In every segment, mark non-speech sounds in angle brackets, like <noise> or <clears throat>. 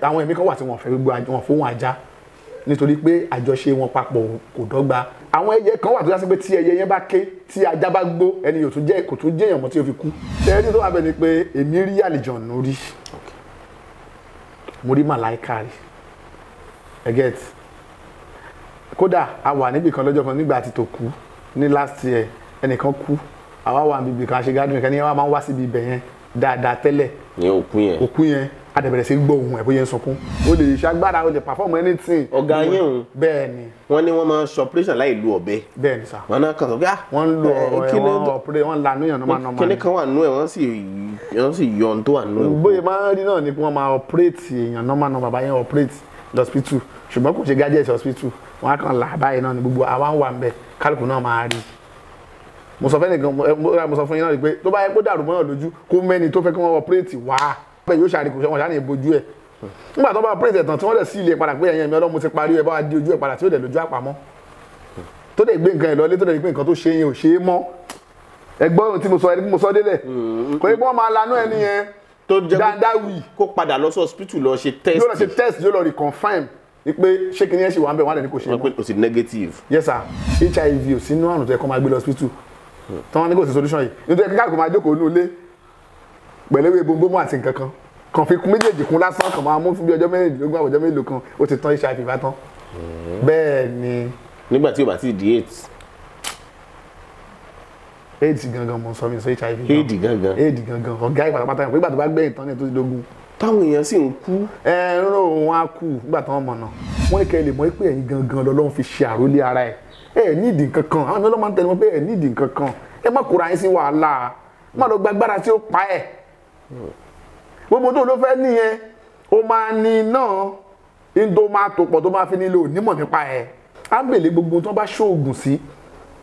àwọn ẹ̀mí kan wà tí wọ́n fẹ́ gbogbo wọn fóun ajá nítorí pé àjọṣe wọn papọ̀ kò dọ́gba àwọn ẹyẹ kan wà tó yàtọ̀ pé tí ẹyẹ yẹn bá ké tí ajá bá gbó ẹni yóò tún jẹ́ kò tún jẹ́ èèyàn mọ́ tí yóò fi kú tẹ́lẹ̀ tó wà bẹ́ẹ̀ ni pé èmi rí àlìjọ̀nù rí mo rí màláìka rí ẹ get kódà a wà níbì kan lọ́jọ́ kan nígbà tí tó kú ní last year ẹnìkan kú àwa wà níbì kan àṣegádùn ìkànnì yẹn wà máa ń wá síbi ibẹ̀ yẹn dáadáa tẹ́lẹ̀ òkú yẹn adẹ̀bẹ̀rẹ̀ sí gbọ́ ohun ẹ̀ bóyá ń sunkún o lè ṣagbára o lè perform anything. ọ̀gá yín o bẹ́ẹ̀ ni. wọ́n ní wọ́n máa ń ṣe operation láì lu ọ̀bẹ. bẹ́ẹ̀ ni sà. wọn náà kàn sọ pé ah. wọ́n ń lo ọ̀rọ̀ ẹ̀ wọ́n ọ̀pẹ̀rẹ̀ wọ́n lanu yàn normal normal. kíní kan wà nú ẹ̀ wọ́n sì wọ́n sì yọ ohun tó wà nú bóyá máa ń rí náà ni wọ́n máa operate èèyàn normal normal bàbá yẹn operate lọ́sibítù ṣùgbọ́n kò ṣe gadget hospital wọn á kàn là báyìí náà ni gbogbo àwa ń wà ń bẹ kálukú náà i mo sọ fẹ́ nìkan mo sọ fún yín náà rí i pé tó bá yẹ kó dàrú mọ́yàn lójú kó mẹ́ni tó fẹ́ operate wá pẹ́ yóò ṣàríkù wọn ṣàní ìbojú ẹ̀ nígbà tó bá praise ẹ̀tàn tí wọ́n dẹ̀ sí ilé padà pé ẹ̀yìn ẹ̀mí ọlọ́mú ti parí ẹ̀ bá wa di ojú ẹ̀ padà tí ó dẹ̀ lójú àpamọ́ tó dẹ̀ gbé nǹkan ẹ̀ lọlé tó dẹ̀ gbé nǹkan tó ṣe yẹn ò ṣe é mọ́ ẹgbọ́n tí mo sọ ẹni mo sọ délẹ̀ mm-hmm. kò ní wọ́n máa lanú ẹni yẹn dandawi kó padà lọ sí hospital lọ ṣe test yóò lọ ṣe test yóò lọ reconfirm wípé ṣé kìnìún ẹ̀ ṣì wà ń bẹ̀ wọ́n á dẹ̀ ní kò ṣe é mọ́ o sì negative yes sir hiv ò sínú àrùn tó yẹ kó máa gbé lọ hospital tí wọ́n solution yìí nítorí kíkà kò máa jókòó ní ilé pẹ̀lú ewé bombomu àti nǹkan kan kàn fi kún méjèèjì kún lásán kàn máa mú fún bí ọjọ́ mẹ́rìndínlógún àbọ̀jọ́ mélòó kan ó ti tán iṣẹ́ àfìfà tán hmm. bẹ́ẹ̀ ni. nígbà tí o bá ti di eight. éèdì gangan mo sọ mi sọ hiv. éèdì gangan éèdì gangan ọ̀gá ìpàtàpàtà yẹn pé ìgbà tó bá gbẹ̀yìn tán ni tó ti dógún. táwọn èèyàn sì ń kú. ẹ ẹ rò wọn á kú nígbà táwọn mọ̀nà wọn ní kẹ́ ẹ lè mọ̀ pé ẹ̀yin gangan lọ́lọ́run fi ṣe àrólé ara ẹ̀ ẹ nídìí nǹkan kan àwọn ọlọ́mọ ń tẹnu mọ́ pé ẹ nídìí nǹkan kan ẹ má kóra yín sí wàhálà má lọ gbagbára tí ó pa ẹ̀ gbogbo tó ló fẹ́ nìyẹn ó máa ní náà indo máa tó pọ̀ tó máa fi nílò onímọ̀ nípa ẹ̀ ábèlè gbogbo tó bá ṣoògùn sí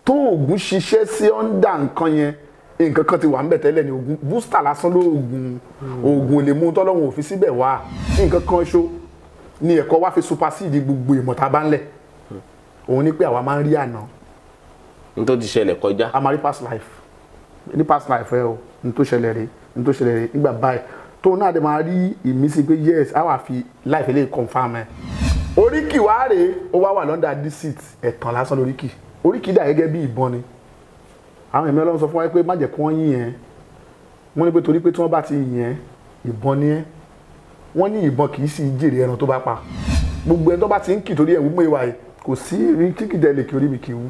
tó oògùn ṣiṣẹ́ sí ọ́ndà nǹkan yẹn nǹkan kan ti wà ń bẹ̀ tẹ́lẹ̀ ní oògùn bústà lásán lóògùn oògùn lè mú tọ́lọ́hún òfin síbẹ̀ wá nǹkan kan ṣo ni ẹ̀kọ́ wá fi supersede gbogbo ìmọ̀ tá a bá ń lẹ̀ òun ni pé àwa máa ń rí àná. n tó ti ṣẹlẹ̀ kọjá. a máa rí past life ní past life ẹ o n tó ṣẹlẹ̀ rèé ní tó ṣẹlẹ̀ nígbà báyìí tóun náà dẹ̀ máa rí ìmísí pé yes a wà fi láìpẹ́ lè confam ẹ̀. oríkì wá rèé ó wá wà lọ́ndà disit ẹ̀tàn lásán lóríkì oríkì dà gẹ́gẹ́ bí ìbọn ni àwọn ẹ̀mí ọlọ́run sọ fún wa pé má jẹ́ kí wọ́n yìn ẹ́ wọ́n ní pé torí pé tí wọ́n bá ti yìn ẹ́ ìbọn ni ẹ́ wọ́n ní ìbọn kì í sì jèrè ẹran tó bá pa gbogbo ẹni tó bá ti ń kì torí ẹ̀wù mọ́ ìwà yìí kò sí rí kíkì dẹ̀ kí orí mi kì í wú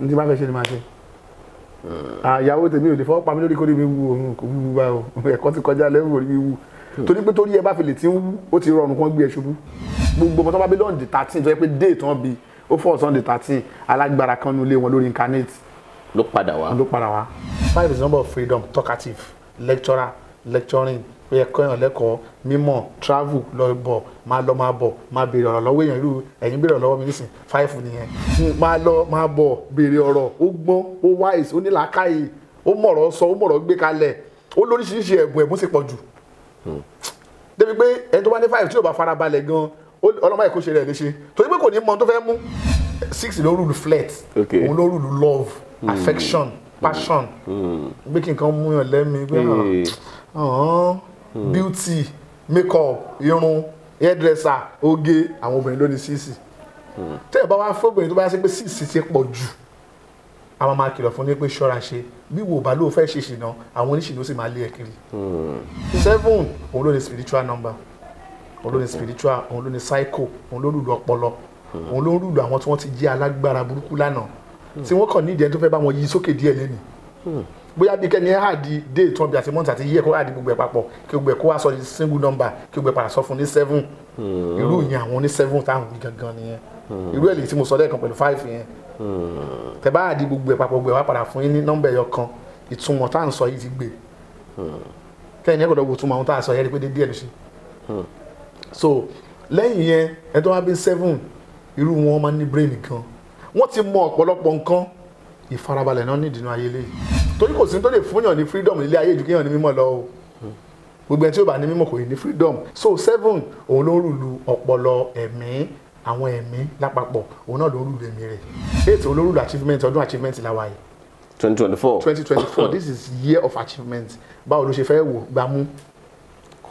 ní ti bá fẹ́ ṣe ni máa ṣe àyàwó ah, tèmi ò lè fọwọ́ pa mí lórí kórìí mi wú òun kò wúwo bá o ẹ̀kọ́ ti kọjá lẹ́wọ̀ orí mi wú hmm. torí pé torí ẹ bá fi lè ti wú ó ti rọrùn kán gbé ẹ ṣubú gbogbo ọmọ tó bá bí lọ́ọ̀dì thirteen tó yẹ pé déè tán bi ó fọ́ ọ̀sán di thirteen alágbára kan nulẹ̀ wọn lórí incarnate. ló padà wá ló padà wá. five is number of freedom talkative lecturer lecturing ó yẹ kọ́yàn lẹ́kọ̀ọ́ mímọ̀ travel lọ bọ̀ máa lọ máa bọ̀ máa béèrè ọ̀rọ̀ lọ́wọ́ èèyàn irú ẹ̀yin béèrè ọ̀rọ̀ lọ́wọ́ mi nísìn five nìyẹn máa lọ máa bọ̀ béèrè ọ̀rọ̀ ó gbọ́n ó wise ó ní làákàyè ó mọ̀rọ̀ sọ ó mọ̀rọ̀ gbé kalẹ̀ ó lóríṣiríṣi ẹ̀bùn ẹ̀bùn sì pọ̀ jù débi pé ẹni tó bá ní five tí yóò bá farabalẹ̀ gan ọlọ́mọ ẹ̀kọ́ ṣe rẹ̀ léṣe torí pé kò ní mọ tó fẹ́ mú six ló rúlu flirt òun ló rúlu love hmm. affection passion gbé hmm. kí nǹkan mú Hmm. beauty makeup irun hairdresser oge àwọn obìnrin ló ní sísì tẹ́ ẹ̀ bá wá fóbìnrin tó bá yá sí pé sísì ti pọ̀ jù àwọn máa kìlọ̀ fún ní pé ṣọ́ra ṣe bí wò bá ló fẹ́ ṣe ṣìnà àwọn oníṣìnà ó sì máa lé ẹ kiri. Hmm. seven òun ló ní spiritual number òun ló ní spiritual òun ló ní psycho òun ló lùlù ọpọlọ hmm. òun ló lùlù àwọn tí wọ́n ti jẹ́ alágbára burúkú lánàá tí wọ́n kàn ní ìdẹ́n tó fẹ́ bá wọn yí sókè díẹ̀ lẹ́nu bóyá bí kẹ́ni ẹ̀ hà di date tán bí àti month àti year kó hà di gbogbo ẹ̀ papọ̀ kí gbogbo ẹ̀ kó wá sọ di single number kí gbogbo ẹ̀ padà sọ fún ní seven hmm. irú ìyẹn àwọn ní seven táwọn ní gangan nìyẹn hmm. irú ẹ̀ lè tí mo sọ lẹ́ẹ̀kan pẹ̀lú five yẹn hmm. tẹ bá hà di gbogbo ẹ̀ papọ̀ gbogbo ẹ̀ wá padà fún yín ní nọ́mbà ẹ̀yọ kan ìtumọ̀ tá à ń sọ yìí ti gbé kẹ́ni ẹ̀ gbọ́dọ̀ wo túmọ̀ àwọn tá à sọ yẹn rí pé dédé ẹ̀ ló ṣe so lẹ́yìn yẹn ẹ̀ tó wá bí seven irú wọn máa ń ní brain gan wọ́n ti mọ ọ̀pọ̀lọpọ̀ nǹkan ìfarabalẹ̀ náà nídìí nínú ayé lẹ́yìn torí kò sí tó lè fúnyàn ní freedom nílé ayé ju kéèyàn ní mímọ̀ lọ o gbogbo ẹni tí ó bá ní mímọ̀ kò ní ní freedom so seven òun ló ń rùlù ọpọlọ ẹ̀mí àwọn ẹ̀mí lápapọ̀ òun náà ló ń rùlù ẹ̀mí rẹ̀ eight òun ló ń rùlù achievement ọdún achievement làwa yìí. twenty twenty four twenty twenty four this is year of achievement báwo ló ṣe fẹ́ wò gbámú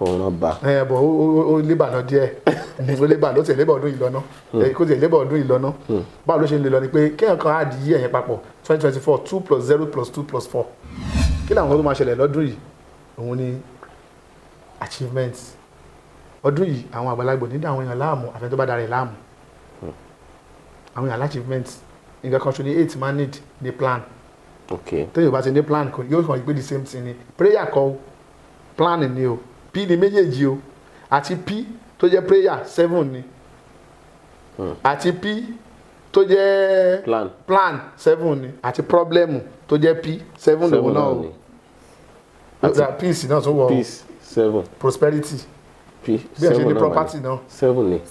ọ̀ràn bá. ẹ bọ ó lébà náà díẹ̀ ó lébà ló ti lébà ọdún ìlọ́nà hmm. kó ti lébà ọdún ìlọ́nà hmm. báwo ló ṣe lè lọ ni pé kéèyàn kan á di yẹ̀yẹn papọ̀ twenty twenty four two plus zero plus two plus four kí làwọn tó máa ṣẹlẹ̀ lọ́dún yìí òun ni achievement ọdún yìí àwọn àgbàlagbà nídà àwọn èèyàn láàmú àfẹn tó bá darí láàmú hmm. àwọn èèyàn achievement nǹkan kan ṣo ni eight man need ni plan okay tó yóò bá ti ní plan yóò kàn yí pé the same thing ni prayer call, plan ni o p ni méjèèjì o àti p tó jẹ́ prayer seven ni hmm. àti p tó jẹ́ plan seven ni àti problem tó jẹ́ p seven lòun náà o àti peace náà tó wọ prosperity bí ẹ ṣe ní property náà seven ni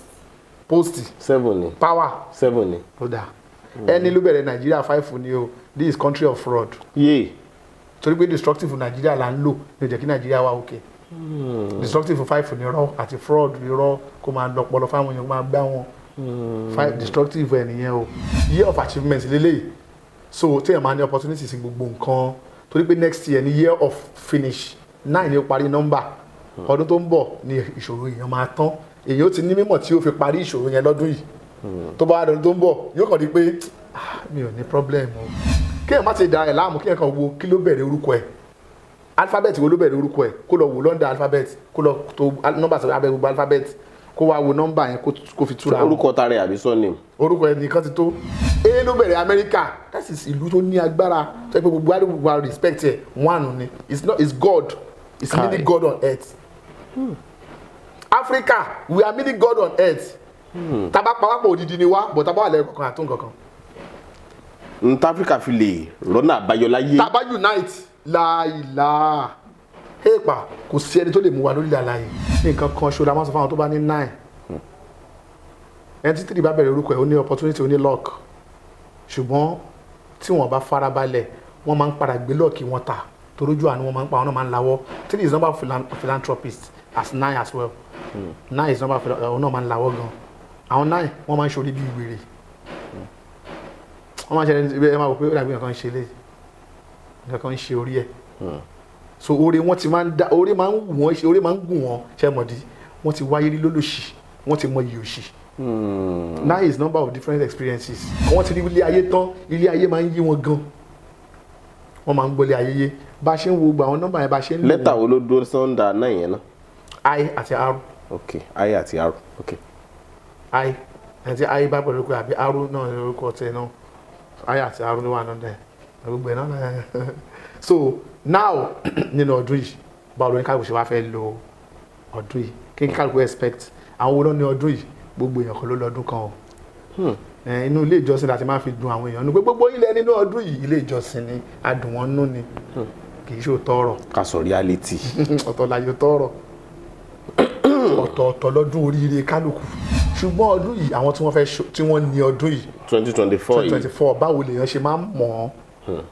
post seven ni power seven ni. ó dà hmm. ẹni ló bẹ̀rẹ̀ nàìjíríà five ni o this is country of fraud. yéè torí pé destructive nàìjíríà là ń lò ló jẹ́ kí nàìjíríà wà òkè. Okay Hmm. destructive for five ni irọ́ àti fraud irọ́ kó máa lọpọlọ fáwọn èèyàn kó máa gbá wọn hmm. five destructive ẹ̀ o year of achievement lélẹ́yìí so téèyàn máa ní opportunity sí gbogbo nǹkan torí pé next year ni year of finish nine ni ó parí nọ́mbà hmm. ọdún tó ń bọ̀ ni ìṣòro èèyàn máa tán èèyàn ó ti ní mímọ̀ tí ó fi parí ìṣòro yẹn lọ́dún yìí tó bá dọ̀dún tó ń bọ̀ yóò kàn di pé ah, mi ò ní problem o kéèyàn má ti dà ẹ̀ láàmú kéèyàn kàn wo kí ló bẹ̀rẹ̀ orúkọ ẹ̀ alphabet wo ló bẹ̀rẹ̀ orúkọ ẹ̀ kó lọ wò lọ́ndà alphabet kó lọ tó nọ́mbà sọ abẹ́ gbogbo alphabet kó wá wo nọ́mbà yẹn kó fi túra. orúkọ ta rẹ àbí sọ́ọ̀nì. orúkọ ẹ nìkan ti tó e ló bẹ̀rẹ̀ amẹ́ríkà that is ìlú tó ní agbára tó yẹ pé gbogbo àdúgbò wa respect ẹ̀ one ni it's not it's God it's Kai. really God on earth hmm. Africa we are really God on earth hmm. taba pawapọ̀ odidi ni wa but taba wà lẹ́yìn kankan àtúnkankan. n ta Africa fi lè rọ́nà àbáyọ láyé. taba unite láìláà èèpà kò sí ẹni tó lè mú wa lórí àlàyé nǹkan kan ṣo la máa sọ fún àwọn tó bá ní nine ẹni tí tìrì bá bẹ̀rẹ̀ orúkọ ẹ̀ ó ní opportunity ó ní lock ṣùgbọ́n tí wọ́n bá farabalẹ̀ wọ́n máa ń padà gbé lọ́ọ̀kì wọn ta torójú àánú wọn máa ń pa àwọn náà máa ń lawọ́ three is number philanthropist as nine as well nine is number àwọn náà máa ń lawọ́ gan àwọn nine wọ́n máa ń ṣorí bí wèrè wọ́n máa ń ṣe ẹ máa wò pé ó dàbí nǹkan ṣe léyìí nǹkan kan ń ṣe orí ẹ̀ hmm. so oore wọn ti máa ń da oore máa ń wù wọn oore máa ń gùn wọn ṣe mọ̀dí wọn ti wáyé rí lólòṣì wọn ti mọ iye òṣì hmm. now is number of different experiences wọn ti rí ilé ayé tán ilé ayé máa ń yí wọn gan wọn máa ń gbọ́lé ayé yé bá ṣe ń wo gbogbo àwọn nọ́mbà yẹn bá ṣe ń lò. lẹ́tà wo ló dúró sọ́ńdà náà yẹn náà. i àti r. ok i àti r ok. i àti i bá pẹ̀lú pé àbí r náà lórúkọ tẹ náà i àti r ló wà náà dẹ̀. <laughs> so now <clears throat> nínú ọdún yìí báwo ló ní kálukú ṣe wá fẹ́ lo ọdún yìí kí n kálukú expect àwọn wo ló ní ọdún yìí gbogbo èèyàn kan ló lọ́dún kan o hmm. inú ilé ìjọsìn láti máa fi dùn àwọn èèyàn nù pé gbogbo ilẹ̀ nínú ọdún yìí ilé ìjọsìn ni adùn wọn nú ni hmm. kì í ṣe òótọ́ ọ̀rọ̀. ká sọ reality. <laughs> ọ̀tọ̀ láyé tọrọ <clears throat> ọ̀tọ̀ọ̀tọ̀ lọ́dún oríire kálukú ṣùgbọ́n ọdún yìí àwọn tí wọ́n fẹ́ tí wọ́n ní ọdún yìí. twenty twenty four twenty twenty four báwo lèèyàn ṣe máa ń mọ̀ ọ́n Hmm.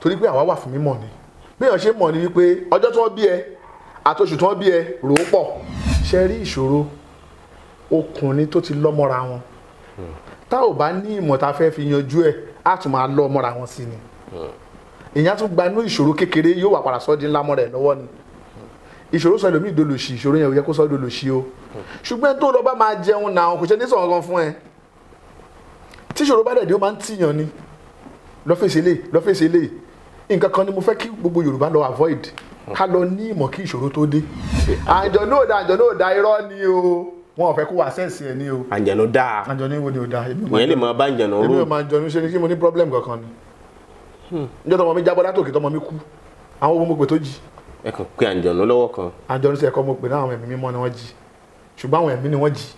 torí pé àwa wà fún mímọ̀ ni béèyàn ṣe mọ̀ ni wípé ọjọ́ tí wọ́n bí ẹ àti oṣù tí wọ́n bí ẹ rò ó pọ̀ ṣe rí ìṣòro ọkùnrin tó ti lọ́mọ́ra wọn hmm. tá ò bá ní ìmọ̀ tá a fẹ́ fi yanjú ẹ̀ á tún máa lọ́ ọmọra wọn sí ni èèyàn hmm. tún gbanú ìṣòro kékeré yóò wà padà sọ́ọ́ ńlá mọ́ra ẹ̀ lọ́wọ́ ni ìṣòro sọ ẹlòmíì dolòṣì ìṣòro yẹn ò yẹ kó sọ dolòṣì o ṣùgbọ́n tó lọ bá máa jẹun náà kò ṣe ní sọ̀rọ̀ kan fún ẹ tíṣòro bá dẹ̀ dé ó máa ń tìyàn ni lọ́fẹ̀sẹ̀ lè lọ́fẹ̀sẹ̀ lè nǹkan kan ni mo fẹ́ kí gbogbo Yorùbá lọ avoid ká lọ ní ìmọ̀ kí ìṣòro tó dé àjọ náà da àjọ náà da irọ́ ni o wọn ò fẹ́ kó wá sẹ́ẹ̀sì ẹ̀ ni o. àjànú dáa àjànú wo ni o dáa. mo yẹn lè máa bá àjànú rò. èmi ò máa jọnu ṣe ni kí mo ní problem kankan ni. Hmm. níjọ́ tọmọ mi jábọ́ látòkè tọmọ mi kú àwọn owó mo pè tó jí. ẹ kàn pé àjànú lọ́wọ́ kan. àjànú sẹ́ẹ̀kọ́ mo pè náà àwọn ẹ̀mí mímọ́ ni wọ́n jí ṣùgbọ́n àwọn ẹ̀mí ni wọ́n jí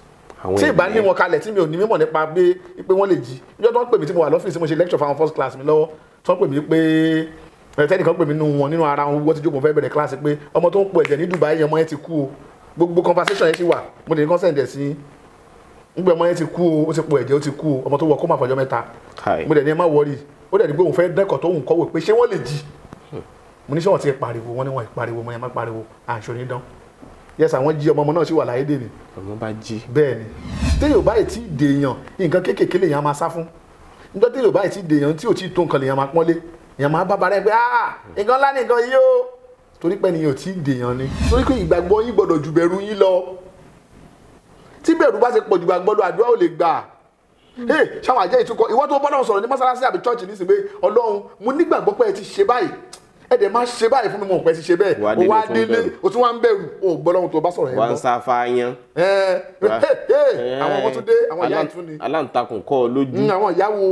àwọn èèyàn tí ìbá ní wọn kalẹ̀ tí mi ò ní mímọ̀ nípa pé pé wọ́n lè jí níjọ́ tó ń pè mí tí mo wà lọ́fíìsì mo ṣe lecture fáwọn first class mi lọ́wọ́ tó ń pè mí pé tẹ́nìkan pè mí nínú wọn nínú ara wọn wọ́n ti jókòó fẹ́ bẹ̀rẹ̀ kíláàsì pé ọmọ tó ń po ẹ̀jẹ̀ ní Dubai ọmọ yẹn ti kú o gbogbo conversation yẹn ti wà mo lè ní consent ẹ̀ sí nígbà ọmọ yẹn ti kú o ó ti po ẹ̀jẹ̀ ó ti kú o ọmọ tó wọ kó má fọjọ́ mẹ́ta mo dẹ̀ ní ẹ má wọrí ó dẹ̀ ní pé òun fẹ́ dẹ́kọ̀ tó òun kọ́wé pé ṣé wọ́n lè jí hmm. mo ní sọ́wọ́n ti pariwo wọ́n ní wọ́n pariwo mo ní yes àwọn jí ọmọ ọmọ náà sì wà láyé dèní. ọmọ bá jí. bẹ́ẹ̀ ni téèyàn báyìí tí dèèyàn nǹkan kéékèèké lèèyàn máa sá fún níjọ́ téèyàn báyìí tí dèèyàn tí ò tí tó nǹkan lèèyàn máa pọ́nlé èèyàn máa bábà rẹ pé ah nǹkan ńlá nìkan yìí o torí pé nìyàn tí dèèyàn ni torí pé ìgbàgbọ́ yín gbọ́dọ̀ ju bẹ̀rù yín lọ tí bẹ̀rù bá ṣe pọ̀ ju ìgbàgbọ́ lọ àdúrà ò lè gbà ṣáwọn àjẹ́ ìtúkọ ìwọ́n tó bọ́lọ́run sọ̀rọ̀ ní mọ́sálásí àbí chọ́ọ̀chì nísìnyí pé ọlọ́run mo nígbàgbọ́ pé ẹ ti ṣe báyìí ẹ dẹ̀ máa ṣe báyìí fún mi mọ̀ pẹ́ ti ṣe bẹ́ẹ̀ o wá délé o tún wá ń bẹ̀rù o gbọ́ lọ́hùn tó bá sọ̀rọ̀ yẹn lọ. wà á sáfà yan. àwọn ọmọ tún dé àwọn ìyá ìtún ni. aláǹtakùn kọ́ ọ lójú. Hmm, àwọn ìyàwó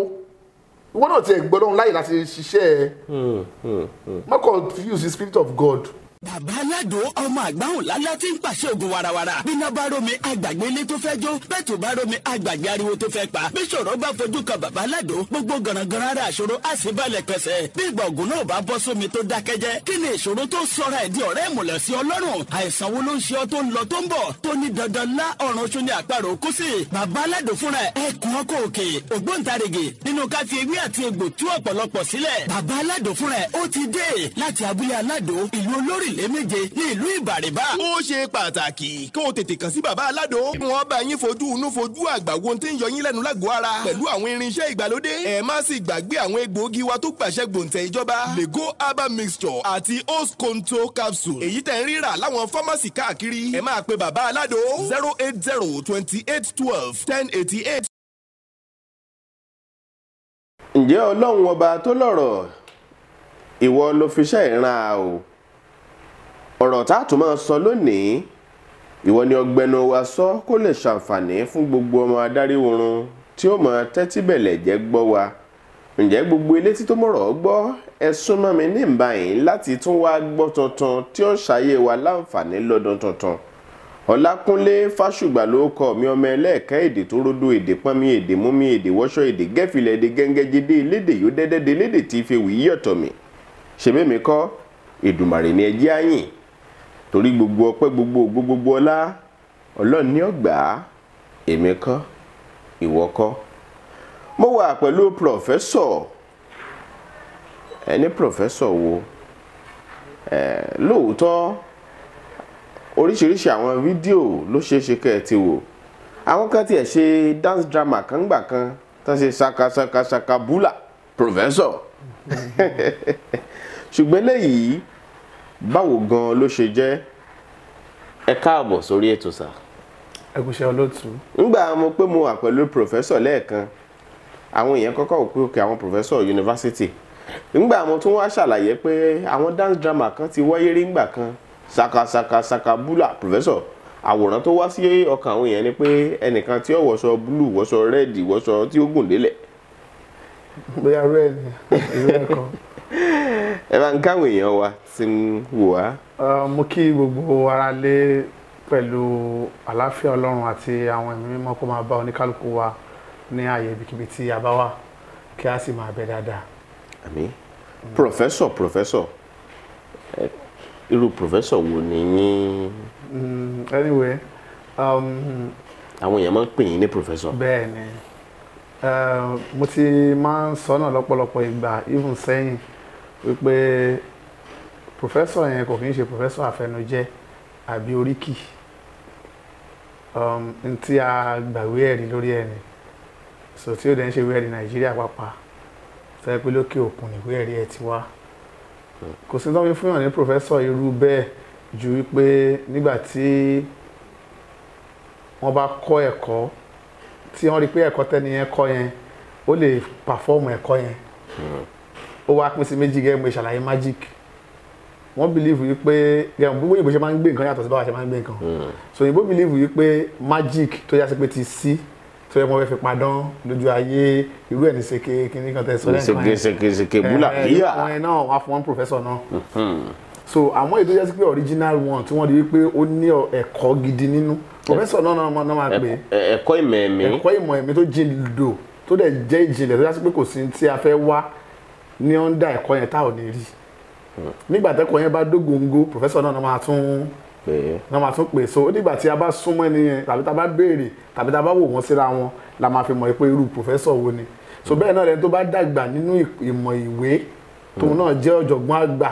ìwọ náà ti ẹ̀ láyè láti ṣiṣẹ́ ẹ. Hmm, hmm, má confuse the spirit of God bàbá aládò ọmọ àgbáhùn lálá tí ń pàṣẹ ogun warawara bíná bá romi àgbàgbé ilé tó fẹ́ jó bẹ́ẹ̀ tó bá romi àgbàgbé ariwo tó fẹ́ pa bí ṣòro bá fojú kan bàbá aládò gbogbo gànàgànà ara àṣòro á sì balẹ̀ pẹ̀sẹ̀ bí ìgbà ògùn náà bá bọ́ sómi tó dákẹ́jẹ́ kí ni ìṣòro tó sọra ẹ̀ di ọ̀rẹ́ ìmùlẹ̀ sí ọlọ́run àìsàn wo ló ń ṣe ọ tó ń lọ tó ń bọ̀ tó ní dandan lá ọ̀run òrùlé méje ní ìlú ìbàrìbà. ó ṣe pàtàkì kí o tètè kàn sí bàbá aládò. wọ́n bá yín fojú inú fojú àgbà wo ti ń yọ yín lẹ́nu lágọ̀ọ́ ara pẹ̀lú àwọn irinṣẹ́ ìgbàlódé. ẹ má sì gbàgbé àwọn egbòogi wa tó gbàṣẹ gbòǹtẹ̀ ìjọba. lego herbal mixture àti host control capsule. èyí tẹ̀ ń rírà láwọn fámásì káàkiri. ẹ máa pe bàbá aládò zero eight zero twenty eight twelve ten eighty eight. ǹjẹ́ ọlọ́run ọba tó lọ́rọ̀ ìwọ ló fi ṣe ìran a o ọ̀rọ̀ tá a tún máa sọ lónìí ìwọ ni ọgbẹ́nu wa sọ kó lè ṣàǹfààní fún gbogbo ọmọ adarí oorun tí ó máa tẹ́tí bẹ̀lẹ̀ jẹ́ gbọ́ wa ǹjẹ́ gbogbo elétí tó mọ̀rọ̀ gbọ́ ẹ súnmọ́ mi ní ìbáyìí láti tún wá gbọ́ tuntun tí ó ń ṣàyè wa láǹfààní lọ́dún tuntun ọlákúnlé fásùgbà ló kọ mi ọmọ ẹlẹ́ẹ̀ka èdè tó ródó èdè pọ́nmi èdè múmi èdè wọ́ṣọ èdè gẹ́fìlẹ̀ èdè gẹ́ngẹ́jẹdé elédè yóò dẹ́dẹ́dẹ́ elédè tí ìfẹ́ wì í yọ̀tọ̀ mi ṣèbémi kọ́ Èdùmàrè ni ẹjẹ́ àyìn torí gbogbo ọpẹ́ gbogbo ògo gbogbo ọlá ọlọ́run ní ọgbà èmi kọ́ ìwọ kọ́ mo wà pẹ̀lú pọ̀fẹ́sọ̀ ẹni pọ̀fẹ́sọ̀ wo ẹ lóòótọ́ oríṣiríṣi àwọn fídíò ló ṣeé ṣe kẹ́ ẹ ti wò àwọn kan tiẹ̀ ṣe dance drama kan gbà kan tó ṣe sakasakasaka bula pọ̀fẹ́sọ̀ ṣùgbọ́n lẹ́yìn báwo gan ló ṣe jẹ́ ẹ káàbọ̀ sórí ètò sà. ẹ kú iṣẹ́ olóòtú. ńgbà mo pé mo wà pẹ̀lú professor lẹ́ẹ̀kan àwọn èèyàn kọ́kọ́ òpin òkè àwọn pòfẹ́sọ̀ yunifásitì ńgbà mo tún wá ṣàlàyé pé àwọn dance drama kan ti wáyé rí ńgbà kan Saka saka ṣàkàṣàkàṣàkà búlà pòfẹ́sọ̀ àwòrán tó wá sí ọkàn àwọn èèyàn ni pé ẹnìkan tí ó wọṣọ blue wọṣọ rẹ́ẹ̀dì wọṣọ tí ó gùn délẹ̀. bóyá rẹ́ẹ̀dì ìlú ẹ̀kọ́ ẹ bá ń káwọn èèyàn wa tí ń wò á. mo kí gbogbo ara lé pẹ̀lú àlàáfíà ọlọ́run àti àwọn ẹ̀mí mímọ́ kó máa bá oníkálukú wa ní ààyè ibikíbi tí a bá kí a sì máa bẹ dáadáa. àmín pòfẹ́sọ̀ pòfẹ́sọ̀ irú pòfẹ́sọ̀ wo ni yín. Mm, anyway. Um, àwọn èèyàn máa ń pè yín ní pòfẹ́sọ̀. bẹ́ẹ̀ ni mo ti máa ń sọ náà lọ́pọ̀lọpọ̀ ìgbà even sẹ́yìn wípé professor, yẹn kò kí ń ṣe Professor àfẹnujẹ́ àbí oríkì um, n tí a gbàwé ẹ̀rí lórí ẹni so tí ó dẹ̀ ń ṣe ìwé ẹ̀rí nàìjíríà pàápàá sọ pé lókè òkun ìwé ẹ̀rí ẹ̀ ti wá kò sí tọ́wé fún yàn ní pòfẹ́sọ̀ irú bẹ́ẹ̀ ju wípé nígbà tí wọ́n bá kọ́ ẹ̀kọ́ tí wọ́n rí pé ẹ̀kọ́ tẹ́ni yẹn kọ́ yẹn ó lè pàfọ́ọ̀mù ẹ̀kọ́ yẹn ó wá pín sí méjì gẹ́gẹ́ mo ṣàlàyé magic wọ́n believe yìí pé gẹ́gẹ́ bó òyìnbó ṣe máa ń gbé nǹkan yàtọ̀ sí báwa ṣe máa ń gbé nǹkan hmm. so òyìnbó believe yìí pé magic tó yà sí pé ti sí tó yẹ kó fẹ́ fi padán lójú ayé irú ẹ̀ ní seke kíní kan tẹ̀ sọ lẹ́yìn kan yẹn seke seke búlà yíyà ẹ̀ ẹ̀ náà wá fún one professor náà hmm. so àmọ́ ètò yẹ sí pé original one tí wọ́n di wípé ó ní ẹ̀kọ́ gidi nínú professor náà náà máa pè é ẹ̀kọ́ ìmọ̀ ẹ̀mí ẹ̀kọ́ ìmọ̀ ẹ̀mí tó jìn dò tó dẹ̀ jẹ́ ìjìnlẹ̀ tó yẹ sí pé kò sí tí a fẹ́ wá ní ọ̀ndà ẹ̀kọ́ yẹn tá ò ní rí nígbà tẹ́kọ̀ọ́ yẹn bá dógóńgó pòfẹ́sọ̀ náà máa tún náà máa tún pè so nígbà tí a bá súnmọ́ ẹni yẹn tàbí tá a bá béèrè tàbí tá a bá wò wọ́n síra wọn la máa fi mọ̀ pé irú pòfẹ́sọ̀ wo ni so bẹ́ẹ̀ náà lẹni tó bá dàgbà nínú ìmọ̀ ìwé tóun náà jẹ́ ọ̀jọ̀gbọ́n àgbà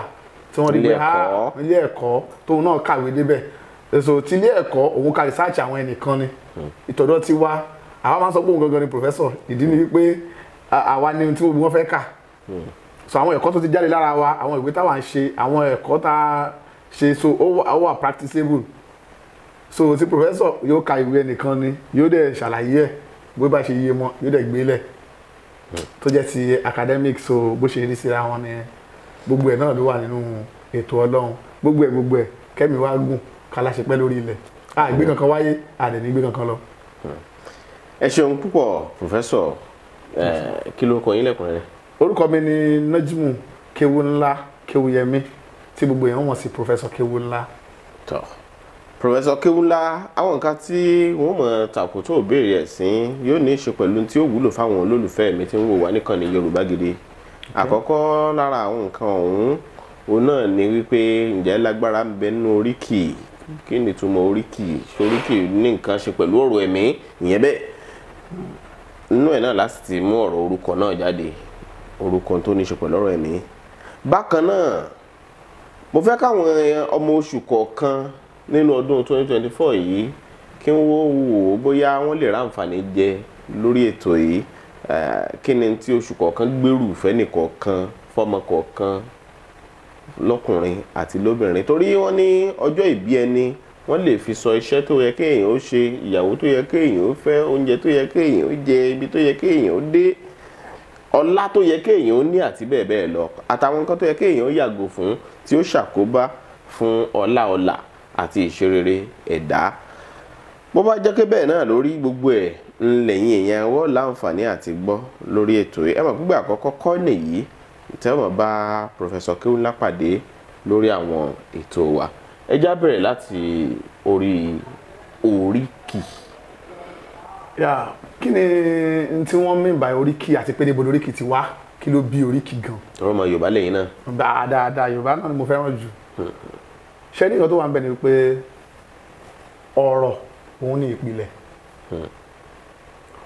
tí wọ́n rí pé ha ilé ẹ̀kọ́ tóun náà kàwé débẹ̀ so ti ilé ẹ̀kọ́ òun ka research àwọn ẹnìkan ni hmm. ìtọ̀dọ̀ ti wá àwa máa ń sọ pé òun gangan ni pòfẹ́sọ̀ ìdí ni wípé àwa ni tí gbogbo wọn fẹ́ kà so àwọn ẹ̀kọ́ tó ti jáde lára wa àwọn ìwé táwa ń ṣe àwọn ẹ̀kọ́ tá a ṣe so ó wà practicable so tí professor yóò ka ìwé nìkan ni yóò dẹ̀ ṣàlàyé ẹ̀ bó bá ṣe yé mọ́ yóò dẹ̀ gbélẹ̀ tó jẹ́ ti academic so bó ṣe rí síra wọn nìyẹn gbogbo ẹ̀ náà ló wà nínú ètò ọlọ́run gbogbo ẹ̀ gbogbo ẹ̀ kẹ́mi wá gùn kálásepẹ́ lórí ilẹ̀ àgbé kankan wáyé àdẹ̀ nígbé kankan lọ. ẹ ṣeun púpọ̀ professor kí ló kọ yín lẹ́kùnrin rẹ̀ orúkọ mi ni Najimu Kéwúńlá Kéwúyẹmí tí gbogbo èèyàn mọ̀ sí Professor Kéwúńlá. tọ́ Professor Kéwúńlá àwọn nǹkan tí wọ́n mọ̀ tàkù tó béèrè ẹ̀sìn yóò ní í ṣe pẹ̀lú tí ó wúlò fáwọn olólùfẹ́ mi tí ń wò wá nìkan ní Yorùbá Gidi àkọ́kọ́ lára àwọn nǹkan ọ̀hún òun náà ni wípé ǹjẹ́ lágbára ń bẹ nínú oríkì kí ni ìtumọ̀ oríkì oríkì ní nǹkan ṣe pẹ̀lú ọ̀rọ̀ ẹ̀mí ìyẹn bẹ́ẹ̀ nínú ẹ̀ náà láti ti mú ọ̀rọ̀ orúkọ náà jáde orúkọ tó ní ṣe pẹ̀lú ọ̀rọ̀ ẹ̀mí bákan náà mo fẹ́ káwọn ọmọ oṣù kọ̀ọ̀kan nínú ọdún 2024 yìí kí wọ́n wò ó bóyá wọ́n lè ráǹfààní jẹ lórí ètò yìí kí ni tí oṣù kọ̀ọ̀kan gbèrú fẹ́nì kọ̀ọ̀kan fọ́mọ kọ̀ọ̀kan lọ́kùnrin àti lóbìnrin torí wọ́n ní ọjọ́ ìbí ẹni wọ́n lè fi sọ iṣẹ́ tó yẹ kéèyàn ó ṣe ìyàwó tó yẹ kéèyàn ó fẹ́ oúnjẹ tó yẹ kéèyàn ó jẹ ibi tó yẹ kéèyàn ó dé ọlá tó yẹ kéèyàn ó ní àti bẹ́ẹ̀ bẹ́ẹ̀ lọ àtàwọn nǹkan tó yẹ kéèyàn yàgò fún tí ó ṣàkóbá fún ọlá ọlà àti ìṣerere ẹ̀dá bó bá jẹ́ pé bẹ́ẹ̀ náà lórí gbogbo ẹ̀ ńlẹ̀yìn èèyàn wọ́n láǹfààní àti gbọ́ lórí ètò ẹ̀ mọ̀ gbogbo àkọ́kọ́ kọ́ nìyí tẹ́wọ̀n bá Professor Kéwúnlá pàdé lórí àwọn ètò wa ẹ já bẹ̀rẹ̀ láti orí oríkì. Yeah kí ni n tí wọ́n mìn báyìí oríkì àti pé níbo lóríkì ti wá kí ló bí oríkì gan. ọ̀rọ̀ mọ yorùbá lẹ́yìn náà. dáadáa yorùbá náà ni mo fẹ́ràn jù. ṣé ní ìkan tó wà ń bẹ ni pé ọ̀rọ̀ òun ni ìpìlẹ̀ hmm.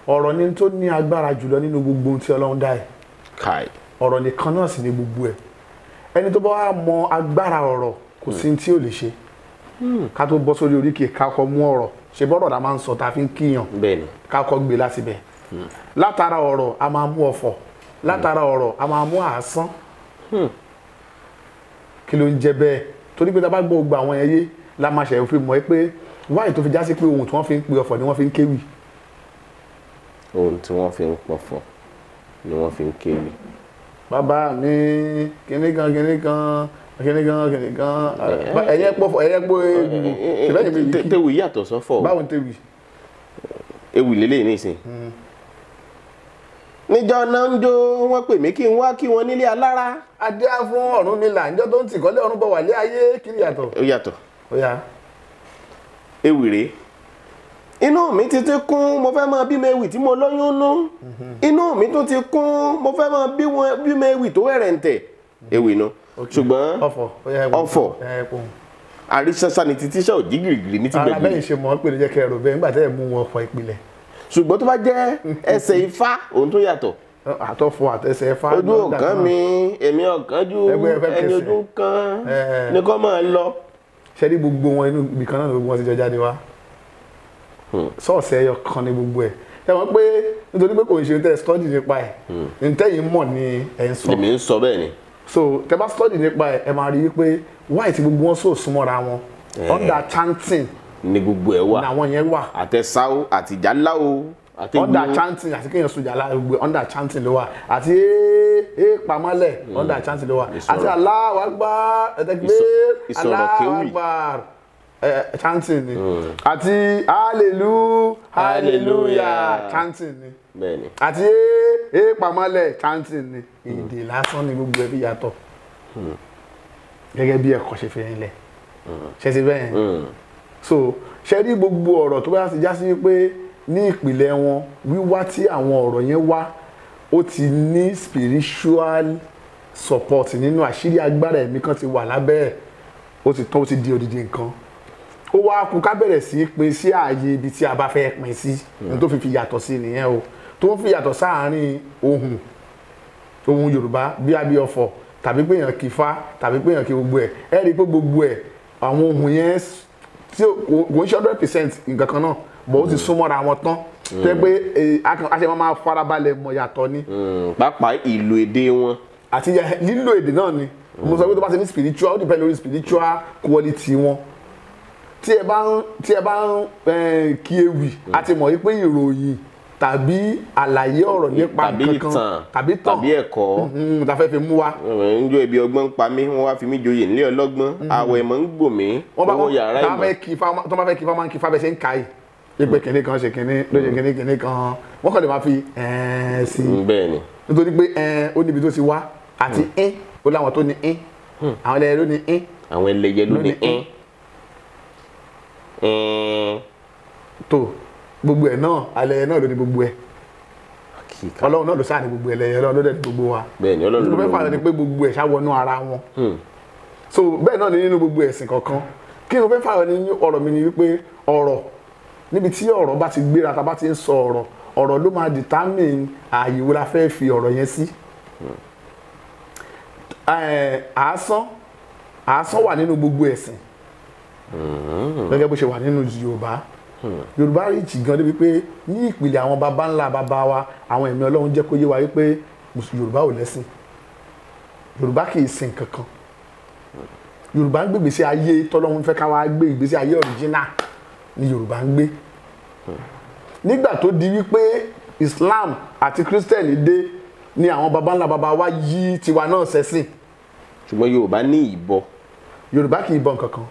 ọ̀rọ̀ ni tó ní agbára jùlọ nínú gbogbo ohun tí ọlọ́run dá ẹ̀ káì ọ̀rọ̀ nìkan náà sì ni gbogbo ẹ̀ ẹni tó bá wá mọ agbára ọ̀rọ̀ kò sí hmm. tí ò lè ṣe hmm. ká tó bọ́ sórí oríkì ká kọ mú ọ̀rọ̀ ṣe bọ́rọ̀ dá máa ń sọ tá a fi ń kíyàn bẹ́ẹ̀ kakọ́ gbé láti bẹ̀ látara ọ̀rọ̀ a máa mú ọ̀fọ̀ látara ọ̀rọ̀ a máa mú àásán hmm. kí ló ń jẹ bẹ́ẹ̀ torí pé tá a bá gbọ́ gba àwọn ẹyẹ la máa ṣẹ̀yìn fi mọ̀ ẹ́ pé wáyé tó fi já sí pé ohun tí wọ́n fi ń pe ọ̀fọ̀ ni wọ́n fi ń kéwì. ohun tí wọ́n fi ń pọ̀fọ̀ ni wọ́n fi ń kéwì. bàbá mi kinní kan kinní kan kinní kan kinní kan eh, eh. ẹ̀yẹ́ pọ̀fọ̀ ẹ̀yẹ́ pọ̀ ẹ̀ eh, tẹ̀wì yàtọ̀ sọ́fọ̀. báwo ni tẹ̀wì ewì lélẹ̀ nísìn hmm. níjọ́ náà ń jó wọ́n pè mí kí n wá kí wọ́n nílé alára. adé á fún Ọ̀rúnmìlà níjọ́ tó ń tìkọ́lé ọ̀run bọ̀ wálé ayé kiri yàtọ̀. ó yàtọ̀. ó yà. ewì rèé inú mi ti ti kún mo fẹ́ máa bímọ ewì tí mo lóyún nú hmm. inú mi tún ti kún mo fẹ́ máa bímọ ewì tó wẹ̀rẹ̀ǹtẹ̀ hmm. ewì nu ṣùgbọ́n ọ̀fọ̀ àríṣẹ́sá ni ti tíṣà ò jí gìrìgìrì ní ti gbẹ̀gbẹ̀. alábẹ́yìn ṣe mọ̀ ọ́n pè ló jẹ́ kẹ́ ẹ̀rọ bẹ́ẹ̀ nígbà tẹ́ ẹ̀ mú wọn fọ ìpìlẹ̀. ṣùgbọ́n tó bá jẹ́ ẹsẹ̀ ifá ohun tó yàtọ̀. àtọ̀fọ̀ àtẹsẹ̀ ifá. ojú ọ̀kan mi èmi ọ̀kan ju ẹni ojú kan ni kò máa lọ. ṣé ní gbogbo wọn inú ibì kan náà ni gbogbo wọn ti jọ jáde wá. Hmm. sọ́ọ̀sì ẹyọ kan ni gbogbo ẹ̀ ẹ mọ̀ pé nítorí pé kò ń ṣe tẹ́ study nípa ẹ̀ hmm. ntẹ́yìn mọ̀ ni ẹ̀ ń sọ. èmi ń sọ bẹ́ẹ̀ ni so tẹ bá study nípa ẹ ẹ máa rí i why ti gbogbo wọn so súnmọ́ra wọn under chanting ni gbogbo ẹ wà làwọn yẹn wà àtẹsáwó àti ìjàláwó under chanting àti kéèyàn sojà láàgbé under chanting ló wà àti ee pamọ́lẹ̀ hmm. under chanting ló wà àti Allahu Akbar ẹ̀dẹ́gbẹ́ Allahu Akbar chanting ni hmm. àti hallelujah hallelujah chanting ni àti ee pamọ́lẹ̀ chanting ni èdè hmm. lásán ni gbogbo ẹbí yàtọ̀ hmm. gẹ́gẹ́ bí ẹ̀kọ́ ṣe fi rinlẹ̀ hmm. ṣe ti bẹ́ẹ̀ so ṣe rí gbogbo ọ̀rọ̀ tó bá ti já sí pé ní ìpìlẹ̀ wọn wíwá tí àwọn ọ̀rọ̀ yẹn wá ó ti ní spiritual support nínú àṣírí agbára ẹ̀mí kan ti wà lábẹ́ ẹ̀ ó ti tán ó ti di odidi nǹkan ó wá kú ká bẹ̀rẹ̀ sí pín sí ààyè ibi tí a bá fẹ́ pín sí ní tó fi fi yàtọ̀ sí nìyẹn o. Mm tó fi yàtọ̀ sáàárín ohun ohun yorùbá bí abíọfọ̀ tàbí pé èèyàn kì fa tàbí pé èèyàn kì gbogbo ẹ̀ ẹ rí i pé gbogbo ẹ̀ àwọn ohun yẹn tí kò ń ṣe hundred percent nǹkan kan náà bọ̀ ó ti mm. súnmọ́ra wọn tán mm. tẹ́ pé e, a ṣe máa farabalẹ̀ mọ̀ yàtọ̀ ni. Mm. pàápàá ìlò èdè wọn. àti lílo èdè náà ni mo sọ pé tó bá ṣe ní spiritual ó depend lórí spiritual quality wọn tí ẹ bá ń tí ẹ bá ń kí ewì àti mọ̀ yí pé ìròyìn tàbí àlàyé ọ̀rọ̀ nípa nǹkan kan tàbí tàn tàbí ẹ̀kọ́ mm-hmm. ta fẹ́ fi mú wa. n jó ibi ọgbọ́n ń pa mí wọ́n wá fi mí joyè nílé ọlọ́gbọ́n mm-hmm. àwẹ̀ mọ̀ ń gbò mí owó yàrá ìmọ̀. tó bá fẹ́ kí fáwọn kí fábẹ́sẹ̀ ń ka yìí ipe mm. kìnní kan ṣe kìnní ló ṣe mm. kìnní kìnní kan wọ́n kàn lè máa fi ẹ̀ẹ́n eh, sí i. bẹ́ẹ̀ni. nítorí pé ẹ̀ẹ́n eh, ó níbi tó ti wá àti ẹ̀ẹ́n mm. ó láwọn tó ní ẹ̀ẹ́n àwọn ẹlẹ́yẹ ló ní ẹ̀ẹ́n. àwọn ẹlẹ́yẹ ló ní ẹ̀ẹ́n. Eh. tó gbogbo ẹ̀ náà alẹ́ náà ló ní gbogbo ẹ̀ ọlọ́run náà ló sáà ní gbogbo ẹ̀ lẹ́yìn ọlọ́run ló dẹ̀ ní gbogbo wa bẹ́ẹ̀ni ọlọ́run ló ló ló ní pé gbogbo ẹ̀ ṣàwọnú ara wọn hmm. so bẹ́ẹ̀ náà ni nínú gbogbo ẹ̀sìn kọ̀ọ̀kan kí ni mo fẹ́ fààyàn ní ọ̀rọ̀ mi ni wípé ọ̀rọ̀ níbi tí ọ̀rọ̀ bá ti gbéra tá a bá ti ń sọ ọ̀rọ̀ ọ̀rọ̀ ló máa determine ààyè wo la fẹ́ fi ọ̀rọ̀ yẹn sí hmm. àásán àásán wà nínú gbogbo ẹ̀sìn hmm. gẹ́gẹ́ bó ṣe wà nínú Yorùbá yorùbá rìchì gan débi pé ní ìpìlẹ̀ àwọn baba ńlá baba wa àwọn ẹ̀mí ọlọ́run jẹ́ kó yé wa wípé yorùbá ò lẹ́sìn yorùbá kì í sin kankan yorùbá ń gbé ìgbésí ayé tọ́lọ́run fẹ́ ká wá gbé ìgbésí ayé ọ̀ríjínà ni yorùbá ń gbé nígbà tó di wípé islam àti kristẹni dé ni àwọn baba ńlá baba wa yí tiwa náà sẹ́sìn. ṣùgbọ́n yorùbá ní ìbọ. yorùbá kì í bọ nǹkan kan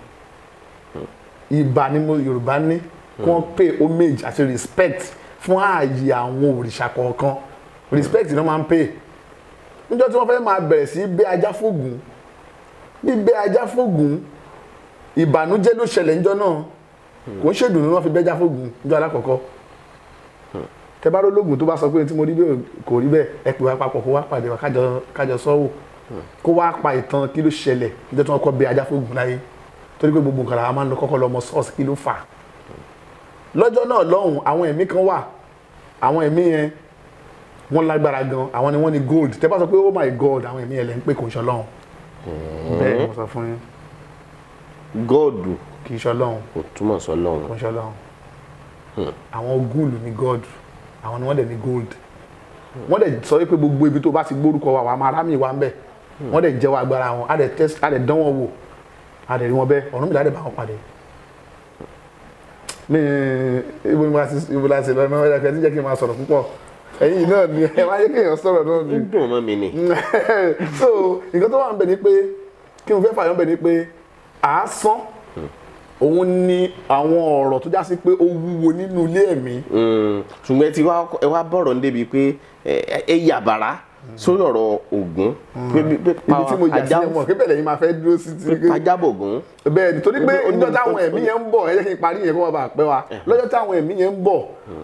ìbà ni mo yorùbá ní. Hmm kí wọ́n pay homage àti respect fún ààyè àwọn òrìṣà kọ̀ọ̀kan respect ni wọ́n máa ń pay níjọ́ tí wọ́n fẹ́ máa bẹ̀rẹ̀ sí bẹ́ ajá fóògùn bíbẹ́ ajá fóògùn ìbànújẹ́ ló ṣẹlẹ̀ níjọ́ náà kò ń ṣèdùnnú wọ́n fi bẹ́já fóògùn níjọ́ alákọ̀ọ́kọ́ tẹ bá rólógùn tó bá sọ pé tí mo rí bẹ́ẹ̀ kò rí bẹ́ẹ̀ ẹ pè wá papọ̀ kó wá pàdé wa kájọ sọ́wọ́ kó wá pa ìtàn kí ló ṣẹlẹ̀ níjọ́ tí wọ́n kọ́ bẹ́ ajá fóògùn láyé torí pé gbogbo nǹkan làwọn máa ń lọ kọ́kọ́ lọ ọmọ sọ́ọ̀sì kí ló fà á lọ́jọ́ náà lọ́hùn àwọn ẹ̀mí kan wà àwọn ẹ̀mí yẹn wọ́n lágbára gan àwọn ni wọ́n ní gold tẹ́ bá sọ pé oh my god àwọn ẹ̀mí yẹn lẹ́ ń pè kò ń ṣọlọ́hùn hmm. bẹ́ẹ̀ ni mo sọ fún yín. gold kì í ṣọlọ́hùn kò túmọ̀ ṣọlọ́hùn kò ń ṣọlọ́hùn hmm. àwọn ogúlù ní god àwọn ni wọ́n dẹ̀ ní gold wọ́n dẹ̀ sọ wípé gbogbo ibi tó bá ti gbórúkọ wa wà á máa rámì wa ń bẹ̀ hmm. wọ́n dẹ̀ jẹ́wọ́ agbára wọn á dẹ̀ dánwọ́ wò á dẹ̀ rí wọn bẹ́ẹ̀ Ọ̀rúnmìlà dẹ̀ bá mi ibo ni ma ti ibo la ti lọ náà ẹ̀rọ kẹ́tí jẹ́ kí n máa sọ̀rọ̀ púpọ̀ ẹ̀yin náà ni ẹ wáyé kéèyàn sọ̀rọ̀ náà ni. dùn mọ́ mi ni. <laughs> so nǹkan tó wà ń bẹ̀ ni pé kí n fẹ́ fààyàn bẹ̀ ni pé àásán hmm. òun ni àwọn ọ̀rọ̀ tó já sí pé ó wúwo nínú ilé ẹ̀mí. Hmm. ṣùgbọ́n ẹ ti wá bọ̀rọ̀ ń débi pé ẹ yàbàrá sórí ọ̀rọ̀ Ògún hmm. ibi tí mo yà sílẹ̀ mọ̀ kébẹ̀lẹ̀ yìí máa fẹ́ dúró sí ti rí. ajábọ̀ Ògún. bẹ́ẹ̀ nítorí pé lọ́jọ́ táwọn ẹ̀mí yẹn ń bọ̀ ẹ jẹ́ kí n parí yẹn kó má bàa pẹ́ wa hmm. lọ́jọ́ táwọn ẹ̀mí yẹn ń bọ̀ hmm.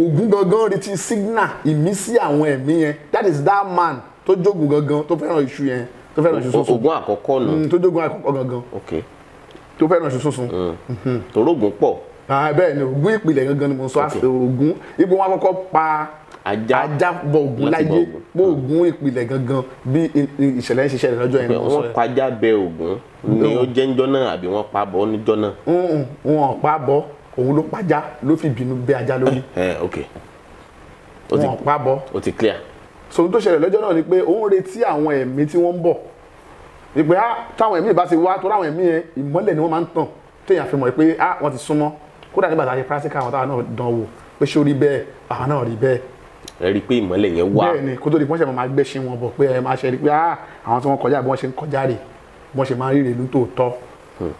Ògún gangan retí signal ìmísí àwọn ẹ̀mí yẹn that is that man tó jogun gangan tó fẹ́ràn iṣu yẹn tó fẹ́ràn iṣu sunsun. Ògún àkọ́kọ́ nù. tó jogun àkọ́kọ́ gangan. ok tó fẹ́ràn iṣu sunsun. torógun pọ̀. Ah, bẹ́ẹ̀ ni Ògún ìpìlẹ̀ gangan ni mo sọ àfẹ́ Ògún ibo wọn àkọ́kọ́ pa ajá bọ ògùn láyé bọ ògùn ìpìlẹ̀ gangan bí ìṣẹ̀lẹ̀ ń ṣiṣẹ́ lọ́jọ́ yẹn. wọ́n pajá bẹ ògùn ni ó jẹ́ níjọ́ náà àbí wọ́n pa bọ́ níjọ́ náà. wọn pa bọ́ òun ló pajá ló fi bínú bẹ ajá lórí. <laughs> wọn pa bọ́. o ti clear. sòun tó ṣẹlẹ̀ lọ́jọ́ náà ni pé òun retí àwọn ẹ̀mí tí wọ́n ń bọ̀ ìpè á ah, táwọn ẹ̀mí ìbá ti wá tó láwọn ẹ̀mí yẹn ìmọ́lẹ̀ ni wọ́n máa ń tàn téèyàn fi mọ̀ pé á ah, wọ́n ti súnmọ́ kódà nígbà tá a ṣe pásíkà àwọn táwọn náà dán wò pé ṣé ó rí bẹ́ẹ̀ àwọn náà rí bẹ́ẹ̀ ẹ rí i pé ìmọ́lẹ̀ yẹn wà. bẹ́ẹ̀ ni kó tó di pọ́ńṣẹ́ máa gbẹ́sìn wọn bọ̀ pé ẹ máa ṣe rí i pé ah, àwọn tí wọ́n kọjá bí wọ́n ṣe ń kọjá rè wọ́n ṣe máa ń rí ìrèlú tòótọ́ hmm.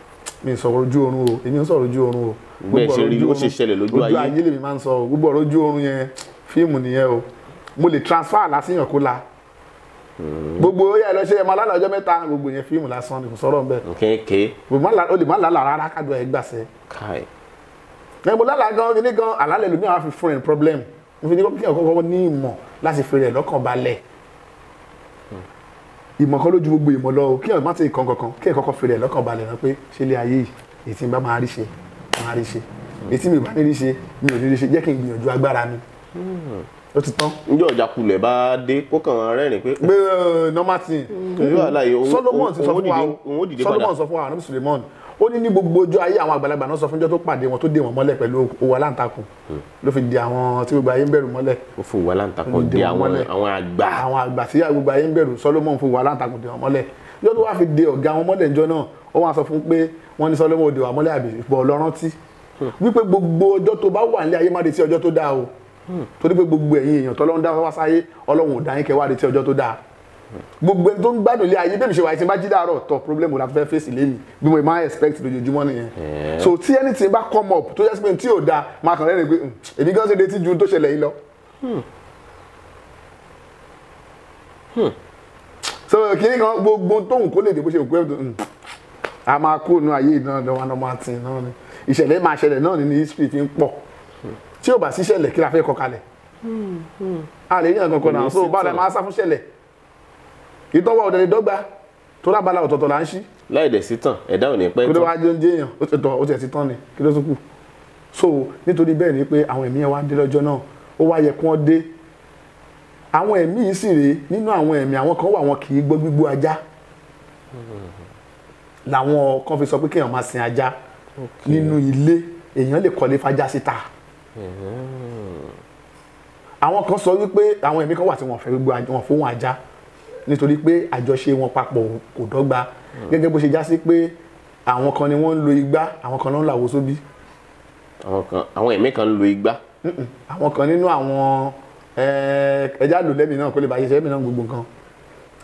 mi ń sọ̀rọ̀ ojú oorun o èmi ń sọ̀rọ̀ ojú oorun o. bẹ́ẹ̀ ṣe rí ó ṣe ṣẹlẹ̀ lójú ayé ojú ayé lèmi máa ń sọ o gbogbo ọ̀rọ̀ ojú oorun yẹn fíìmù nìyẹn o mo lè transfer lásìyàn kó la hmm. gbogbo ó yà lọ ṣe ẹ máa lálàá ọjọ́ mẹ́ta gbogbo yẹn fíìmù lásán ni kò sọ̀rọ̀ ń bẹ. kéèké. o lè má lálàá rárá kájọ ẹ gbàṣẹ. káì. ẹ mo lálàá gan-an ní gan-an àlálẹ̀ lómi àwọn fi fún ẹ̀ problem níbi kí ọkọ kọ́kọ́ ní ìmọ̀ láti fi rẹ̀ lọ́kàn balẹ̀ ìmọ̀ kan lójú gbogbo ìmọ̀ lọ kí ọ̀n má ti kàn kankan kí ẹ̀kọ́kọ́ fi rẹ̀ lọ́kàn balẹ̀ rẹ pé ṣé ilé ayé yìí èyí tí n bá máa rí ṣe máa rí ṣe èyí tí mi bá ní rí ṣe mi ò ní rí ṣe jẹ́ kí n gbìyànjú agbára mi ó ti tán. njẹ́ ọjà kulẹ̀ bá dé kó kàn án pé. pé eh, normal thing. solomon sọ fún wa solomon sọ fún wa anabi suleiman ó ní ní gbogbo ojú ayé àwọn àgbàlagbà náà sọ fúnjọ́ tó pàdé wọn tó dè wọ́n mọ́lẹ̀ pẹ̀lú òwò aláǹtakùn hmm. ló fi di àwọn tí gbogbo ayé ń bẹ̀rù mọ́lẹ̀. ó fò wò aláǹtakùn di àwọn àgbà. àwọn àgbà tí gbogbo ayé ń bẹ̀rù Solomon fò wò aláǹtakùn di wọn mọ́lẹ̀ yóò tó wá fi de ọ̀gá wọn mọ́lẹ̀ ńjọ́ náà ó wá sọ fún pé wọ́n ní Solomon òde wà mọ́lẹ̀ àbí ìpọ̀ ọlọ́rántí hmm. wípé gbogbo ọjọ́ tó bá wà nílé ayé má retí ọjọ́ tó dáa o hmm. torí pé gbogbo ẹ̀yin èèyàn tọ́lọ́run dá wá sáyé Ọlọ́run ò dá yín kẹ́ wá retí ọjọ́ tó dáa gbogbo ẹni tó ń gbádùn ilé ayé bẹ́ẹ̀ mi ṣe wáyé tí n bá jí dàárọ̀ tọ̀ problem wo la fẹ́ fèsì lẹ́nu bí mo máa expect lójoojúmọ́ nìyẹn so tí anything bá come up tó yẹ sí pé tí ò da máa kàn lẹ́nu pé hmm, èmi gan ṣe létí ju tó ṣẹlẹ̀ yìí lọ. Hmm. Hmm. so kìnìún kan gbogbo tóun kó lè dé bó ṣe òkú ẹ̀ tó a máa kó inú ayé náà lọ́wọ́ náà máa tì náà ni ìṣẹ̀lẹ̀ máa ṣẹlẹ̀ náà ni history fi ń pọ̀ tí ò bá sí ṣẹlẹ̀ kí la fẹ́ kọ kalẹ̀ a lè yàn kankan náà so báwo la máa sá fún ṣẹlẹ̀ ìtọ́wọ́ ọ̀dẹ̀ ni dọ́gba tó lábala ọ̀tọ̀ọ̀tọ̀ là ń ṣí. láì dẹ̀ sí tàn ẹ̀dá ò ní pẹ́ tán. kí ló wá jẹ́ oúnjẹ èèyàn ó ti tọ́ ó ti ẹ̀ ti tán ni kí ló tún kù. so nítorí bẹ́ẹ̀ ni pé àwọn ẹ̀mí yẹn wá dé lọ́jọ́ náà ó wá yẹ kí wọ́n dé. àwọn ẹ̀mí yìí sì rèé nínú àwọn ẹ̀mí àwọn kan wà wọn kì í gbọ́ gbígbó ajá. làwọn kan fi sọ pé kéèyàn máa sin ajá nínú ilé èèyàn lè kọ́lé fajá síta. Hmm. àwọn kan sọ wípé àwọn ẹ̀mí kan wà tí wọ́n fẹ́ gbogbo wọn fóun ajá. Mm nítorí pé àjọṣe wọn papọ̀ kò dọ́gba gẹ́gẹ́ bó ṣe já sí pé àwọn kan ni wọ́n ń lo igbá àwọn kan ló ń làwọ́ sóbì. àwọn ẹ̀mí kan ń lo igbá. àwọn kan nínú àwọn ẹja lò lẹ́mìí náà kó lè bá yẹ sẹ́mìí náà gbogbo nǹkan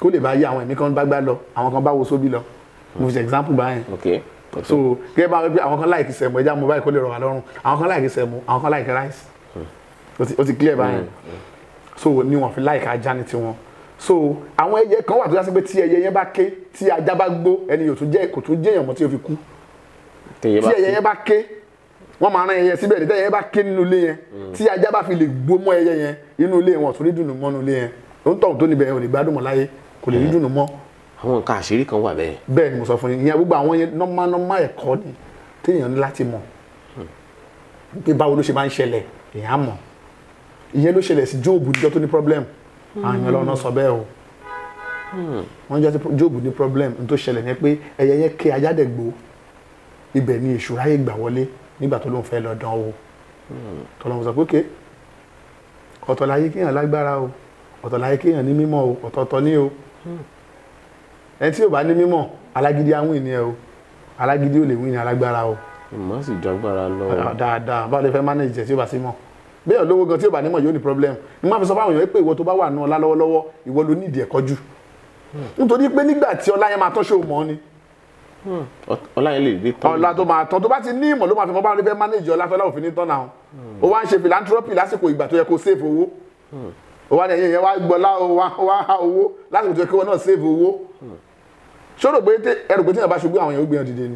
kó lè bá yẹ àwọn ẹ̀mí kan bá gbá lọ àwọn kan bá wo sóbì lọ mo ṣe example báyẹn. Okay so gẹ́gẹ́ bá wípé àwọn kan láìkì sẹ̀mù ẹja mo báyìí kó lè rọ̀ wá lọ́rùn àwọn kan láìkì sẹ̀mù àwọn kan láìkì ráìsì hmm. ó ti clear báyìí hmm, hmm. so ni wọ́n fi láìkì ajá ní tiwọn so àwọn ẹyẹ kan wà tó dá sí pé tí ẹyẹ yẹn bá ké tí ajá bá gbó ẹni yóò tún jẹ́ kò tún jẹ́ èèyàn mọ́ tí ó fi kú tí ẹyẹ yẹn bá ké wọ́n máa rán ẹyẹ síbẹ̀ ní tẹ́yẹ bá ké nínú ilé yẹn mm. tí ajá bá fi lè gbó mọ́ ẹyẹ yẹn inú ilé wọn tún ní dùnú mọ́ nínú ilé yẹn ó ń tọ̀ tó níbẹ̀ ò ní gbádùn mọ́ láyé kò lè ní mm. dùnú mọ́. àwọn nǹkan àṣírí kan wà bẹ́ẹ̀. bẹ́ẹ̀ ni mo sọ fún yín ìyẹn gbogbo àwọn yẹn nọ́mà nọ́mà ẹ̀kọ́ ni téèyàn ní láti mọ̀ hmm. pé báwo ló ṣe máa ń ṣẹlẹ̀ èèyàn á mọ̀ ìyẹn ló ṣẹlẹ̀ sí Jóòbù níjọ́ tó ní problem àwọn ah, èèyàn lọ́nà sọ bẹ́ẹ̀ o hmm. wọ́n jẹ́ Job ní problem n tó ṣẹlẹ̀ ní pé ẹyẹ yẹn ké ajádẹ́gbò ibẹ̀ ni èṣù ráyè gbà wọlé nígbà tó lóun fẹ́ lọ dán o hmm. tọ́lọ́mù sọ pé ké ọ̀tọ̀ láyé kéèyàn lágbára o ọ̀tọ̀ láyé kéèyàn ní mímọ́ o ọ̀tọ̀ọ̀tọ̀ ní o hmm. ẹni tí ò bá ní mímọ́ alágídí àwọn ènìyàn o alágídí ò lè wí ní alágbára o. ìmọ̀ sì jágbára lọ. dáadáa báwo lè fẹ́ manage tí ó bá sí mọ́ bẹ́ẹ̀ olówó gan tí ò bá nímọ̀ yóò ní problem ni máa fi sọ fáwọn èèyàn pé ìwọ tó bá wà nù ọlá lọ́wọ́lọ́wọ́ ìwọ ló nídìí ẹ̀kọ́ jù nítorí pé nígbà tí ọlá yẹn máa tán ṣe ò ni. ọlá yẹn lè dé tán. ọlá tó máa tán tó bá ti ní ìmọ̀ ló máa fi mọ́ bá wọn fẹ́ manage ọlá tọ́lá òfin ní tán náà ó wá ń ṣe philanthropy lásìkò ìgbà tó yẹ kó save owó ó wá ní ẹ̀yìn wá gbọ́lá wá há owó lásìkò tó yẹ kó wọn náà save owó ṣó rò pé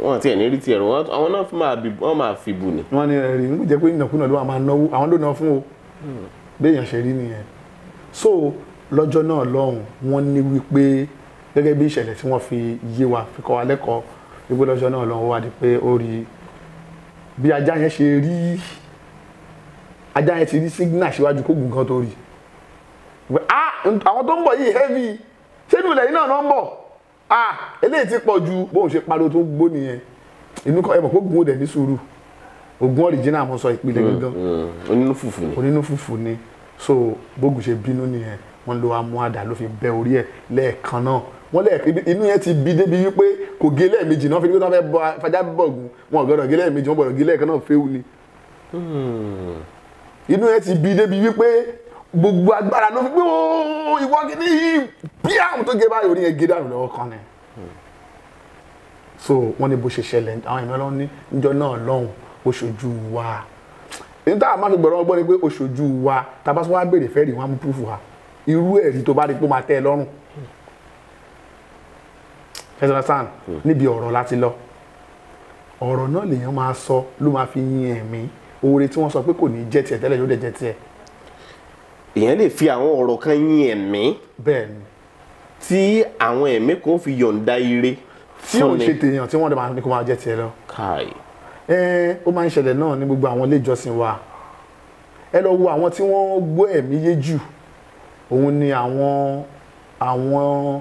wọn ti ẹ̀ ní rí ti ẹ̀rù àwọn náà fún wọn máa fi bù ni. wọn ní ẹ̀rí ń jẹ́ pé ìnàkúnà ló máa náwó àwọn ló ná fún o hmm. béèyàn ṣe rí nìyẹn so lọ́jọ́ náà lọ́hùn wọ́n ní wípé gẹ́gẹ́ bí ìṣẹ̀lẹ̀ tí wọ́n fi yé wa fi kọ́ wa lẹ́kọ̀ọ́ wípé lọ́jọ́ náà lọ́hùn wá di pé ó rí bí ajá yẹn ṣe rí ajá yẹn ti rí signal síwájú kó gùn kan tó rí ah, àwọn tó ń bọ̀ yìí heavy ṣé ìlú ilẹ̀ yìí náà náà ń bọ̀ ah eléyìí ti pọ̀ ju bóun ṣe pariwo tó gbó nìyẹn inú kan ẹ mọ̀ pé ogun òde ní sùúrù ogun original mo sọ ìpìlẹ̀ mm, gangan mm. onínú fùfù ni onínú fùfù ni so bógun ṣe bínú nìyẹn wọ́n lo amúhàdà ló fi bẹ́ orí ẹ̀ lẹ́ẹ̀kan náà wọ́n lẹ inú yẹn ti bi débi wípé kò gé lẹ́ẹ̀mejì náà fi nígbà tó fẹ́ bọ fajá bọ̀gùn wọn gbọ́dọ̀ gé lẹ́ẹ̀mejì wọn gbọ́dọ̀ gé lẹ́ẹ̀kan náà fẹ́wù ni hmm. inú yẹn ti bi débi wípé gbogbo agbára ló fi gbé ooo ìwọ gidi bí àwọn tó gé báyìí oníyẹn gé dànù lọ́wọ́ kan ni so wọ́n ní bó ṣe ṣẹlẹ̀ àwọn ìmọ̀ lọ́wọ́ ní níjọ́ náà lọ́hùn oṣojú wa ní táwọn máa fi gbọ̀rọ̀ ọgbọ́n ni pé oṣojú wa tàbá sọ wá béèrè fẹ́ rí wọn á mú púrúfù wa irú ẹ̀rí tó bá rí pé ó máa tẹ́ ẹ lọ́rùn fẹsẹ̀rẹ̀ sàn hmm. níbi ọ̀rọ̀ láti lọ ọ̀rọ̀ náà lèèyàn máa sọ ló máa fi yin ẹ̀mí oore tí wọ́n sọ pé kò ní jẹ́ tiẹ̀ tẹ́lẹ̀ yóò dẹ̀ jẹ́ tiẹ̀ èèyàn lè fi àwọn ọ̀rọ̀ kan yin ẹ̀mí tí àwọn ẹ̀mí kan fi yọ̀ǹda ire fún ni tí ò ṣe tèèyàn tí wọ́n dẹ̀ máa ní kó máa jẹ́ tiẹ̀ lọ. káì. ẹ ó máa ń ṣẹlẹ̀ náà ní gbogbo àwọn ilé ìjọsìn wa ẹ lọ wo àwọn tí wọ́n gbọ́ ẹ̀mí yé jù òun ni àwọn àwọn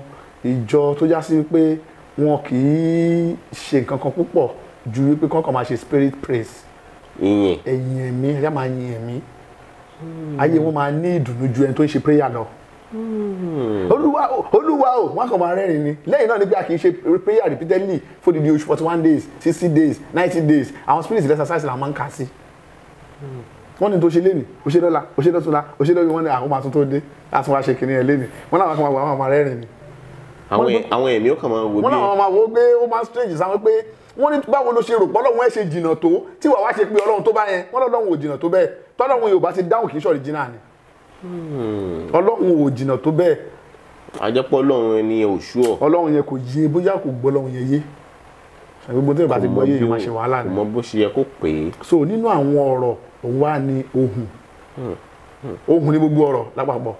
ìjọ tó já sí pé wọn kì í ṣe nǹkan kan púpọ̀ ju wípé kọ́kàn máa ṣe spirit praise. ìyìn ẹ̀yìn ẹ̀mí ẹ̀yà máa yin ẹ̀mí. Hmm. ayé wọn máa ní ìdùnnú ju ẹni tó ń ṣe prayer lọ hmm. olúwa o olúwa o wọn kàn máa rẹ́rìn ni lẹ́yìn náà ni pé a kì í ṣe prayer repeatedly for the oṣù forty one days sixty days ninety days àwọn spirits exercise la máa ń kà sí hmm. wọ́n ní tó ṣe lénìí ó ṣe lọ́la ó ṣe lọ́túnla ó ṣe lọ́yún wọ́n ní àwọn máa tún tó dé láti wá ṣe kìnní ẹ̀ lénìí wọ́n náà wọ́n kàn máa wọ àwọn máa rẹ́rìn ni. àwọn èmi ó kàn máa wo bí. wọ́n náà máa wo pé ó máa strange sáwọn pé wọ́n ní báwo ló ṣe rò pé ọlọ́run ẹ̀ ṣe jìnnà tó tí wàá wá ṣe pé ọlọ́run tó bá yẹn wọ́n lọ́lọ́run ò jìnnà tó bẹ́ẹ̀ tọ́lọ́ wọn yorùbá ti dáhùn kì í sọ̀rọ̀ jìnnà ni ọlọ́run ò jìnnà tó bẹ́ẹ̀. àjẹpọ̀ ọlọ́run ẹni ò sú ọ. ọlọ́run yẹn kò yé bóyá kò gbọ́ ọlọ́run yẹn yé gbogbo tí yorùbá ti gbọ́ yé ìmọ̀ ṣe wàhálà ni. kò mọ bó ṣe yẹ kó pè é. so nínú àwọn ọ̀rọ̀ òun wá ní ohùn ohùn ní gbogbo ọ̀rọ̀ lápapọ̀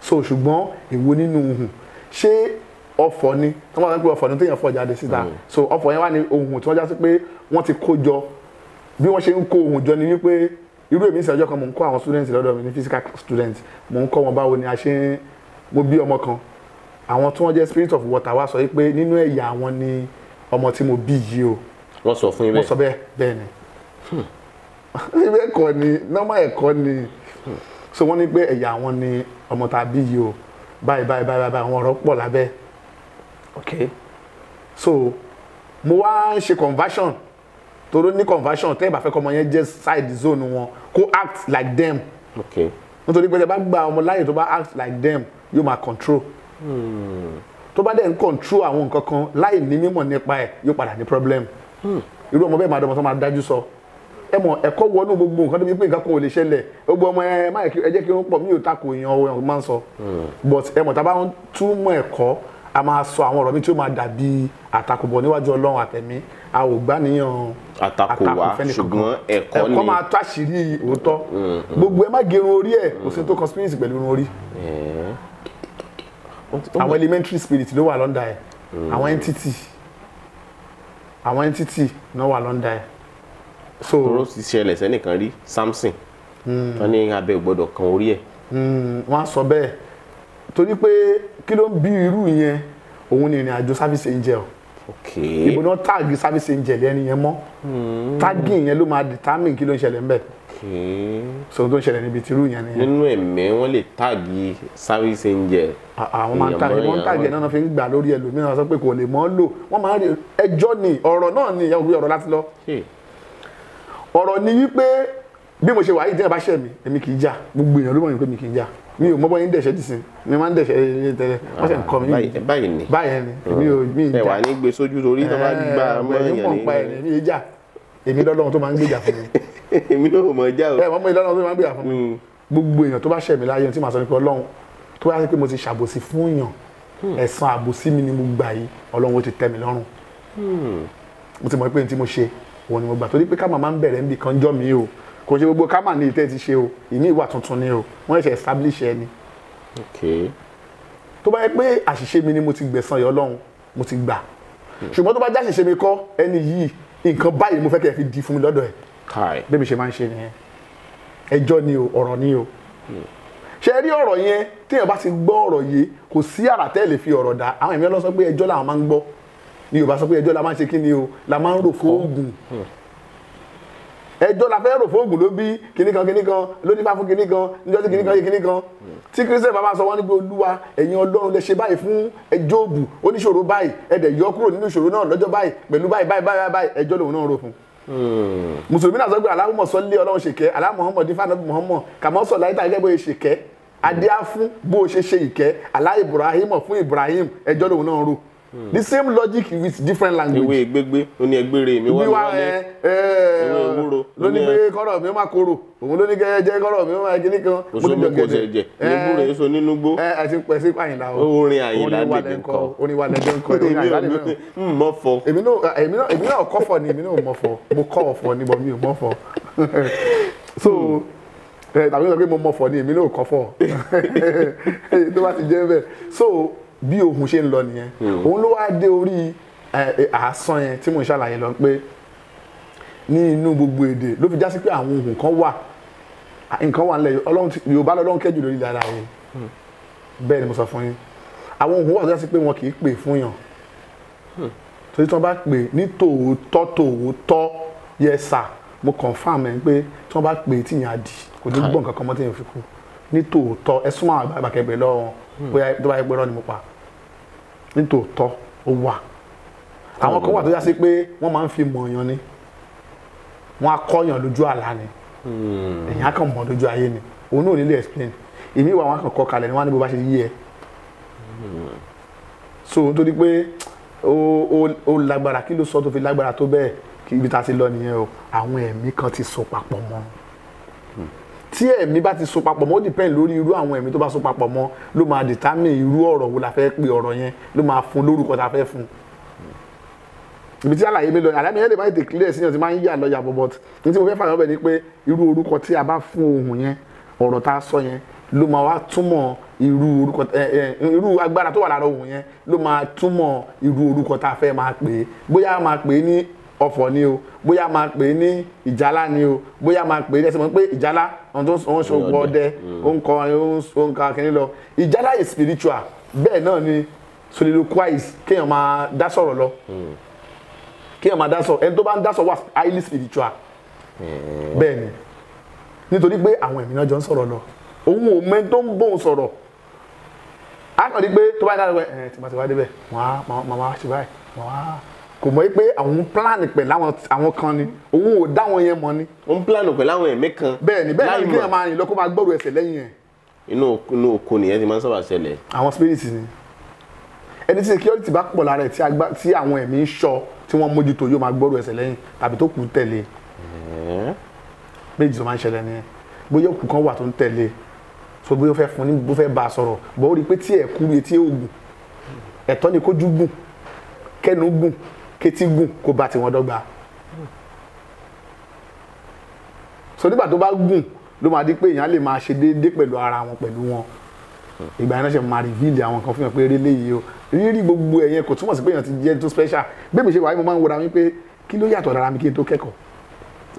so ṣùgbọ́n èwo nínú ohùn ṣé ọ̀fọ̀ ni tí wọ́n bá ń pè ọ̀fọ̀ ni téèyàn fọ̀ jáde síta mm. so ọ̀fọ̀ yẹn wá ní ohùn tí wọ́n já sí pé wọ́n ti kó jọ bí wọ́n ṣe ń kó ohùn jọ ni wípé irú èmi ìsìn ọjọ́ kan mò ń kọ́ àwọn students lọ́dọ̀ mi ní physical students mò ń kọ́ wọn báwo ni a ṣe ń mo bí ọmọ kan àwọn tí wọ́n jẹ́ spirit of water wá sọ pé nínú ẹ̀yà àwọn ni ọmọ tí mo bí yìí o. wọ́n sọ fún yín bẹ́ẹ̀ wọ́n sọ bẹ́ẹ̀ bẹ́ẹ̀ ni ibẹ̀ kọ́ ni nọ́mà ẹ̀kọ́ ni hmm. so wọ́n ní pé ẹ̀yà àwọn ni ọmọ tá a bí yìí o báyìí báyìí báyìí báyìí àwọn ọ̀rọ̀ pọ̀ lábẹ́ ok so mo wá ń ṣe conversion toro ní conversion tẹ́ ẹ bá fẹ́ kọ́ ọmọ side zone wọn kó act like them okay. nítorí pé ẹ bá gba ọmọ láyè tó bá act like them You máa control hmm. tó bá dẹ̀ ń control àwọn nǹkan kan láì ní mímọ̀ nípa ẹ̀ yóò padà ní problem hmm. irú ọmọ bẹ́ẹ̀ máa dọ́mọ tó máa dájú sọ ẹ mọ̀ ẹ̀kọ́ wọnú gbogbo nǹkan tó bí pé nǹkan kan ò lè ṣẹlẹ̀ gbogbo ọmọ ẹ má ẹ jẹ́ kí n pọ̀ mí ò takò èèyàn ọ̀hún máa ń sọ hmm. but ẹ mọ̀ tá a bá ń túmọ̀ ẹ̀kọ́ a máa sọ àwọn ọ̀rọ̀ mi tí ó máa dàbí àtakò bọ̀ níwájú ọlọ́run àtẹ̀mí a ò gbàníyàn àtakò wa ṣùgbọ́n ẹ̀kọ́ ni ẹ̀kọ́ máa tó àṣírí òótọ́ mm-hmm. gbogbo ẹ má gerun orí ẹ̀ kò sí tó conspiracy pẹ̀lú irun orí àwọn elementary spirit ló wà lọ́ndà ẹ̀ mm-hmm. àwọn entity àwọn entity náà wà lọ́ndà ẹ̀. so toro ti ṣẹlẹ̀ sẹ́nìkan rí Samson mm. wọ́n ní abẹ́ gbọ́dọ̀ kan orí ẹ̀. Mm, wọ́n á sọ bẹ́ẹ̀ torí pé kí ló ń bí irú yẹn òun ni ìrìn àjò service angel ìbò náà táàgì service angel ẹni yẹn mọ́ hmm. táàgì yẹn ló máa determine kí ló ń ṣẹlẹ̀ ń bẹ̀ so tó ń ṣẹlẹ̀ níbi tìrú yẹn nìyẹn. nínú ẹ̀mẹ́ wọ́n lè táàgì service angel. àwọn ah, ah, máa ń táàgì wọ́n táàgì náà fi ń gbà lórí ẹlòmíràn sọ pé kò lè mọ́ lò wọ́n máa ń ẹjọ́ ni ọ̀rọ̀ náà ni ìyá òkú ọ̀rọ̀ láti lọ. ọ̀rọ̀ ni wípé bí mo ṣe wà yìí díẹ̀ mi ò mọ́bọ́ yín dẹ̀ṣẹ́ dì sí mi máa ń dẹ̀ṣẹ́ yín tẹ́lẹ̀ wọ́n ṣe ń kọ́ mi báyìí ni báyìí ni mi ò mi ìjà ẹ̀wà ní gbé sójú torí tó bá gba ọmọ èèyàn ní ìjà èmi lọ́lọ́run tó máa ń gbèjà fún mi <laughs> èmi náà mọ̀ já o ẹ̀ mọ́ ìlọ́run tó máa ń gbèjà fún mi mm. gbogbo èèyàn tó bá ṣẹ̀ mí láyé tí màá sọ nípa ọlọ́run tó bá yẹ pé mo ti ṣàbòsí fún èèyàn hmm. ẹ̀san àbòsí mi ni mo gbà yìí ọlọ́run ó ti tẹ́ mi lọ́rùn hmm. mo ti mọ̀ pé ní tí mo ṣe òun ni mo gbà torí pé ká màmá ń bẹ̀rẹ̀ níbi kan jọ́ mi o kò ṣe gbogbo kámà ní ìtẹ́ ti ṣe o ìní ìwà tuntun ni o wọ́n ṣe establish ẹni. tó bá yẹ pé àṣìṣe mi ni mo ti gbẹ̀san yọ lọ́hùn mo ti gbà ṣùgbọ́n tó bá jáṣìṣe mi kọ́ ẹni yìí nǹkan báyìí mo fẹ́ kẹ́ ẹ fi di fún mi lọ́dọ̀ ẹ̀ bébí ṣe máa ń ṣe nìyẹn ẹjọ́ ni o ọ̀rọ̀ ni o ṣe rí ọ̀rọ̀ yẹn téèyàn bá ti gbọ́ ọ̀rọ̀ yìí kò sí àrà tẹ́ lè fi ọ̀rọ̀ dá àwọn èmi ọlọ́sọ pé ẹjọ́ làwọn máa ń gbọ́ ni Yorùbá sọ pé ẹjọ́ la máa ń ṣe kí ni o la máa ń rò fún ẹjọ́ la fẹ́ rò fún ògùn ló bí kinní kan kinní kan ló nípa fún kinní kan níjọ́ tí kinní kan yé kinní kan tí kírísítẹ̀ bàbá sọ wọ́n ní pé olúwa ẹ̀yin ọlọ́run lè ṣe báyìí fún Jóòbù oníṣòro báyìí ẹ̀dẹ̀ yọ kúrò nínú ìṣòro náà lọ́jọ́ báyìí pẹ̀lú báyìí báyìí báyìí ẹjọ́ lòun náà rò fún mùsùlùmí náà sọ pé aláwùmọ̀ sọ lé ọlọ́run ṣèkẹ́ aláwùmọ̀ dífà náà mọ̀ọ́mọ̀ kàmọ́ sọ láyé tàgẹ́ bóyá ṣèkẹ́ adé á fún bó o ṣe ṣe Ibrahim fún Ibrahim ẹjọ́ lòun náà The same logic with different language. Ewé gbégbé ló ní ẹgbére mi wá lọ́lẹ́. Ewé ewúro ló ní pé kọ́rọ̀ mi máa korò. Òun ló ní kẹ́ jẹ́ kọ́rọ̀ mi máa kíní kan. Oṣù mi kò tẹ̀ jẹ̀. Ebú rẹ̀ oṣù nínú gbó. Ẹ ẹ ti pẹ̀ sí Àyìnlá o. Orin Àyìnlá lèdè kọ. Orin wa lẹ́jọ́ kọ. <laughs> Orin Àyìnlá lèdè kọ. Mọ̀ fọ. Èmi náà kọ́ fọ ni èmi náà mọ̀ fọ. Mo kọ́ ọ̀fọ̀ ni bọ̀ mi ò mọ̀ fọ. <laughs> So tàbí sọ pé mo mọ̀ fọ ni èmi náà kọ́ fọ. <laughs> Tó bá ti jẹ́ bẹ́ẹ̀. So bí ohun ṣe ń lọ nìyẹn hmm. òun ló wá dé orí àásán yẹn tí mo ń ṣàlàyé lọ pé ní inú gbogbo èdè ló fi já sí pé àwọn ohun kan wà nǹkan wà nílẹ̀ yorùbá lọ́dún kẹ́jù lórí dára yìí hmm. bẹ́ẹ̀ ni mo sọ fún yín àwọn ohun wà tó já sí pé wọn kì í pè fún yàn hmm. torí tí wọ́n bá pè ní tòótọ́ tòótọ́ yẹ sà mo confam ẹ̀ pé tí wọ́n bá pè tí yẹn á di kò ní gbọ́ nǹkan kan mọ́ tí yẹn fi kú ní tòótọ́ ẹ súnmọ́ àgbàkẹ́gbẹ́ lọ́wọ́ bóyá tó bá yẹ pé rọ́ ni mo pa nítòótọ́ ó wà àwọn kan wà tó yá sí pé wọ́n máa ń fi mọ̀ èèyàn ni wọ́n á kọ́yàn lójú àlá ni hmm. èèyàn kàn mọ̀ lójú ayé ni òun náà nílé explain èmi wà wọn kàn kọ kalẹ̀ ni wọ́n á ní bó bá ṣe yí ẹ so nítorí pé ó lágbára kí ló sọ tó fi lágbára tó bẹ́ẹ̀ kí ibi tá a ti lọ nìyẹn o àwọn ẹ̀mí kan ti so papọ̀ mọ́ ọ́n tí ẹ̀mí bá ti so papọ̀ mọ́ ó depend lórí irú àwọn ẹ̀mí tó bá so papọ̀ mọ́ ló máa determine irú ọ̀rọ̀ wo la fẹ́ pe ọ̀rọ̀ yẹn ló máa fún lórúkọ ta fẹ́ fún ibi tí àlàyé mi lọ àlàyé mi yẹn lè má tètè clear síyàn tí máa ń yà lọ yàbọ̀ but ní tí mo fẹ́ fàyọ̀ bẹ̀ ni pé irú orúkọ tí a bá fún ohun yẹn ọ̀rọ̀ tá a sọ yẹn ló máa wá túmọ̀ irú orúkọ ẹ ẹ irú agbára tó wà lára ohun yẹn ló máa túmọ̀ irú orúkọ tá a fẹ́ máa pè é bóyá máa pè é ní ọ̀fọ̀ ni o bóyá máa pè é ní ìjálá ni o bóyá máa pè é ní ẹsẹ̀ mọ́ pé ìjálá ohun tó ń ṣògbọ́ ọdẹ ó ń kọ ó ń ka kínní lọ ìjálá is spiritual bẹ́ẹ̀ náà ni soliloquize kéèyàn máa dá sọ̀rọ̀ lọ kéèyàn máa dá sọ̀rọ̀ ẹni tó bá ń dá sọ̀rọ̀ wà highly spiritual bẹ́ẹ̀ ni nítorí pé àwọn ẹ̀mí náà jọ ń sọ̀rọ̀ lọ òun ò mẹ́ tó ń bóun sọ̀rọ̀ á kàn rí pé tó bá ń dá sọ̀rọ̀ ẹ̀ tí màá ti wá débẹ̀ màá màá ṣe báyìí màá kò mọ̀ pé àwọn plan pẹ̀lú àwọn kan ni òun ò dá wọn yẹn mọ̀ ni. ó ń plan pẹ̀lú àwọn ẹ̀mí kan. bẹ́ẹ̀ni bẹ́ẹ̀ni kí ẹ máa rìn lọ kó máa gbọ́rọ̀ ẹsẹ̀ lẹ́yìn ẹ̀. inú inú oko nìyẹn ti máa ń sábà ṣẹlẹ̀. àwọn spirit ni ẹni tí security bá pọ̀ lára ẹ̀ tí àwọn ẹ̀mí ń ṣọ́ tí wọ́n mójútó yóò máa gbọ́rọ̀ ẹsẹ̀ lẹ́yìn tàbí tó kù tẹ̀lé méjì tó máa ń ṣẹlẹ̀ ni bóyá òkú kan wà tó ń tẹ̀lé so bóyá ó fẹ́ fún ní bó fẹ́ bá a sọ̀rọ̀ bó rí i pé tí ẹ̀ kú etí ẹ̀ ògùn ẹ̀tọ́ ni kójú gùn kẹ́nu gùn kétígùn kó bá tiwọn dọ́gba so nígbà tó bá gùn ló máa di pé èèyàn lè máa ṣe déédéé pẹ̀lú ara wọn pẹ̀lú wọn ìgbà yẹn náà ṣe máa rìvíìlì àwọn kan fún yàn pé eré o rírí gbogbo ẹ̀yẹn kò túmọ̀ sí pé èèyàn ti jẹ́ tó special bẹ́ẹ̀ mi ṣe wáyé mo máa ń wọra wípé kí ló yàtọ̀ lára mi kí n tó kẹ́kọ̀ọ́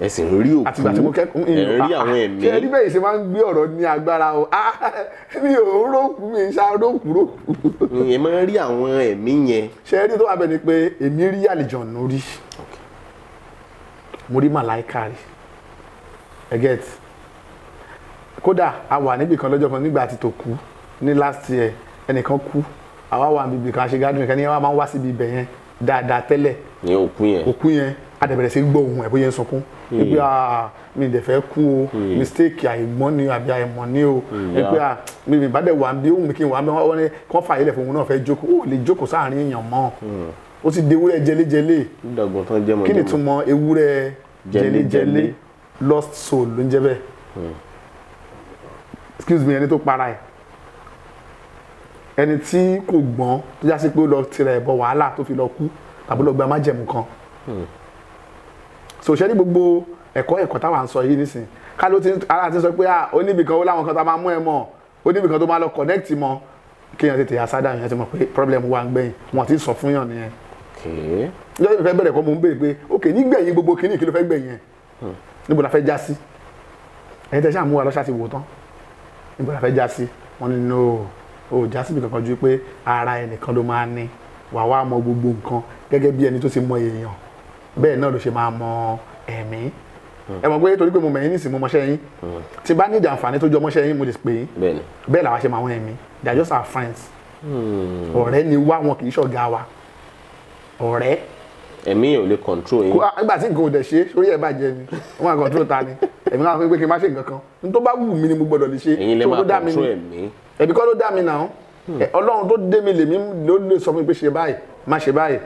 ẹ sì ń rí òkú àtìgbà tí mo kẹ́kọ̀ọ́ ẹ ń rí ah, àwọn ẹ̀mí. ṣé ẹni bẹ́ẹ̀ ṣe máa ń gbé ọ̀rọ̀ ní agbára o ah, mi ò rókù mi ṣá rókù rókù. ìyẹn máa ń rí àwọn ẹ̀mí yẹn. ṣé ẹni tó wà bẹ́ẹ̀ ni pé èmi rí àlìjọ̀nù rí mo rí màláìka rí ẹ get kódà a wà níbì kan lọ́jọ́ kan nígbà tí tó kú ní last year ẹnìkan kú àwa wà níbì kan àṣegádùn ìkànnì yẹn wà máa ń wá síbi ibẹ̀ yẹn dáadáa tẹ́lẹ̀. ní òkú yẹn òkú yẹn adẹ̀bẹ̀rẹ̀ sí gbọ́ ohun ẹ̀ bóyá ń sunkún hmm. ah, mi dẹ̀ fẹ́ kú o hmm. mistake àìmọ̀ ni àbí àìmọ̀ ni o hmm. wípé ah, mi mi bá dẹ̀ wà bí ohun mi kí n wà bí wọ́n ní kán fà yílẹ̀ fún òun náà fẹ́ jókòó ó lè jókòó sáàrin èèyàn mọ́ ó ti di ewúrẹ́ jẹlẹ́jẹlẹ́ kí ni túmọ̀ ewúrẹ́ jẹlẹ́jẹlẹ́ lost soul ló ń jẹ́ bẹ́ẹ̀ excuse me ẹni tó para ẹ̀ ẹni tí kò gbọ́n tó já sí pé ó lọ tirẹ̀ bọ wàhálà tó fi lọ kú tàbí lọ gba májẹ̀mú kan so ṣe ní gbogbo ẹ̀kọ́ ẹ̀kọ́ táwọn sọ yìí nísìn ká ló ti ara ti sọ pé ah oníbìkan ó láwọn kan tá a máa mú ẹ mọ́ oníbìkan tó máa lọ connect mọ́ kéèyàn tètè asádà yẹn ti mọ̀ pé problem wà ń gbẹ̀yìn wọn ti sọ fún yàn nìyẹn. ìjọba ìfẹ́ bẹ̀rẹ̀ kọ́ mo ń béèrè pé ok nígbẹ̀yìn gbogbo kínní kí ló fẹ́ gbẹ̀yìn ẹ̀ hmm. níbo la fẹ́ já sí ẹ̀yin tẹ́ sáà mú wa lọ́ṣà ti wò tán níbo la fẹ́ já sí wọn ni no o já síbi kankan ju pé ara ẹnìkan ló máa ní wàá wá mọ gbogbo nǹkan gẹ́gẹ́ bí ẹni tó ti mọ èèyàn bẹ́ẹ̀ náà ló ṣe máa mọ ẹ̀mí ẹ mọ̀ pé torí pé mo mẹ̀yìn nísìn mo mọṣẹ́ yín hmm. tí bá ní ìdí àǹfààní tó jọ mọṣẹ́ yín mo lè pè yín bẹ́ẹ̀ làwa ṣe máa wọ́n ẹ̀mí they are just our friends hmm. ọ̀rẹ́ ni wá wọn kì í ṣọ̀gá wa ọ̀rẹ́. ẹ̀mí yẹn ò lè control yín. nígbà tí nǹkan ò dẹ̀ ṣe orí ẹ̀ bàjẹ́ ni wọ́n máa control ta ni ẹ̀mí náà wọ́n pé kí n má ṣe nǹkan kan n tó bá wù mí ni mo gbọ́dọ̀ lè ṣe tó dá mi ni ẹ̀mí kọ́ ló dá mi náà hmm. ọlọ́run tó dé mi lèmi ló lè sọ fún mi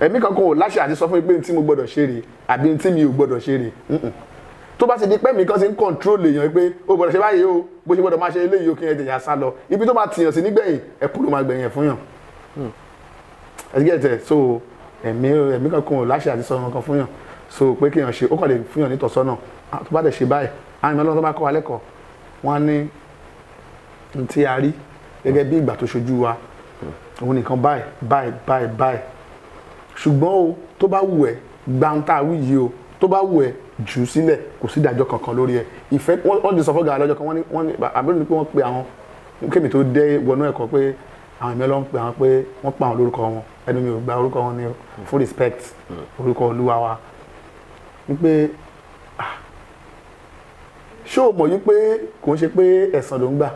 ẹ̀mí kankan ò láṣẹ àti sọ fún mi pé tí mo gbọ́dọ̀ ṣe rè àbí tí mi ò gbọ́dọ̀ ṣe rè tó bá ti di pé mi kan ti ń kọ́ńtrólè èèyàn pé o gbọ́dọ̀ ṣe báyìí o bó ṣe gbọ́dọ̀ máa ṣe eléyìí o kí ẹ jẹ̀yà sá lọ ibi tó bá tìyàn sí nígbẹ̀yìn ẹ̀kú ló máa gbẹ̀yìn fún yàn hmm. ẹ̀dígẹ̀tẹ̀ so ẹ̀mí ẹ̀mí kankan ò láṣẹ àti sọ kankan fún yàn so pé kéèyàn ṣe ó kàn lè fún yàn nítọ̀sọ́nà ah, tó bá dẹ̀ ṣe báyìí àwọn ìmọ̀ ọlọ́run tó bá kọ́ wa lẹ́kọ̀ọ́ ṣùgbọ́n o tó bá wù ẹ́ gbàǹtà wí yìí o tó bá wù ẹ́ jù ú sílẹ̀ kò sí ìdájọ́ kankan lórí ẹ̀ ìfẹ́ wọ́n ti sọ fọ́gà lọ́jọ́ kan wọ́n ní àbúrò ní pé wọ́n pe àwọn kémi tó dé wọnú ẹ̀kọ́ pé àwọn ìmọ̀ ló ń pe àwọn pé wọ́n pa àwọn lórúkọ wọn ẹnu mi ò gba orúkọ wọn ní full respect orúkọ olúwa wa wípé ṣé o mọ̀ yí pé kò ń ṣe pé ẹ̀san ló ń gbà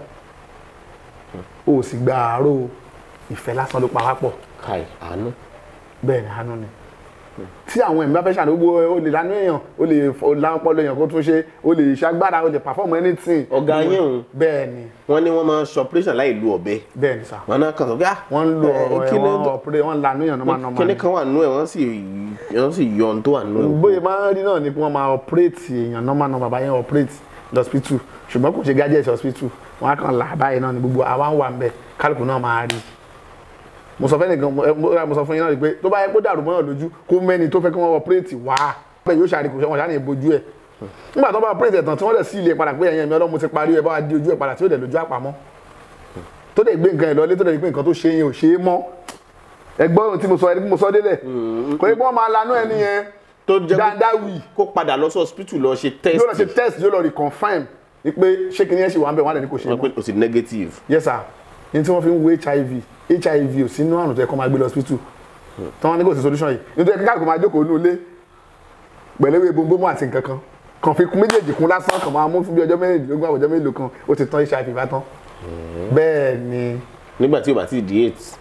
o ò sì gba àárò ìfẹ́ lásán ló pa wá káì àánú bẹ́ẹ̀ ni àánú ni tí àwọn ẹ̀mí bá fẹ́ ṣàdó gbogbo o lè lánú èèyàn o lè lápọlọ èèyàn kó tún ṣe o lè ṣàgbára o lè perform anything. ọ̀gá yín o bẹ́ẹ̀ ni. wọ́n ní wọ́n máa ń ṣe operation láì lu ọ̀bẹ. bẹ́ẹ̀ ni sà. wọ́n náà kàn sọ́gá. Ah, wọ́n ń lo ọ̀rọ̀ ẹ̀ wọ́n ọ̀pẹ̀rẹ̀ wọ́n lanú èèyàn normal normal. kíní kan wà nú ẹ̀ wọ́n sì wọ́n sì yọ ohun tó wà nú ẹ̀. bóyá máa ń rí náà ni wọ́n máa operate èèyàn normal normal bá yẹn operate lọ́sibítù ṣùgbọ́n kò ṣe gadget hospital wọ́n á kàn là báyìí náà ni gbogbo àwa ń wà ń bẹ̀ kálukú náà máa rí i mo sọ fẹ́ nìkan mo sọ fún yín náà rí pé tó bá yẹ kó dàrú mọ́yàn lójú kó mẹ́ni tó fẹ́ kí wọ́n ọpẹ́rẹ́tì wá bẹ́ẹ̀ yóò ṣàríkù wọn ṣáà ní ìbojú ẹ̀ nígbà tó bá ọpẹ́rẹ́tì ẹ̀tàn tí wọ́n dẹ̀ sí ilé padà pé ẹ̀yẹn mi ọlọ́mu ti parí ẹ̀ bá wa di ojú ẹ̀ padà tí ó dẹ̀ lójú àpamọ́ tó dẹ̀ gbé nǹkan ìlọlé tó dẹ̀ gbé nǹkan tó ṣe yẹn ò ṣe é mọ́ ẹgbọ́n ohun tí mo sọ ẹni mo sọ délẹ̀ mm-hmm. kò ní wọ́n máa lanú ẹni yẹn dandawi kó padà lọ sí hospital lọ ṣe test yóò lọ ṣe test yóò lọ reconfirm ni pé ṣé kìnìyẹn ṣì wà ń bẹ̀ wọ́n á dẹ̀ ní kò ṣe é mọ́. o ti negative. yes sir ní tí wọ́n fi ń wo hiv hiv ò sínú àrùn tó yẹ kó máa gbé lọ hospital tí wọ́n ní kò sí solution yìí nítorí kíkà kò máa jókòó ní ilé pẹ̀lú ewé bombomu àti nǹkan kan kàn fi méjèèjì kún lásán kàn máa mú fún bí ọjọ́ mẹ́rìndínlógún àwọn ọjọ́ mélòó kan ó ti tán hiv bá tán mm-hmm. bẹ́ẹ̀ ni. nígbà tí o bá ti di eight.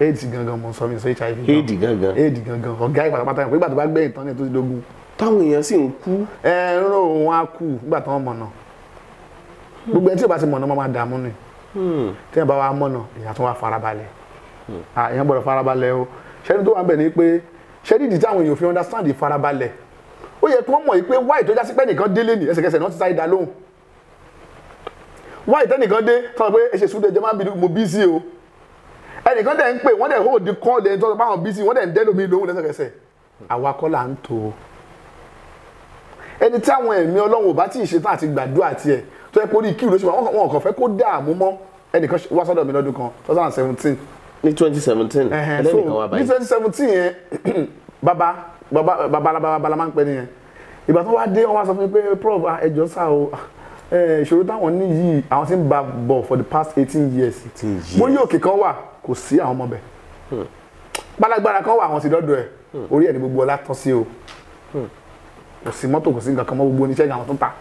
aids gangan mo sọ mi sọ hiv gan aids gangan aids gangan ọ̀gá ìpàtàpàtà yẹn pé ìgbà tó bá gbẹ̀yìn tán ni tó ti dógún. táwọn èèyàn sì ń kú. ẹ ń rò wọn gbogbo ẹni tí o bá ti mọ̀nà máa dààmú ni hmm. tí yẹn bá wa mọ̀nà èèyàn tó wá farabalẹ̀ hmm. èèyàn gbọ́dọ̀ farabalẹ̀ o ṣẹ́ni tó wà ń bẹ̀ ni pé ṣẹ́ni ìdí táwọn èèyàn fi understand ìfarabalẹ̀ ó yẹ kí wọ́n mọ̀ pé wáì tó jásí pé nìkan délé ní ẹsẹ̀kẹsẹ̀ náà ti sáré dá lóhùn wáì tẹ́nìkan dé tọ́wọ́ pé ẹ̀ṣẹ̀ sùdẹ̀ jẹ́ máa bí mo bí sí o ẹnìkan dẹ̀ ń pè wọ́n dẹ̀ hóòdì kọ́ lẹ́yìn tọ́wọ́ báwọn bí sí wọ́n dẹ̀ ń dẹ́lómi lóhùn lẹ́sẹ̀kẹsẹ̀ àwa kọ́ là ń tò ó ẹni tí àwọn ẹ̀mí ọlọ́run ò bá tí ì ṣetán àti gbàdúrà tiẹ̀ tó yẹ kó rí kíw lóṣù wọn kàn fẹ́ kó dààmú mọ́ ẹnìkan wá sọ́dọ̀ mi lọ́dún kan two thousand seventeen. ní twenty seventeen ẹlẹ́nìkan wá báyìí. ní twenty seventeen yẹn <clears throat> bàbá bàbá babalaba máa ń pẹ́ nìyẹn ìgbà tó wá dé wọn wá sọ fún mi pé prof ah, ẹjọ́ sá o ah, ìṣòro táwọn ní yìí àwọn ti ń ba bọ̀ for the past eighteen years mo ní òkè kan wà kò sí àwọn ọmọ bẹ̀ hmm. gbalagbara kan wà àwọn ti dọ́dọ̀ ẹ̀ hmm. orí ẹ̀ ní gbogbo ọlá tán sí o hmm. kò sí mọ́tò kò sí nǹkan kan mọ́ gbogbo oníṣẹ́ àwọn tó ń ta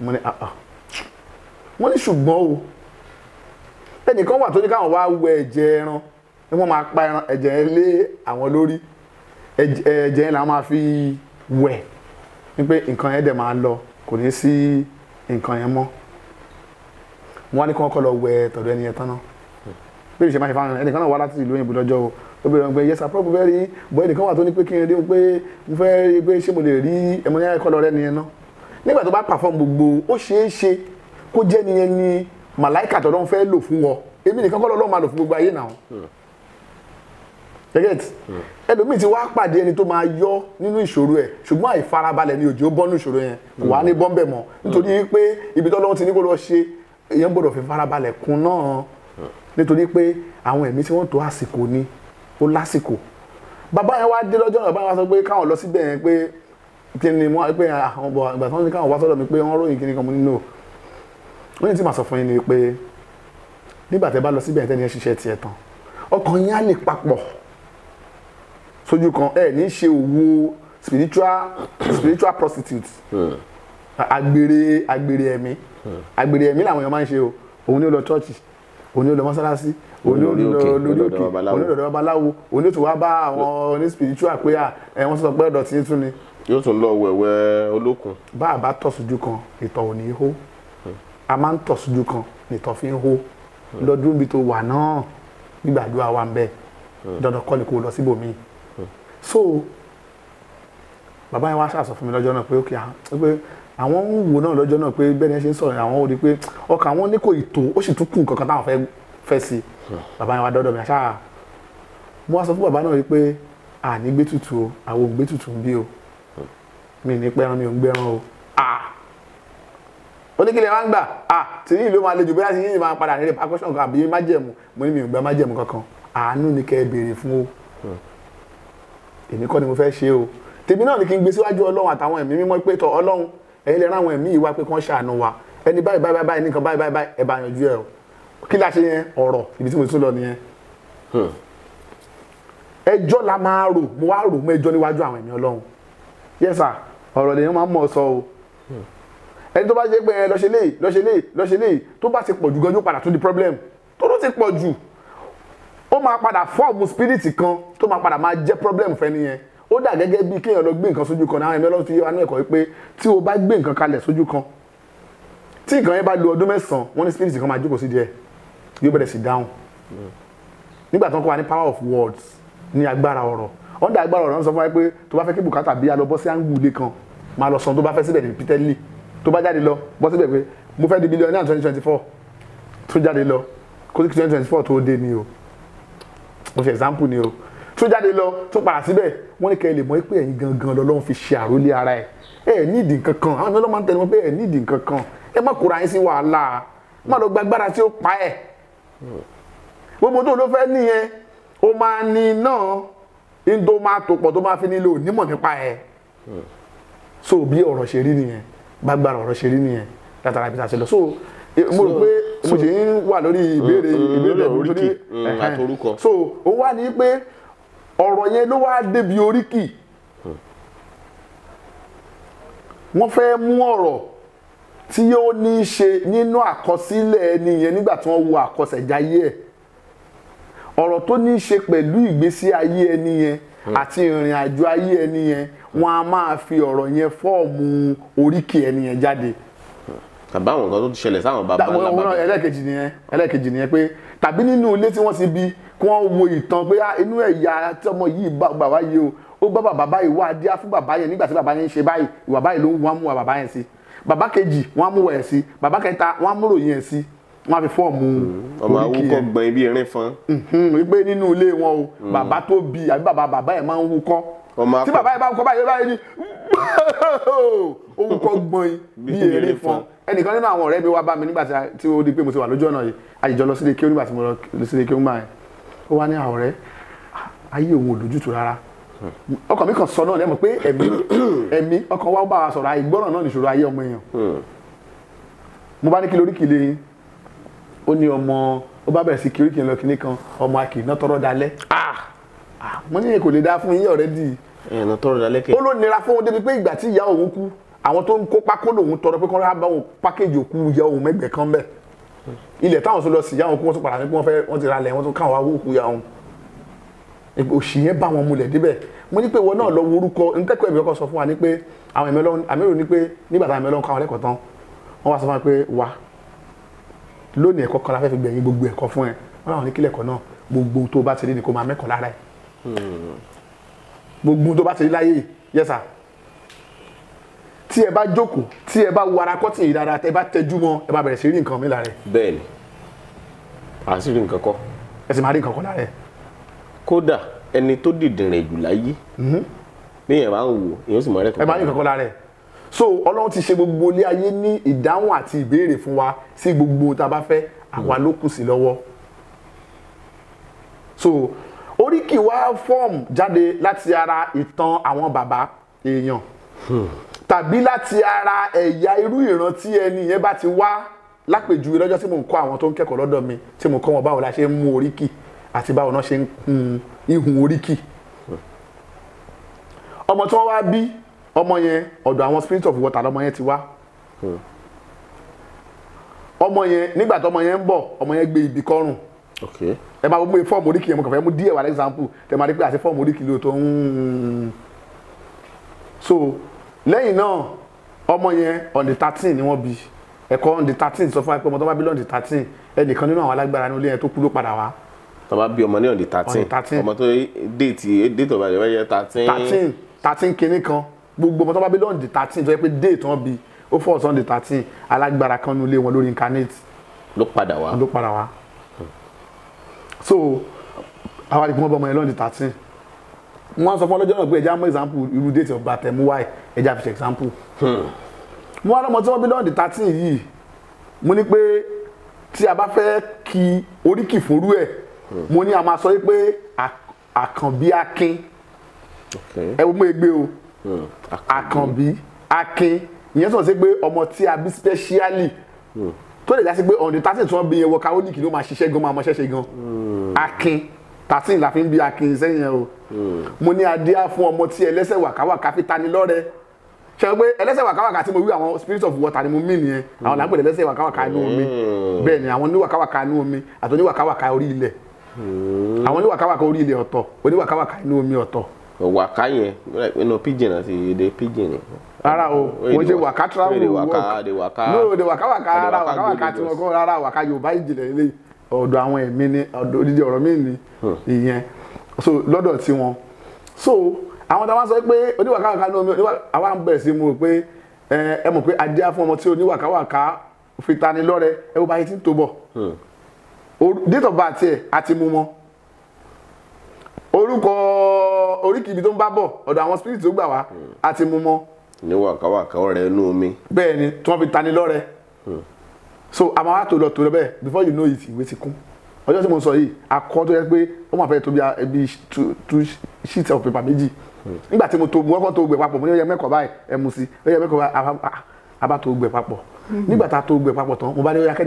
mo ní ah, wọ́n ní ṣùgbọ́n o ẹnìkan wà tó ní káwọn wá wẹ ẹ̀jẹ̀ ẹran ni wọ́n máa pa ẹran ẹ̀jẹ̀ yẹn lé àwọn lórí ẹ̀jẹ̀ yẹn làwọn máa fi wẹ̀ ni pé nǹkan yẹn dẹ̀ máa lọ kò ní sí nǹkan yẹn mọ́ wọ́n á ní kí wọ́n kọ́ lọ wẹ tọ̀dọ̀ ẹni yẹn tán náà bí mi ṣe máa ṣe fáwọn ẹnìkan náà wá láti ìlú òyìnbó lọ́jọ́ o ó bèrè wọn pé yẹsà pọ́ọ̀pù fẹ́ rí bọ́ ẹnìkan wà tó ní pé kí n rí pé mo fẹ́ rí pé ṣé mo lè rí ẹ̀mọ́ ẹ̀kọ́ lọ rẹ́ nìyẹn náà nígbà tó bá pàfọ́ọ̀mù gbogbo ó ṣeé ṣe kó jẹ́ nìyẹn ni màláìkà tó lọ́n fẹ́ lò fún wọn èmi nìkan kọ́ lọ́ọ́ máa lò fún gbogbo ayé náà gẹ́gẹ́tì ẹlòmíì ti wá pàdé ẹni tó máa yọ nínú ìṣòro ẹ̀ ṣùgbọ́n àìfarabalẹ̀ ni òjò bọ́nú ìṣòro yẹn kò wá ní bọ́ńbẹ̀ mọ́ nítorí pé ibi tọ́lọ́wọ́ ti ní kó lọ ṣe èèyàn gbọ́dọ̀ fi farabalẹ̀ kún náà nítorí pé àwọn ẹ̀mí tí wọ́n tó àsìkò ni ó lásìkò bàbá yẹn wá dé lọ́jọ́ bàbá yẹn wá sọ pé káwọn lọ síbẹ̀ yẹn pé kí ni mo pé àwọn ìgbà tí wọ́n ní káwọn wá sọ́dọ̀ mi pé wọ́n ròyìn kí ni kan mo ní no ó ní tí màá sọ fún yín ni pé nígbà tẹ́ bá lọ síbẹ̀ tẹ́ni ẹ ṣiṣẹ́ tiẹ̀ tán ọkàn yín á lè papọ̀ sójú kan ẹ ní ṣe òwò spiritual spiritual prostitute hmm. agbèrè agbèrè ẹ̀mí hmm. agbèrè ẹ̀mí làwọn èèyàn máa ń ṣe o òun ni ó lọ chọ́ọ̀chì òun ni ó lọ mọ́sálásí òun ni ó lọ lórí òkè òun ni ó lọ babaláwo òun ni ó tún wá bá àwọn oní spiritual pé ẹ wọ́n sọ pé ọ̀dọ̀ tí tún ni. yóò tún lọ wẹ̀wẹ̀ olókun. bá a bá tọ̀ sójú kan ìtọ̀ ò ní hó a máa ń tọ̀ sójú kan nìtọ̀ fi ń hó hmm. lọ́dún bí tó wà náà gbígbàdúrà wa ń bẹ hmm. dandan kọ́ ni kò lọ síbòmíì hmm. so bàbá yẹn wá ṣàṣọ fún mi lọ́jọ́ náà pé ó kì á pé àwọn ń wò náà lọ́jọ́ náà pé bẹ́ẹ̀ ni ṣe ń sọ̀rọ̀ àwọn ò rí pé ọkàn àwọn ní kò ì tó ó sì tún kù nǹkan kan táwọn fẹ́ fẹ́ sí i bàbá yẹn wá dọ́dọ̀ mi àṣà mo wá sọ fún bàbá náà wípé àní gbé tutù o àwọn òǹgbé tutù ń bí o mi ní pẹ́ran mi ò ń gbẹ́ran o ah ó ní kí lè wá ń gbà à tìrí ìlú máa lejò bóyá sí yìí máa padà nílé percussion kan àbí májẹ̀mú mo ní mi ò gba májẹ̀mú kankan àánú ni kẹ́ ẹ béèrè fún o hmm. èmi kọ́ ni mo fẹ́ ṣe o tèmi náà ni kí n gbé síwájú ọlọ́run àtàwọn ẹ̀mí mímọ́ pé tọ ọlọ́run ẹ̀yin lè rán àwọn ẹ̀mí yìí wá pé kán ṣàánú wa ẹni báyìí báyìí báyìí nìkan báyìí báyìí ẹ bá yanjú ẹ o kí la ṣe yẹn ọ̀rọ̀ ibi tí mo tún lọ nìyẹn hmm. ẹjọ́ la máa rò mo wá rò mo ẹjọ́ níwájú àwọn ẹ̀mí ọlọ́run yẹ́sà ọ̀rọ̀ lèyàn máa ń mọ̀ sọ o ẹni tó bá jẹ́ pé lọ́ṣẹ́ léyìí lọ́ṣẹ́ léyìí lọ́ṣẹ́ léyìí tó bá ti pọ̀ jù gan yóò padà tún di problem tó ló ti pọ̀ jù ó máa padà fọ́ọ̀mù spirit kan tó máa padà máa jẹ́ problem fẹ́ nìyẹn ó dà gẹ́gẹ́ bíi kéèyàn lọ gbé nǹkan sójú kan náà ẹ̀mí ọlọ́run ti yé wa ní ẹ̀kọ́ wípé tí o bá gbé nǹkan kalẹ̀ sójú kan tí nǹkan yẹn bá lo ọdún mẹ́sàn-án wọ́n ní spirit kan máa jókòó sí díẹ̀ yóò bẹ̀rẹ̀ sí dáhùn nígbà tó ń kọ́ wa ní power of words ní agbára ọ̀rọ̀ ọ̀dà agbára ọ̀rọ̀ ń sọ fún wa pé tó bá fẹ́ kí bùkátà bí a lọ bọ́ sí àǹgùlé kan máa lọ san tó bá fẹ́ síbẹ̀ ní pítẹ́lì tó bá jáde lọ bọ́ síbẹ̀ pé mo fẹ́ di billionaire twenty twenty four tó jáde lọ kó twenty twenty four tó dé ni o mo fi example ni o tó jáde lọ tó padà síbẹ̀ wọ́n ní kẹ́ ẹ lè mọ̀ pé ẹ̀yin gangan lọ́lọ́run fi ṣe àrólé ara ẹ̀ ẹ̀ nídìí nǹkan kan àwọn ọmọ máa ń tẹnu pé ẹ̀ nídìí nǹkan kan ẹ má kóra yín sí wàhálà má lọ gba agbára tí ó pa ẹ̀ gbogbo tó ló fẹ́ nìyẹn ó máa ní náà ní tó máa tó pọ̀ tó máa fi nílò onímọ̀ nípa ẹ̀ so bí ọ̀rọ̀ ṣe rí nìyẹn gbàgbà ọ̀rọ̀ ṣe rí nìyẹn látara ibi tá a ṣe lọ so e, mo rò pé mo ṣe ń wà lórí mm, ìbéèrè mm, ìbéèrè oríkì mm, àtorúkọ so ó wà ní pé ọ̀rọ̀ yẹn ló wá débi oríkì wọ́n fẹ́ mú ọ̀rọ̀ tí yóò ní í ṣe nínú àkọsílẹ̀ ẹni yẹn nígbà tí wọ́n wo àkọsẹ̀jáyé ẹ̀ ọ̀rọ̀ tó ní í ṣe pẹ̀lú ìgbésí ayé ẹni yẹn àti ìrìn àjò ayé ẹni yẹn wọn a máa fi ọ̀rọ̀ yẹn fọ́ọ̀mù oríkì ẹni yẹn jáde. tàbí àwọn nǹkan tó ti ṣẹlẹ̀ sáwọn bàbá ńlá bàbá. ẹlẹ́ẹ̀kejì nìyẹn ẹlẹ́ẹ̀kejì nìyẹn pé tàbí nínú ilé tí wọ́n ti bí kí wọ́n wo ìtàn pé ah, inú ẹ̀yà tí ọmọ yìí bá bàbá yìí o ó bá bàbá báyìí wá díá fún bàbá yẹn nígbà tí bàbá yẹn ń ṣe báyìí ìwà báyìí ló ń wá mú wa bàbá yẹn sí bàbá kejì wọ́n á mú wa yẹn sí bàbá kẹta wọ́n á múròyìn yẹn sí wọ́n á fi fọ́ọ̀mù oríkì hmm. yẹn ọmọ awúkọ gbọ̀n ibi ìrìn fan. Hmm. wípé nínú ilé wọn o hmm. bàbá tó bí àbí bàbá bàbá ẹ̀ máa ń wúkọ́ tí bàbá yẹn bá wúkọ́ báyìí báyìí ni ó wúkọ́ gbọ̀n <laughs> bí ìrìn fan ẹnìkan nínú àwọn ọ̀rẹ́ mi wá bá mi nígbà tí ó di pé mo ti wà lójú ọ̀nà yìí àjẹjọ lọ sílé kí ó nígbà tí mo lọ sílé kí ó ń gbà yẹn ó wá ní ah, ọ̀rẹ́ ayé òun ò rárá ọkàn mi kàn sọ náà lẹ́mọ̀ pé ẹ̀mí <coughs> ẹ̀mí ọkàn wa bá wa sọ̀rọ̀ àìgbọ́ràn náà nìṣòro ayé ọmọ èèyàn mo bá ní kí lóríkì yín ó ní ọmọ ó bá bẹ̀rẹ̀ sí kiri kìí lọ kìíní kan ọmọ akì náà tọrọ dalẹ̀. Ah! Ah, mo ní kò lè dá fún yín already. ẹ̀nà tọrọ dalẹ̀ kẹ́. ó ló nira fún wọn débi pé ìgbà tí ìyá òun kú àwọn tó ń kó pákó lòun tọrọ pé kọ́ńtà bá wọn pákéjì òkú ìyá òun mẹ́gbẹ̀ẹ́ kan bẹ́ẹ̀ ilẹ̀ táwọn tó lọ sí ìyá òun kú wọ́n tún padà ní pé wọ́n fẹ́ wọ́n ti ra lẹ̀ wọ́n tún káwọn awó òkú ìyá òun òṣì yẹn bá wọn mulẹ̀ débẹ̀ mo ní pé ìwọ náà lọ worúkọ ntẹ́kọ̀ọ́ ẹ̀mí ọkọ̀ sọ fún wa ní pé àwọn ẹ̀mí ọlọ́run àmì ìrò ní pé nígbà táwọn ẹ̀mí ọlọ́run káwọn lẹ́kọ̀ọ́ tán wọ́n wá sọ fún wa pé wá lónìí ẹ̀kọ́ kan la fẹ́ fi gbẹ̀yìn gbogbo ẹ̀kọ́ fún ẹ wọ́n làwọn ní kílẹ̀ ẹ̀kọ́ náà gbogbo tó bá ti rí ni kò máa mẹ́kọ̀ọ́ lára ẹ̀ hmm. gbogbo tó bá ti rí láyé yìí yẹ́sà tí ẹ bá jókòó tí ẹ bá wara kọ́tì yìí dáadáa tẹ bá tẹjú mọ́ ẹ bá bẹ̀rẹ̀ sí rí nǹkan mi lára ẹ̀. bẹ́ẹ̀ni à ń sì rí nǹkan kọ. ẹ sì máa rí nǹkan kọ lára ẹ̀. kódà ẹni tó dìdìrìn jù láyé mm-hmm. bí èèyàn bá ń wò èèyàn sì máa rí so ọlọ́run ti ṣe gbogbo ilé ayé ní ìdáhùn àti ìbéèrè fún wa sí gbogbo ohun bá fẹ́ àwa ló kù sí lọ́wọ́ so oríkì wa fọ́ọ̀mù jáde láti ara ìtàn àwọn bàbá èèyàn hmm. tàbí láti ara ẹ̀yà irú ìran tí ẹni yẹn bá ti wá lápèjúwe lọ́jọ́ tí mò ń kọ́ àwọn tó ń kẹ́kọ̀ọ́ lọ́dọ̀ mi tí mo kọ́ wọn báwo la ṣe ń mú oríkì àti báwo náà ṣe ń hun ihun oríkì hmm. ọmọ tí wọ́n wá bí ọmọ yẹn ọ̀dọ̀ àwọn spirit of water lọmọ yẹn ti wá hmm. ọmọ yẹn nígbà tó ọmọ yẹn ń bọ̀ ọmọ yẹn gbé ibi kọrùn ẹ máa mú fọ́ọ̀mù oríkì yẹn mo kàn fẹ́ mú díẹ̀ wà lẹ́gbàmpù tẹ máa rí pé àti fọ́ọ̀mù oríkì ló tó ń so lẹ́yìn náà ọmọ yẹn on the thirteen ni wọ́n bí ẹ̀kọ́ on the thirteen sọ fún wa pé ọmọ tó bá bí lọ́n the thirteen ẹnìkan nínú àwọn alágbára ní ilé yẹn tó kú ló padà wá. tó bá bí ọmọ ní on the thirteen ọmọ tó déètì déètì ọba yẹn thirteen thirteen kinní kan gbogbo ọmọ tó bá bí lọ́ọ̀dì thirteen tó yẹ pé day tán bi ó fọ́ sunday thirteen alágbára kan nulẹ̀ wọn lórí incarnate. ló padà wá ló padà wá. so àwa ni kí wọ́n bọ́ ọmọ yẹn lọ́ọ̀dì thirteen wọ́n sọ fún ọlọ́jọ́ náà pé ẹja mú example irú date of birth mú ẹja fi ṣe example. Hmm. mo wá lọ́mọ tí wọ́n bí lọ́ọ̀dì thirteen yìí mo ní pé tí a bá fẹ́ kí oríkì fòrú ẹ̀ hmm. mo ní a máa sọ pé àkànbí akin ẹ wo mo egbe o. Okay àkànbí akin ìyẹn sọ̀rọ̀ sí pé ọmọ tí a bí specially tó lè dásí pé ọ̀dẹ̀ tásìn tí wọ́n bí yẹn workaholic ló máa ṣiṣẹ́ gan máa mọṣẹ́ ṣe gan akin tásìn la fi ń bí akin sẹ́yìn o mo ní adíá fún ọmọ tí ẹlẹ́sẹ̀ wàkàwàkà fi tani lọ́rẹ ṣe pé ẹlẹ́sẹ̀ wàkàwàkà tí mo wí àwọn spirit of water ni mo mí nìyẹn àwọn làǹpẹ̀ ẹlẹ́sẹ̀ wàkàwàkà inú omi bẹ́ẹ̀ ni àwọn oníwàkàwàkà inú omi àti oníwàkàwàkà orí ilẹ̀ àwọn oníwàkàwàkà orí ilẹ̀ ọ̀tọ̀ oníwàkàwàkà inú omi ọ̀tọ̀ wàká yẹn nínú pigeon àti èdè pidgin ni. rárá o mo ṣe wàká travel work no de wàká wàká rárá wàká wàká tí wọn kọ rárá wàká yorùbá ìjìnlẹ̀ ilé ọ̀dọ̀ àwọn ẹ̀mí ni ọ̀dọ̀ odidi ọ̀rọ̀ mi ni hmm. ìyẹn so lọ́dọ̀ tí wọn so àwọn táwọn sọ pé oníwàká wàká ní omi àwa ń bẹ̀rẹ̀ sí mu pé ẹ mọ̀ pé adé á fún ọmọ tí oníwàká wàká fi tani lọ́rẹ ẹ bó bá yẹ ti ń tó bọ̀ hmm. date of birth ẹ àti mu mọ́ orúkọ oríkì ibi tó ń bá bọ̀ ọ̀dọ̀ àwọn spirit tó gbà wá àti mú mọ́. ní wàkàwàkà ọ̀rẹ́ inú omi. bẹ́ẹ̀ ni tí wọ́n fi tani lọ́rẹ. Hmm. so àmọ́ wa tó lọ tó lọ bẹ́ẹ̀ before you know it ìwé ti kún ọjọ́ tí mo sọ yìí akọ tó yẹ pé ó máa fẹ́ tó bí ẹbí two sheets of paper méjì hmm. nígbà tí mo tó mo kọ́kọ́ tó gbẹ papọ̀ mo ní ó yẹ mẹ́kọ̀ọ́ báyìí ẹ mu sí ó mẹ́kọ̀ọ́ báyìí abá tó gbẹ papọ̀ hmm. nígbà tá a tó gbẹ papọ̀ tán mo bá ní ó yẹ kà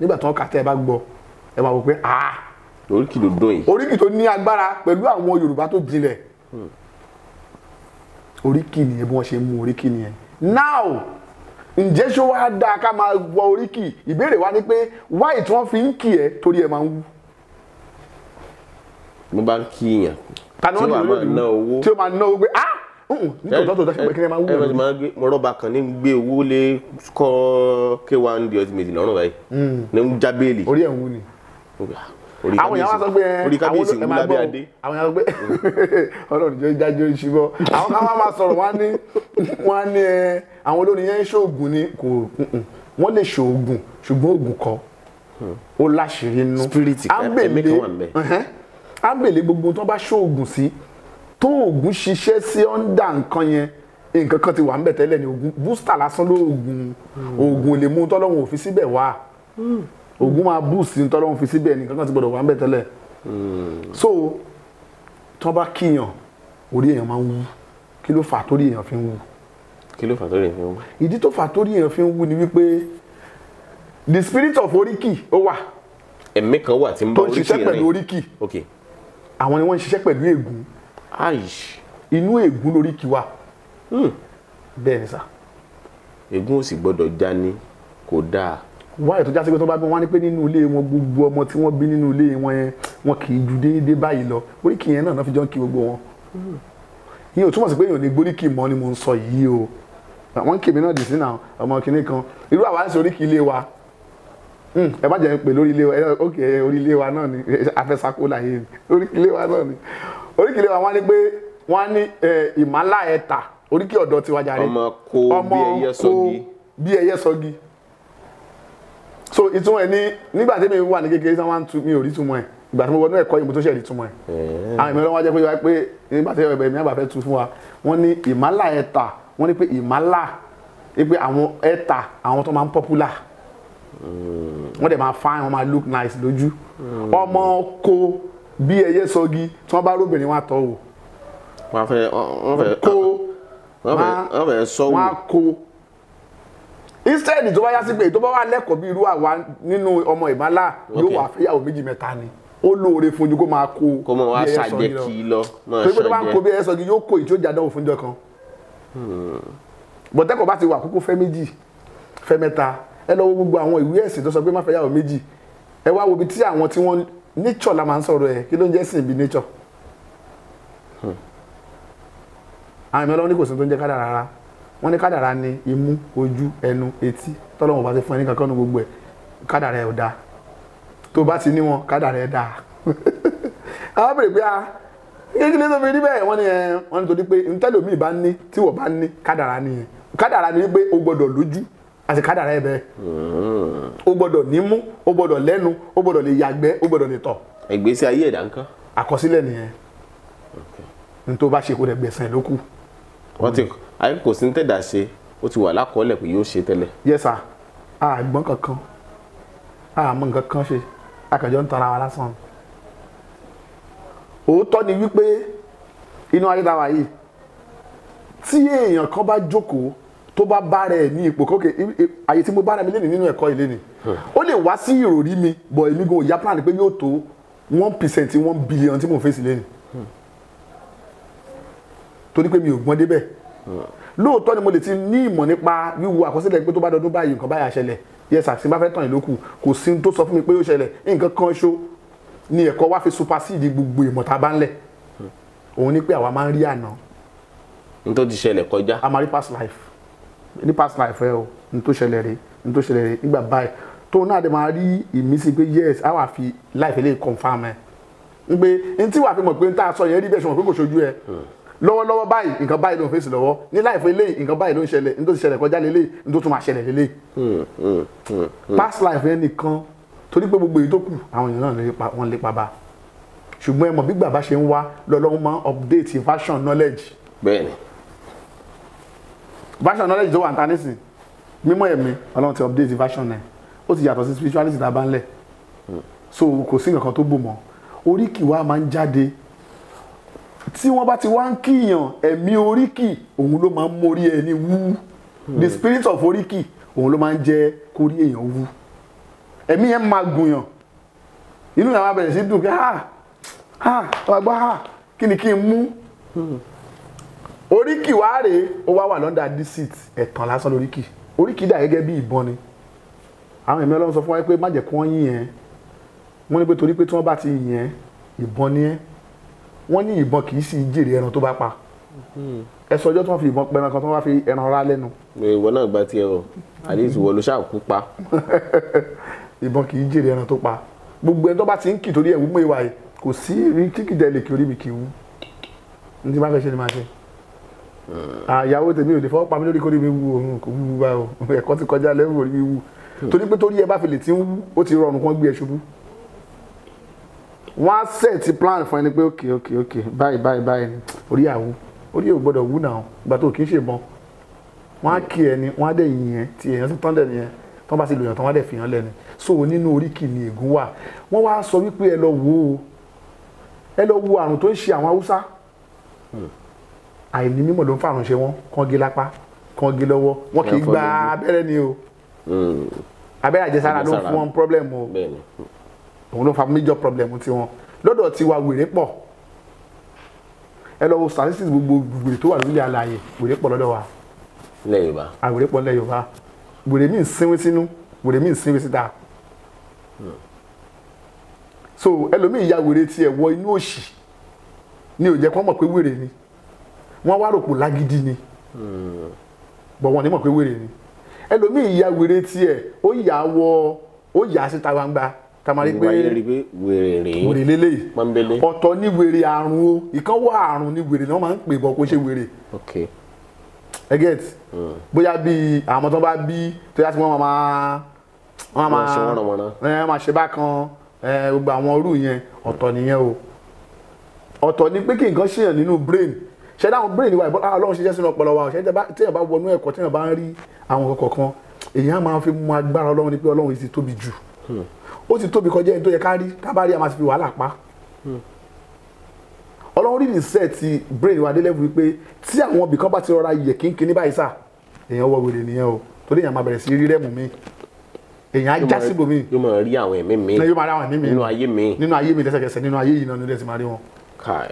nígbà tó kà tẹ́ ẹ bá gbọ́ ẹ máa wò pé ah oríkì tó dùn yìí. oríkì tó ní agbára pẹ̀lú àwọn yorùbá tó jinlẹ̀ oríkì nìyẹn bí wọ́n ṣe mú oríkì nìyẹn now ǹjẹ́ ṣó wá dáa ká máa wọ oríkì ìbéèrè wa ni pé wáyé tí wọ́n fi ń kì ẹ́ torí ẹ̀ máa ń wú. mo bá ń kí yàn tí ó máa ná owó tí ó máa ná owó pé ah nítorí tọ́tò tọ́tò kẹ́kẹ́ máa ń wú. ẹ máa gbé mọ́rọ́bà kan ní gbé owó lé kọ́ k1 the ultimate lọ́rùn báyìí hmm. ní ń já béèlì. orí ẹ̀ ń wú ni àwọn èèyàn sọ pé orí kábíyèsí ń lábẹ́ adé àwọn èèyàn sọ pé ọlọ́run jẹ́ jájọ́ ìṣubọ́ àwọn kan máa sọ̀rọ̀ wọ́n ní wọ́n ní àwọn olórin yẹn ń ṣoògùn ni kò wọ́n lè ṣoògùn ṣùgbọ́n oògùn kọ́ ó láṣìírí nú ábèlè gbogbo tó bá ṣoògùn sí tó oògùn ṣiṣẹ́ sí ọ́ndà nǹkan yẹn nǹkan kan ti wà ńbẹ̀ tẹ́lẹ̀ ni oògùn bústà lásán lóògùn hmm. oògùn ò lè mú tọ́lọ́run òfin síbẹ̀ wá hmm ogun máa boost ní tọ́lọ́run fi síbẹ̀ ní kankan ti gbọ́dọ̀ wà ń bẹ̀ tẹ́lẹ̀ so tọ́ bá kíyàn orí èèyàn máa ń wú kí ló fà torí èèyàn fi ń wú. kí ló fà torí èèyàn fi ń wú. ìdí tó fà torí èèyàn fi ń wú ni wípé the spirit of oríkì ó wà. ẹ̀mí kan wà tí ń bá oríkì rẹ̀ tó ń ṣiṣẹ́ pẹ̀lú oríkì àwọn ni wọ́n ń ṣiṣẹ́ pẹ̀lú ègún inú ègún lóríkì wà hmm. bẹ́ẹ̀ ni sà. ègún ò sì gbọ́dọ̀ já ní kò dáa wáyé tó jásí pé tó bá bí wọn ní pé nínú ilé wọn gbogbo ọmọ tí wọn bí nínú ilé wọn yẹn wọn kì í ju déédéé báyìí lọ oríkì yẹn náà náà fi jọ ń kí gbogbo wọn. ìyẹn ò túmọ̀ sí pé èèyàn ò ní gbóríkì mọ́ ni mo ń sọ yìí o wọ́n ń kèmí náà dì sí náà ọmọ kìnìún kan irú àwa ń sọ oríkì ilé wa hmm, ẹ má jẹ́ pé lórí ilé wa ókè orí ilé wa náà ni afẹ́sàkó láyé ni oríkì ilé wa náà ni oríkì ilé wa wọ́n ní pé wọ́n ní ìmálà ẹ̀ta oríkì ọ̀dọ́ so ìtumọ̀ ẹ̀ ní nígbà tẹ́mi wà ní kékeré sáwọn tu mi ò rí túmọ̀ ẹ̀ ìgbà tí mo wọnú ẹ̀kọ́ yìí mo tó ṣe rí túmọ̀ ẹ̀ àwọn ìmọ̀ ẹlọ́wọ́ jẹ́ pé wáyé pé nígbà tí ẹ̀bẹ̀ mi àgbà fẹ́ tu fún wa wọ́n ní ìmálà ẹ̀ta wọ́n ní pé ìmálà pé àwọn ẹ̀ta àwọn tó máa ń popular hmm. wọ́n dẹ̀ máa fine wọ́n máa look nice lójú hmm. ọmọ kó bí ẹyẹ sọgi tí wọ́n bá róbìnrin wọn àtọ̀ wò. wọ́n fẹ́ wọ́n fẹ́ sọ́wọ́ instead tó bá yá sí pé tó bá wà lẹ́kọ̀ọ́ bí irú àwa nínú ọmọ ìmálà yóò wà fẹ́yàwó méjì mẹ́ta ni ó lóore fún ojú kó máa kó kó mọ wá ṣàjẹkì lọ máa ṣàjẹ torí pé tó bá ń kó bí ẹsọ yóò kó ìtí ó jà dánwò fúnjọ kan bọ̀tẹ́kọ̀ bá ti wà kókó fẹ́ méjì fẹ́ mẹ́ta ẹ lọ wo gbogbo àwọn ìwé ẹ̀sìn tó sọ pé má fẹ́ yàwó méjì ẹ wá wo ibi tí àwọn tí wọ́n nature la máa ń sọ̀rọ̀ ẹ kí ló ń jẹ́ sìn bí nature hmm. àwọn ìmọ̀lọ́wọ́ ní kò sí tó ń jẹ́ kádà rárá wọ́n ní kádàrá ni imú ojú ẹnu etí tọ́lọ́wọ́n bá ti fún ẹ ní kankan nu gbogbo ẹ̀ kádàrá ẹ̀ ò dáa tó bá ti ní wọn kádàrá ẹ̀ dáa àwọn <laughs> bèrè pé ah kékeré tó fi rí bẹ́ẹ̀ wọ́n ní ẹ eh, wọ́n ní torí pé ntẹ́lómi bá ní tí wọ́n bá ní kádàrá nìyẹn kádàrá ni wípé o gbọ́dọ̀ lójú àti kádàrá ẹ̀ bẹ́ẹ̀ mm-hmm. o gbọ́dọ̀ nímú o gbọ́dọ̀ lẹ́nu o gbọ́dọ̀ lè yàgbẹ́ o gbọ́dọ̀ lè tọ̀. ìgbésí ayé ẹ̀dá ńkọ́. àkọsílẹ̀ nìyẹn ntó bá ṣe kó rẹ̀ gbẹ̀sẹ̀ lókù wọ́n ti àyè kò sí ní tẹ̀dá ṣe ó ti wà lákọọ́lẹ̀ pé yóò ṣe tẹ́lẹ̀. yes sir àgbọn kankan àmọ́ nǹkan kan ṣe àkànjọ ń tara wa lásán òótọ́ ni wípé inú ayé táwa yìí tí èèyàn kan bá jókòó tó bá bá rẹ̀ ní ipò kókè àyè tí mo bá rẹ̀ mi lénìí nínú ẹ̀kọ́ ilé ni hmm. ó lè wá sí ìròrí mi bọ̀ èmi gan ò yá plan pé yóò tó one percent one billion tí mo fèsì lénìí torí pé mi ò gbọ́n débẹ̀ lóòótọ́ ni mo lè ti ní ìmọ̀ nípa wíwo àkọsílẹ̀ pé tó bá dọdún báyìí nǹkan báyà ṣẹlẹ̀ yes àti bá fẹ́ tàn yín kò sí tó sọ fún mi pé ó ṣẹlẹ̀ nǹkan kan ṣo ni ẹ̀kọ́ wá fi supersede gbogbo ìmọ̀ tá a bá ń lẹ̀ òun ni pé àwa máa ń rí àná. n tó ti ṣẹlẹ̀ kọjá. a máa rí past life ní past life ẹ o n tó ṣẹlẹ̀ rè n tó ṣẹlẹ̀ rè nígbà báyìí tó náà dẹ̀ máa rí ìmísí pé yes a wà fi life eléyìí confam ẹ n pé n tí wàá fi mọ̀ pé n tá a sọ yẹn rí bẹ́ẹ̀ ṣe mọ̀ pé kò ṣojú ẹ lọ́wọ́lọ́wọ́ báyìí nǹkan báyìí ló ń fèsì lọ́wọ́ ní láìpẹ́ eléyìí nǹkan báyìí ló ń ṣẹlẹ̀ nítorí ṣẹlẹ̀ kọjá lélẹ̀ nítorí tó máa ṣẹlẹ̀ lélẹ̀. past life yẹn nìkan torí pé gbogbo èyí tó kù àwọn èèyàn náà wọ́n lè pa bá ṣùgbọ́n ẹ mọ̀ bí ṣe ń wá lọ́lọ́wọ́ máa update fashion knowledge. bẹ́ẹ̀ni. fashion knowledge tó wà níta nísìn mímọ̀ ẹ̀mí Ọlọ́run ti update fashion ẹ̀ ó ti yàtọ̀ sí spirituality tá a bá ń lẹ̀ so kò sí nǹkan tó bò mọ́ oríkì wa máa ń jáde tí wọ́n bá ti wá ń kíyàn ẹ̀mí oríkì òun ló máa ń mórí ẹni wú hmm. the spirit of oríkì òun ló máa ń jẹ́ kórí èèyàn wú ẹ̀mí yẹn máa gùnyàn inú yàrá bẹ̀rẹ̀ sí dùn kí ha ha wàá gbọ́ ha kí ni kí n mú hmm. oríkì wá rèé ó wá wà lọ́ndà deceit ẹ̀tàn lásán lóríkì oríkì dà gẹ́gẹ́ bí ìbọn ni àwọn ẹ̀mí ọlọ́run sọ fún wa pé má jẹ́ kí wọ́n yìn ẹ́ wọ́n ní pé torí pé tí wọ́n bá ti yìn ẹ́ ìbọn ni ẹ́ wọ́n ní ìbọn kì í sì jèrè ẹran tó bá pa hmm. ẹ sọ ọjọ́ tí wọ́n fi ìbọn pẹran kan tí wọ́n fi ẹran rá lẹ́nu. ìwọ náà gba tiẹ̀ o àdéhùn ìwọ ló ṣàkú pa. <laughs> ìbọn kì í jèrè ẹran tó pa gbogbo ẹni tó bá ti ń kì torí ẹ̀wù mú ìwà yìí kò sí rí kíkìdẹ lè kí orí mi kì í wú ní ti máa fẹ́ ṣe ni máa ṣe. Hmm. àyàwó tèmi ò lè fọwọ́ pa mí lórí kórìí mi wú òun kò wú bá o <laughs> ẹ̀kọ́ ti kọjá lẹ́rù orí mi wú hmm. torí pé torí ẹ bá fi lè ti wú ó ti rọrùn kán gbé ẹ ṣubú wọ́n á sẹ̀tì plan fún ẹni pé ok ok ok báyìí báyìí báyìí orí àwù orí ò gbọ́dọ̀ wú náà ìgbà tó kì í ṣèbọn wọ́n á kí ẹni wọ́n á dẹ̀ yìn yẹn tí èèyàn sì tán dẹ̀ nìyẹn tán bá sì lòyàn tán wọ́n á dẹ̀ fi hàn lẹ́nu so nínú oríkì ni ègún wà wọ́n wá sọ wípé ẹ lọ wo ẹ lọ wo àrùn tó ń ṣe àwọn haúsá hmm. àìní mímọ̀ ló ń fàrùn ṣe wọ́n kángi lápá kángi lọ́wọ́ wọn kì í gba abẹ́rẹ́ ni o hmm. abẹ́rẹ́ àjẹsára ló ń fún wọn problem o òun ló fa major problem tiwọn lọ́dọ̀ tiwa wèrè pọ̀ ẹ lọ wo statistics gbogbo wèrè tó wà lórílẹ̀ àlàyé wèrè pọ̀ lọ́dọ̀ wa ilẹ̀ yorùbá àwèrè pọ̀ ilẹ̀ yorùbá wèrè míì sínwín sínú wèrè míì sínwín síta hmm. so ẹlòmíì ya wèrè tiẹ̀ wọ inú òṣì ni ò jẹ́ kó mọ̀ pé wèrè ni wọ́n wá rògbò lágídí ni hmm. bọ̀ wọ́n ní mọ̀ pé wèrè ni ẹlòmíì ya wèrè tiẹ̀ ó yà wọ ó yà síta gbangba ká máa rí pé wèrè lélẹ̀ yìí ọ̀tọ̀ ní wèrè àrùn o ìkan wà àrùn ní wèrè náà máa ń pè bọ́ kó ṣe wèrè ẹ get hmm. bóyá bíi àwọn tó bá bí tó yá tí wọ́n máa wọ́n máa máa ṣe eh, bákan eh, gbogbo àwọn orú yẹn ọ̀tọ̀ nìyẹn o ọ̀tọ̀ ni pé kí nǹkan ṣèyàn nínú brain ṣe dáhùn brain wa ìbọn ah, ọlọ́run ṣiṣẹ́ sínú ọpọlọ wa ṣe téèyàn bá wọnú ẹ̀kọ́ téèyàn bá ń rí àwọn kọ̀ọ̀kan èyí á máa fi mú agbára ọlọ́run ni pé ọlọ́run yìí ti tóbi jù hmm ó ti tóbi kọjá ẹni tó yẹ ká rí ká bá rí a máa ti fi wàhálà pa hmm. ọlọ́run rí nìṣẹ́ ti brain wa délẹ́bù wípé tí àwọn ibìkan bá ti rọra yẹ kínkín ní báyìí sà èèyàn wọ wèrè nìyẹn o torí èèyàn máa bẹ̀rẹ̀ sí rí rẹ́mù mi èèyàn á já síbò mi yóò máa rí àwọn ẹ̀mí mi yóò máa rí àwọn ẹ̀mí mi nínú ayé mi nínú ayé mi lẹ́sẹ̀kẹsẹ̀ nínú ayé yìí náà nílẹ̀ ti máa rí wọn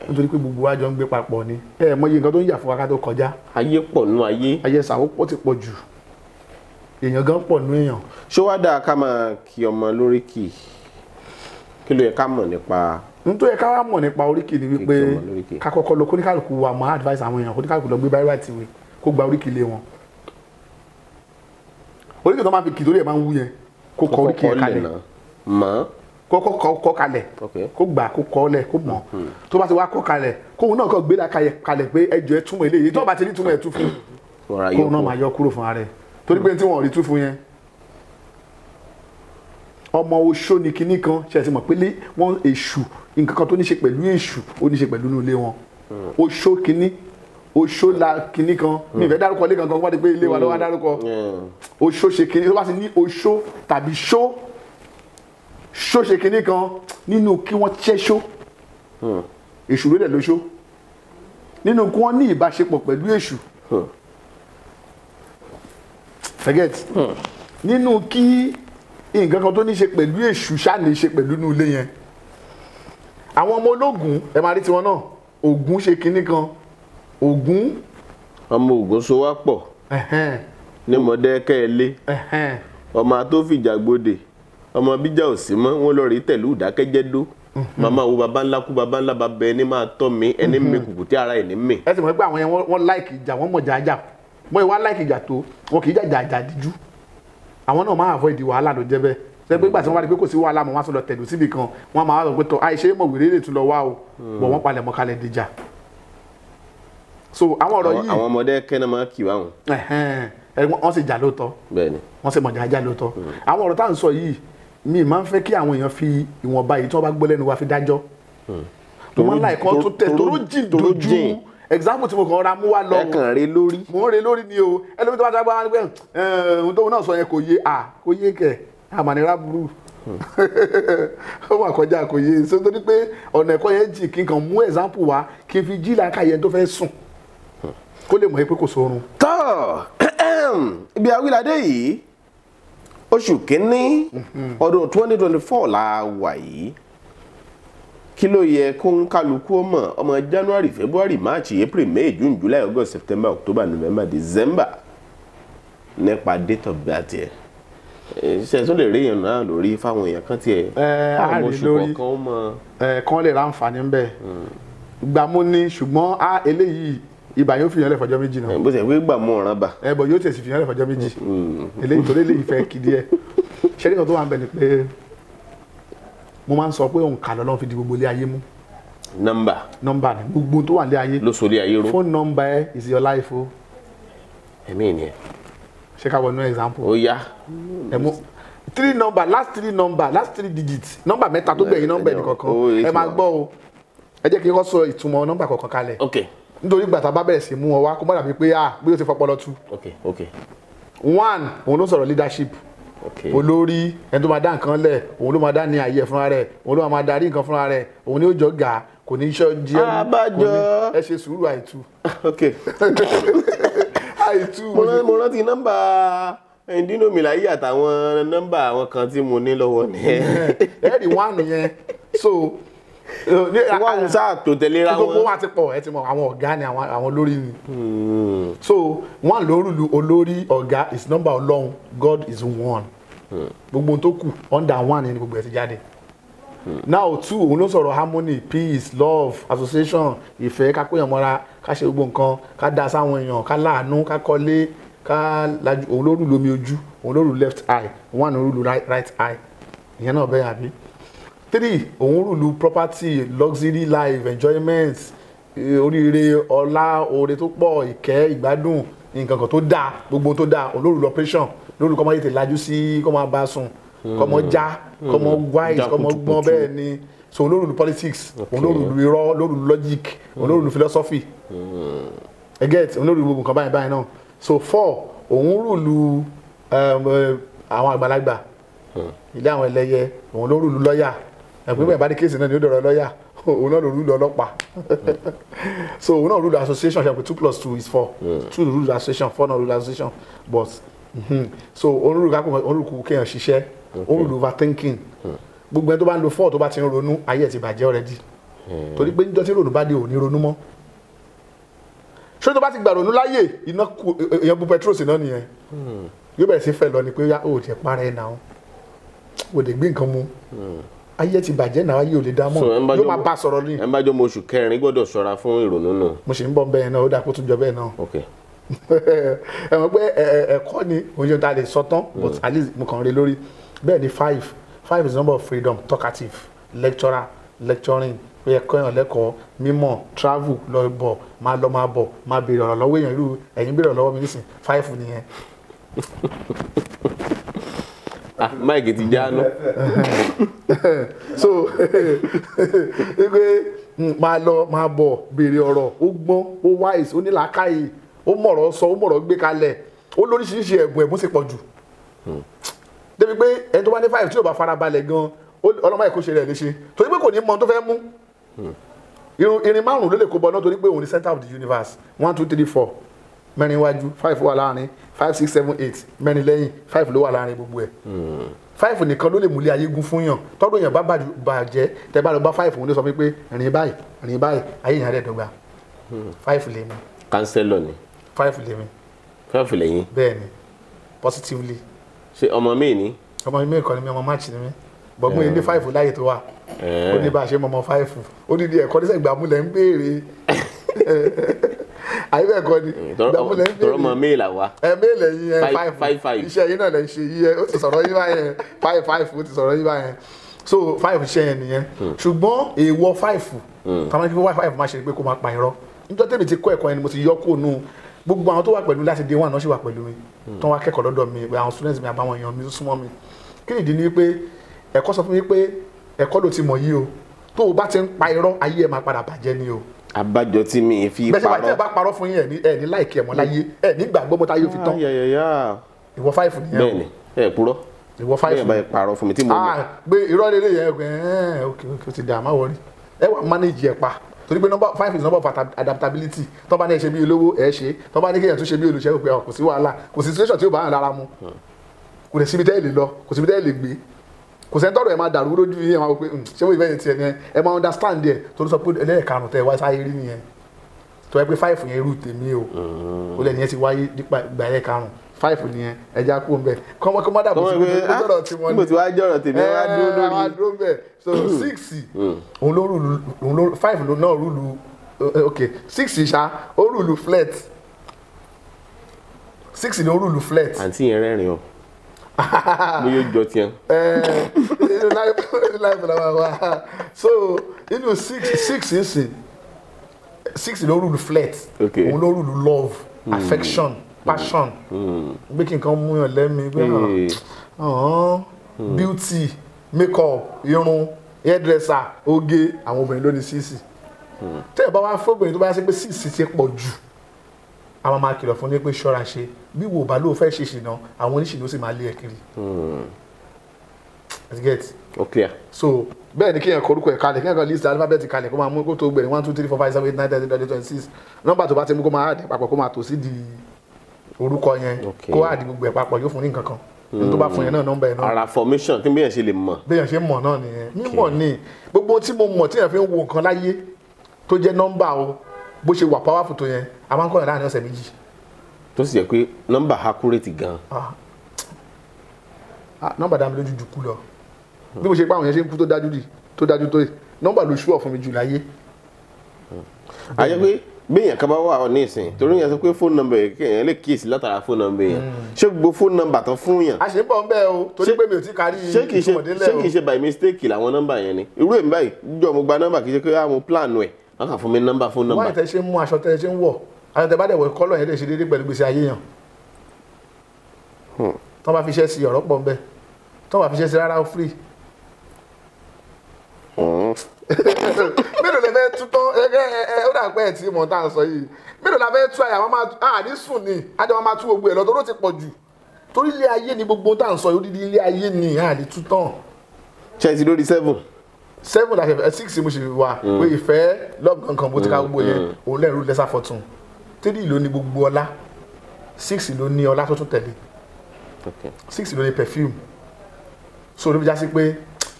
nítorí pé gbogbo wa jọ ń gbé papọ̀ ni ẹ mọ iye nǹkan tó ń yà fún wa ká tó kọjá ayé pọ̀ nínú ayé ayé sàwọ́pọ̀ ti pọ̀ jù èèyàn gan pọ̀ nú èèyàn. ṣó wá dáa ká máa kí ọmọ lórí kì í kí ló yẹ ká mọ̀ nípa. nítorí ẹ ká wá mọ̀ nípa oríkì ni wípé ká kọ́kọ́ lọ kóníkàlùkù wa máa advice àwọn èèyàn kóníkàlùkù lọ gbé báyìí wá tiwé kó gba oríkì lé wọn. oríkì tó máa fi kì torí ẹ̀ máa ń wú yẹn kó kọ oríkì yẹn kalẹ̀ kó kọ́ kalẹ̀ kó gbà kó kọ́ lẹ̀ kó mọ̀ hmm. tó bá ti wá kọ́ kalẹ̀ kóun náà kọ́ gbé kalẹ̀ pé ẹjọ́ ẹ túmọ̀ eléyìí tó bá ti ní túmọ̀ ẹ tú fún kóun náà máa yọ kúrò fún ara ẹ̀ torí pé tí wọ́n rí tú fún yẹn ọmọ oṣó ni kinní kan ṣe àti mọ̀ pé wọ́n èṣù nǹkan kan tó ní ṣe pẹ̀lú èṣù ó ní ṣe pẹ̀lú inú ilé wọn oṣó kinní oṣó la kinní kan mi ìfẹ́ dárúkọ ilé kankan wọ́n ti pé ilé wa lọ́wọ́ dárúkọ oṣó ṣe kinní tó bá ti ní oṣó tàbí ṣó ṣó ṣe kinní kan nínú kí wọ́n ṣẹ́ ṣó èṣù ló dẹ̀ lóṣó nínú kí wọ́n ní ìbáṣepọ̀ pẹ̀lú èṣù forget nínú kí nǹkan kan tó ní ṣe pẹ̀lú èṣù ṣáàní ṣe pẹ̀lú inú ilé yẹn àwọn ọmọ ológun ẹ máa rí tiwọn náà Ògún ṣe kinní kan Ògún. ọmọ Ògún so wá pọ̀ ní mọ̀dẹ́kẹ́ ilé ọmọ tó fìjàgbọ́dẹ ọmọ bíjà ò sí mọ́ wọn lọ rí tẹ̀lú ìdákẹ́jẹ́dó mhm. màmá wo baba ńlá kú baba ńlá baba ẹni máa tọ́ mi ẹni mhm. mi kùkù tí ara ẹni mi. ẹ sì mọ̀ pé àwọn yẹn wọ́n láìkì ìjà wọ́n mọ̀ jájà mọ ìwà láìkì ìjà tó wọn kì í jàjà ìjà díjú àwọn náà máa avoid wàhálà ló jẹ́ bẹ́ẹ̀ sẹgbẹ́ gbà tí wọ́n wá rí pé kò sí wàhálà mọ́ wọ́n á sọ̀rọ̀ tẹ̀dù síbì kan wọ́n máa sọ pé tọ́ àìṣe mọ̀ wèrè lè tún lọ wá o hmm. bọ̀ wọ́n palẹ̀ mọ́ kalẹ̀ dìjà. so àwọn ọ̀rọ̀ yìí àwọn ọmọdé kẹ́nà máa kì wá wọn. wọ́n sì jà lóòótọ́ wọ́n sì mọ̀jà ajá lóòótọ́ hmm. àwọn ọ̀rọ̀ tá à ń sọ yìí mi máa ń fẹ́ kí àwọn èèyàn fi ìwọ̀nba yìí tí wọ́n bá gbọ́ lẹ́nu wa fi dájọ́ hmm. mo máa ń láì kan tó tẹ̀ tó jìn dojú example tí mo kàn ra mú wá lọ. ẹkàn re lórí. mò ń re lórí ni o ẹlòmíì tó bá dábàá wá pé ohun tóun náà sọ yẹn kò yé à kò yé kẹ àmàlẹ́ra burú <laughs> ó wà kọjá kò yé so torí pé ọ̀nà ẹ̀kọ́ yẹn jì kí n kàn mú example wá kí n fi jí làákà yẹn tó fẹ́ sùn kó lè mọ̀ pé kò sórun. tọ́ <clears throat> ibi àwílàdé yìí oṣù kínní mhm. ọdún twenty twenty four la wà yìí kí ló yẹ kó ń kálukú ọmọ ọmọ january february march april may june july august september october november december nípa date of birth yẹn ṣe tún lè rí èèyàn náà lórí fáwọn èèyàn kan tiẹ̀ àwọn oṣù kọ̀ọ̀kan ó mọ. kan lè ra ń bẹ hmm. gbàmú ni ṣùgbọ́n a eléyìí ibà yóò fi yàn lẹ́fọ̀jọ́ méjì náà. bó ṣe pé gbàmú ọ̀ràn bà. ẹ bọ̀ yóò tẹ̀sí fi yàn lẹ́fọ̀jọ́ méjì hmm. eléyìí torí eléyìí fẹ́ kí díẹ̀ ṣẹ́rí kan tó wà ń bẹ ni pé mo máa ń sọ pé òǹkà lọ́lọ́run fi di gbogbo ilé ayé mú. nọ́mbà. nọ́mbà ni gbogbo tó wà ní ayé. ló sọ ayé ró. phone number ẹ is your life o. ẹ̀mí ni ẹ. ṣé ká wọnú example. ó yá. ẹ three number last three number last three digits Number. mẹ́ta tó gbẹ̀yìn nọ́mbà ẹni kankan ẹ máa gbọ́ o ẹ jẹ́ kí n kọ́ sọ ìtumọ̀ nọ́mbà kankan kalẹ̀. ok. nítorí gbàtà bá bẹ̀rẹ̀ sí mú ọ wá kó má dàbí pé ah bí o ti fọpọlọ tú. ok ok. one òun ló sọ̀rọ̀ leadership olórí ẹni tó máa dá nǹkan lẹ̀ òun ló máa dá ní ayé fúnra rẹ̀ òun ló máa darí nǹkan fúnra rẹ̀ òun ni ó jọ gà kò ní sọ jẹ àbájọ ẹ ṣe sùúrù àìtú. àìtú. <laughs> <laughs> mo rántí nọ́mbà ndinomi láyé àtàwọn nọ́mbà àwọn kan tí mo ní lọ́wọ́ nìyẹn. <laughs> ẹ rí wáànù yẹn so wọ́n àwọn sáà tó tẹ̀lé ra wọn. gbogbo wa ti pọ̀ ẹ ti mọ̀ àwọn ọ̀gá ni àwọn olórí ni. Hmm. so one lórúlu olórí ọ̀gá is number ọlọ́run God is one. Hmm. gbogbo ohun tó kù under one ni gbogbo ẹ ti jáde. Hmm. now two òun ló sọ̀rọ̀ harmony peace love association ìfẹ́ ká kóyàn mọ́ra ká ṣe gbogbo nǹkan ká dá sáwọn èèyàn ká láàánú ká kọ́lé ká lajú òun lórúlu omi ojú òun lórúlu left eye one lórúlu right eye ìyẹn náà bẹ́ẹ̀ àbí three òun rùlù property luxury life enjoyment eh, oríire ọlá oore tó pọ̀ ìkẹ́ ìgbádùn nǹkan kan tó dáa gbogbo tó dáa olórùlù operation lórúkọ máa tètè lajú sí kọ́ máa bá sùn kọ́ mọ hmm. já kọ́ mọ hmm. wise kọ́ mọ gbọ́n bẹ́ẹ̀ ni so olórùlù politics olórùlù irọ́ olórùlù logic olórùlù hmm. philosophy ẹ get olórùlù gbogbo nǹkan báyìí báyìí náà so four òun rùlù um, eh, àwọn àgbàlagbà ilé àwọn ẹlẹ́yẹ òun ló rùlù ẹ̀pẹ́ bẹ́ẹ̀ bá ní kéèsì náà ni ó dọ̀rọ̀ lọ́ọ̀yà <laughs> òun náà ló rúlù ọlọ́pàá <laughs> so òun náà rúlù association ṣe pé two plus two is four two rúlù association four náà rúlù association but mhm. so òun rúlù kákò òun rúlù kéèyàn ṣiṣẹ́ òun rúlù overthinking gbogbo ẹni tó bá ń lo four tó bá ti ń ronú ayé ẹ̀ ti bàjẹ́ already hmm. torí pé níjọ́ tí ronú bá dé òní ronú mọ́ ṣé tó bá ti gbà ronú láyè iná ku èèyàn bu petrol sí náà nìyẹn hmm. yóò bẹ̀rẹ̀ sí fẹ́ lọ ni pé ó ti parẹ́ náà ó lè gbé nǹkan mu hmm ayé ti bàjẹ́ náà ayé ò lè dá mọ́ yóò máa bá a sọ̀rọ̀ ní. ẹ bá jọ mo oṣù kẹrin gbọ́dọ̀ ṣọ́ra fún ìrònú náà. mo ṣe ń bọ̀ bẹ́ẹ̀ náà ó dáa kó tún jọ bẹ́ẹ̀ náà. <laughs> ẹ mọ̀ pé ẹ̀kọ́ ni oṣù tá a lè sọ tán mm. but at least mo kàn rí lórí bẹ́ẹ̀ ni five five is the number of freedom talkative lecturer lecturing ó yẹ kọ́ èèyàn lẹ́kọ̀ọ́ mímọ̀ travel lọ bọ̀ máa lọ máa bọ̀ máa béèrè ọ̀rọ̀ lọ́wọ́ èèyàn irú ẹ̀yin béèrè ọ̀rọ̀ lọ́wọ́ mi nísìn five nìyẹn. <laughs> ah mike ti já ná. <laughs> so wípé máa lọ máa bọ̀ béèrè ọ̀rọ̀ ó gbọ́n ó wise ó ní làákàyè ó mọ̀rọ̀ sọ ó mọ̀rọ̀ gbé kalẹ̀ ó lóríṣiríṣi ẹ̀bùn ẹ̀bùn sì pọ̀ jù hmm. débi pé ẹni tó bá ní five tí yóò bá fara balẹ̀ gan ọlọ́mọ ẹ̀kọ́ ṣe rẹ̀ léṣe torí pé kò ní mọ tó fẹ́ mú hmm. irin márùn-ún ló lè kó bọ́ náà torí pé òun ni center of the universe one two three four mẹ́rin wájú five wà láàrin five six seven eight mẹ́rin lẹ́yìn five ló wà láàrin gbogbo ẹ̀ hmm. five nìkan ló lè múlé ayé gun fún yàn tọ́dún yàn bá bàjẹ́ tẹ́ bá lọ bá five òun ló sọ pé rìn báyìí rìn báyìí ayé yàn rẹ̀ dọ́gba hmm. five lè mi. kánsẹ́lọ̀ ni. five lè mi. five lè yín. bẹ́ẹ̀ni positively. ṣe ọmọ mi ni. ọmọ mi kọ́ ni mi ọmọ match ni mi bọ́gbọ́n hmm. ilé five láyè tó wà eh. ó ní bá a ṣe mọ ọmọ five ó ní ẹ̀kọ́ nísẹ̀gbàmúlẹ̀ ń béèrè. <laughs> àyè bẹ́ẹ̀ kọ́ ni. Mm, tọrọ mọ mail àwa. ẹ mail ẹyin ẹ five five five iṣẹ́ yín náà lẹ ṣe yí ẹ ó ti sọ̀rọ̀ yín báyẹn five five ó ti sọ̀rọ̀ yín báyẹn so five iṣẹ́ yẹn nìyẹn mm. ṣùgbọ́n èèwọ̀ five tàwọn mm. ẹni pé five máa ṣe ni pé kó máa pa irọ́ níjọ́ tèmi ti kọ́ ẹ̀kọ́ yẹn ni mo ti yọ kó nù gbogbo àwọn tó wà pẹ̀lú láti day one náà ṣì wà pẹ̀lú mi tó wá kẹ́kọ̀ọ́ lọ́dọ̀ mi àwọn students mi àbáwọn èèyàn mi tó súnmọ́ mi kí nìdí ni pé ẹ̀kọ́ sọ fún mi pé ẹ̀kọ́ ló ti mọ̀ yí o tó o bá ti ń pa irọ́ ayé ẹ̀ máa padà bàjẹ́ ni o àbájọ tí mi fi parọ́ bẹ́ẹ̀ sẹ́wọ̀n àti ẹ̀ bá parọ́ fún yín ẹ̀ ní láìkí ẹ̀mọ́ láyé ẹ̀ nígbà gbọ́mọ táyé òfin tán ah. ìwọ fáìfù nìyẹn bẹ́ẹ̀ni ẹ̀ purọ́ ìwọ fáìfù bẹ́ẹ̀ bá parọ́ fún mi tí mo mọ̀. Ah, gbé irọ́ lélẹ̀ yẹn ẹ̀ẹ́n ok ok ti dà má ẹ wà manage ẹ̀ pa torí pé number five is number of adaptability tó bá ní ẹ ṣe bí olówó ẹ ṣe tó bá ní kéèyàn tún ṣe bí olùṣẹ́ kò sí wàhálà kò sí situation tí ó bá hàn lára mu kò dẹ̀ síbi tẹ́ẹ̀ lọ kò síbi tẹ́ẹ̀ gbé kò sẹ́ni tọ́rọ̀ ẹ̀ máa dàrú lójú yìí ẹ̀ máa wọ pé hmm, ṣé mo ìfẹ́ tiẹ̀ ni ẹ̀ máa understand ẹ̀ tó ló sọ pé ẹlẹ́ẹ̀karùn tẹ̀ wáyé sáyé rí nìyẹn tó yẹ pé five yẹn irú tèmi o mm. ó lẹ́ni yẹn ti wáyé nípa ìgbà ẹlẹ́ẹ̀karùn five nìyẹn ẹja kú mbẹ kọmọ kọmọ dàbò sí pé ó jọrọ ah, tí wọn eh, ní so mm. six mm. òun ló rúlu òun ló five ló eh, six ṣá ó rúlu flat mo yóò jọ tiẹ. inú láìpẹ́ la máa wá so inú six six ìsìn six ló rúlu flirt òun ló rúlu love hmm. affection hmm. passion hmm. bí kí nǹkan mú yàn lẹ́mí pé beauty makeup irun hairdresser oge àwọn obìnrin ló ní six, tẹ́ ẹ̀ bá wá fóbìnrin tó bá yá sí pé sísì ti pọ̀ jù a máa máa kìlọ̀ fún ní pé ṣọ́ra ṣe bí wò bá ló fẹ́ ṣe ṣìnà àwọn oníṣìnà ó sì máa lé ẹ kiri. Hmm. let's get. ó clear. so bẹ́ẹ̀ ni kíyàn korúkọ ẹ̀ kalẹ̀ kíyàn kan list alifábẹ́ẹ̀tì kalẹ̀ kó máa mú kó tó gbẹ̀rẹ̀ one two three four five seven eight nine ten eleven twenty six nọ́mbà tó bá ti mú kó máa àdì papọ̀ kó máa tò sí di orúkọ yẹn kó àdì gbogbo ẹ̀ papọ̀ yóò fún ní nǹkan kan ní tó bá fún yẹn náà nọ́mbà yẹn náà. ara formation tí bẹ́ẹ̀ ṣe lè mọ̀. bẹ́ẹ̀ ṣe mọ̀ náà nìyẹn mímọ̀ ni gbogbo tí mo mọ̀ tí yẹn fi ń wo nǹkan láyé tó jẹ́ nọ́mbà o bó ṣe wà powerful tó yẹn a máa ń kọ́yàn láàrin ọ̀sẹ̀ méjì. tó sì jẹ́ pé nọ́mbà accurate gan. Ah. Ah, nọ́mbà dá mi lójú jù kú lọ bí mo ṣe pa àwọn yẹn ṣe ń kú tó dájú dì tó dájú tó yẹ nọ́mbà ló ṣúọ̀ fún mi jù láyé. àyẹ̀ pé béèyàn kan bá wà ní ìsìn torí yẹn sọ pé fóònù nọ́mbà yẹn kéèyàn lè kíyèsí látara fóònù nọ́mbà yẹn hmm. ṣé gbogbo fóònù nọ́mbà tán fún yàn. a ṣe ń bọ̀ ń bẹ́ẹ̀ o torí pé mi ò ti kárí ìtumọ̀dé lẹ́ o. ṣé kìí ṣe by mistake làwọn nọ́mbà yẹn ni irú èmi báyìí jọ mo gba nọ́mbà kìí ṣe pé àwọn ah, plan ẹ̀ wọ́n kàn fún mi nọ́mbà fún nọ́mbà. wọ́n àyè tẹ́ ṣe ń mú aṣọ tẹ́ ṣe ń wọ̀ aṣọ tẹ́ bá dẹ̀ wọ̀ kọ́lọ̀ yẹn lè ṣe déédéé pẹ̀lú gbèsè ayé yàn. Hmm. tó bá fi ṣe sí ọ̀rọ̀ pọ̀ nbẹ tó bá fi sí rárá ó free. Hmm. <laughs> mélòó lè fẹ́ tútọ́ ó dà pé ẹ̀ tí mò ń tà ń sọ yìí mélòó la fẹ́ tú àyà wọn máa àní sùn ni àjọ wọn máa tú gbogbo ẹ̀ lọ́tọ́ ló ti pọ̀ jù torí ilé ayé ni gbogbo tá à ń sọ yìí ó dídí ilé ayé ni àní tútàn. chelsea lórí seven seven àti ẹ six mo ṣe wà mm. pé ìfẹ́ love kankan bó ti ká mm. gbogbo yẹn mm. òun lẹ́rù lẹ́sà fọ́tún three ló ní gbogbo ọlá six ló ní ọlá tó tún tẹ̀lé six ló ní perfume so ló fi já sí pé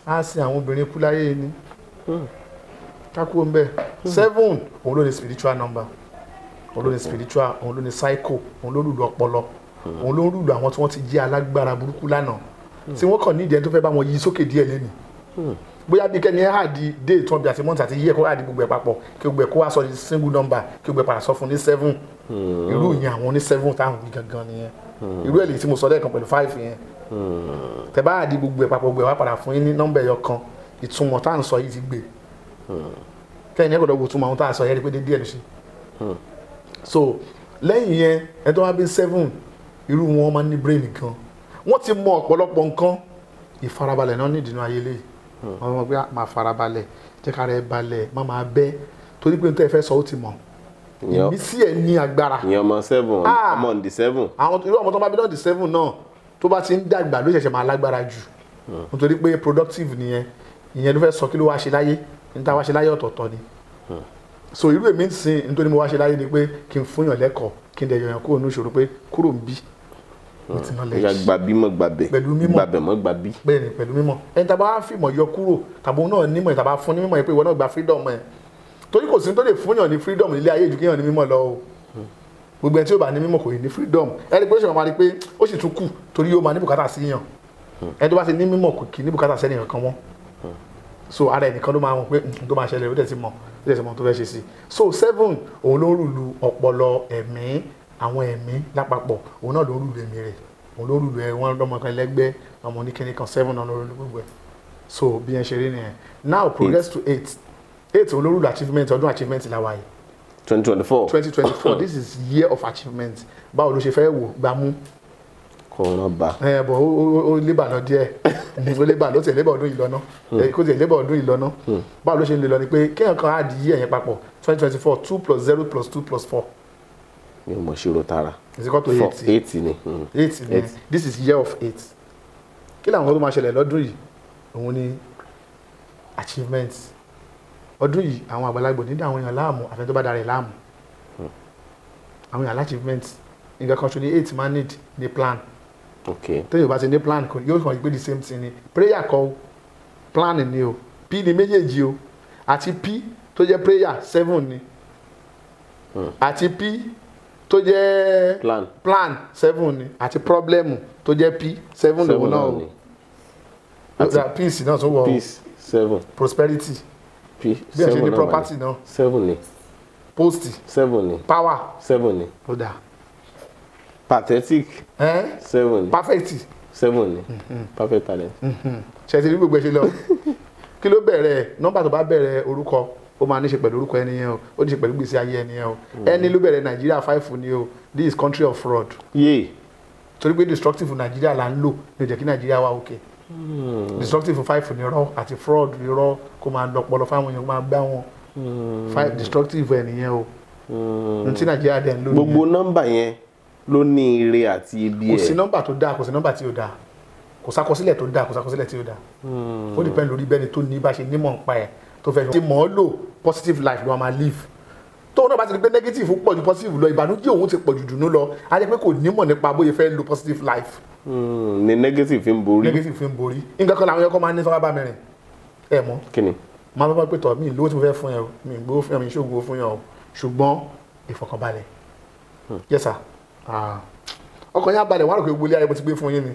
a sin àwọn obìnrin kú láyé ni kákú ń seven òun ló ní spiritual number òun ló ní spiritual òun ló ní psycho òun ló lùlù ọpọlọ òun ló ń lùlù àwọn tí wọ́n ti jẹ́ alágbára burúkú lánàá tí wọ́n kàn nídìí ẹni tó fẹ́ bá wọn yí sókè díẹ̀ lẹ́nu bóyá bí kẹ́ni ẹ̀ hà di day tí wọ́n bí àti month àti year kó hà di gbogbo ẹ̀ papọ̀ kí gbogbo ẹ̀ kó wá sọ di single number kí gbogbo ẹ̀ padà sọ fún ní seven hmm. irú ìyẹn àwọn ní seven táwọn wí gangan nìyẹn hmm. irú ẹ̀ lè tí mo sọ lẹ́ẹ̀kan pẹ̀lú five yẹn hmm. tẹ bá hà di gbogbo ẹ̀ papọ̀ gbogbo ẹ̀ wá padà fún yín ní nọ́mbà ẹ̀yọ kan ìtumọ̀ tá à ń sọ yìí ti gbé kẹ́ni ẹ̀ kọ́ lọ́wọ́ ìtumọ̀ àwọn tá sọ seven irú wọn máa ń ní brain gan wọ́n ti mọ ìfarabalẹ̀ náà nídìí nínú ayé léyìí Hmm. àwọn ọmọ pé máa farabalẹ̀ jẹ́ ká rẹ̀ balẹ̀ má máa bẹ́ torí pé n tẹ́ fẹ́ sọ ó ti mọ̀ ìmísí ẹ̀ ní agbára. ìyẹn ọmọ seven ah! ọmọ ǹdí seven. àwọn irú ọmọ tó bá bí náà ǹdí seven náà tó bá ti ń dàgbà ló ṣẹ̀ṣẹ̀ máa lágbára jù hmm. nítorí pé productive nìyẹn ìyẹn ló fẹ́ sọ kí ló wá ṣe láyé níta wá ṣe láyé ọ̀tọ̀ọ̀tọ̀ ni hmm. so irú èmi ń sìn nítorí mo wá ṣe láyé ni pé kí n fúnyàn lẹ́kọ̀ọ́ kí n dẹ̀ yọ̀yàn kúrò ní ìṣòro pé kúrò ń bí with hmm. knowledge. ọjà gbàbí mọ gbàbẹ pẹ̀lú mímọ̀ gbàbẹ mọ gbàbí. bẹ́ẹ̀ni pẹ̀lú mímọ̀ ẹni tá a bá fìmọ̀ yọ kúrò tàbí òun náà nímọ̀ ìtàbá fún ní mímọ̀ yẹn pé ìwọ náà gba freedom ẹ torí kò sí tó lè fún yàn ní freedom nílé ayé ju kéèyàn ní mímọ̀ lọ o hmm. gbogbo ẹni tí ó bá ní mímọ̀ kò yìí ní freedom ẹni pé ó sì máa rí pé ó sì tún kù torí ó máa ní bùkátà sí yàn hmm. ẹni tó bá ti ní mímọ̀ kò kì í ní bùkátà sẹ́ni kankan mọ́ so ara ẹnìkan ló máa mọ̀ pé nǹkan tó máa ṣẹlẹ̀ ó dẹ̀ ti mọ̀ ó dẹ̀ ti mọ̀ tó fẹ́ ṣe sí so seven òun ló rùlù ọpọlọ ẹ̀mí àwọn ẹ̀mí lápapọ̀ òun náà ló rúlu ẹ̀mí rẹ̀ òun ló rúlu ẹ̀ wọ́n lọ́mọ kan lẹ́gbẹ́ ọmọ oníkíní kan seven ọ̀nà orí gbogbo ẹ̀ so bí ẹ ṣe rí nìyẹn now progress to eight eight òun ló rúlu achievement ọdún achievement làwa yìí. twenty twenty four twenty twenty four this is year of achievement báwo ló ṣe fẹ́ wò gbámú kọ̀ọ̀rọ̀ bá. ẹ bọ̀ ó lébà lọ díẹ̀ <laughs> ó lébà ló tiẹ̀ lébà ọdún yìí lọ́nà hmm. kó tiẹ̀ lébà ọdún yìí lọ́nà hmm. báwo ló ṣe ń lè lọ ni pé kéèyàn kan á di yí ẹ̀yẹn papọ̀ twenty twenty four two plus zero plus two plus four mi ò mọ̀ ṣírò tara for hmm. eight ni. eight ni this is year of eight kí làwọn tó máa ṣẹlẹ̀ lọ́dún yìí òun ni achievements ọdún yìí àwọn àgbàlagbà nídìí àwọn èèyàn láàmú àfẹn tó bá darí láàmú hmm. àwọn èèyàn achievements nǹkan kan ṣo ni eight man need ni plan tẹ́yìn bá ti ní plan yóò kàn yí pé the same thing ni prayer kọ́ plan ni o p ni méjèèjì o àti p tó jẹ́ prayer seven ni hmm. àti p tó jẹ́ plan seven ni àti problem tó jẹ́ p seven lòun náà o àti peace náà tó wọ seven prosperity p seven bí ẹ ṣe ní property náà seven post seven power seven ni ó dáa pathetic seven ni perfect seven ni mhm. perfect talent mhm. ṣe ti rí gbogbo ẹ ṣe lọ <laughs> kí ló bẹ̀rẹ̀ nọ́mbà tó bá bẹ̀rẹ̀ orúkọ ó máa ní ṣe pẹ̀lú orúkọ ẹni yẹn o ó ní ṣe pẹ̀lú gbèsè ayé ẹni yẹn o mm. ẹni ló bẹ̀rẹ̀ nàìjíríà fáìfù ni o this is country of fraud. yé torí pé destructive nàìjíríà là ń lò ló jẹ́ kí nàìjíríà wà òkè mm. destructive fáìfù ni irọ́ àti fraud ni irọ́ kó máa dọpọlọ fáwọn èèyàn kó máa gbá wọn mm. destructive ẹnìyẹn o n ti nàìjíríà dẹ̀ ń lò yẹn. gbogbo nọ́mbà yẹn ló ní ire àti ibi ẹ̀. kò sí nọ́mbà tó dáa kò sí nọ́mbà tí ò dáa kò sàkọsílẹ̀ tó dáa kò sàkọsílẹ̀ tí ò dáa ó dìpẹ́ lórí bẹ́ni tó ní bá ṣe nímọ̀ nípa ẹ̀ tó fẹ́ ṣe mọ́ lò positive life ló wà máa live tóun náà bá ti rí pé negative pọ̀ ju positive lọ ìbànújẹ́ òun ti pọ̀ ju dùnú lọ a jẹ́ pé kò nímọ̀ nípa bóyá fẹ́ lo positive life. Hmm, ni negative fi ń borí. negative fi ń borí nǹkan kan làwọn yẹn kọ́ máa ń ní sọ́wọ́ bá mi rìn ẹ̀ mọ́. kí ni. máa bá bá pé tọ̀ mí lówó tí mo fẹ́ fún yẹn o mi gbówó fún yẹn mi ṣògo fún yẹn o ṣùgbọ́n ìfọkànbalẹ̀. Hmm. yes sir ah. ọkọ̀ yẹn abalẹ̀ wàá rò pé gbólé ayé mo ti gbé fún yín ni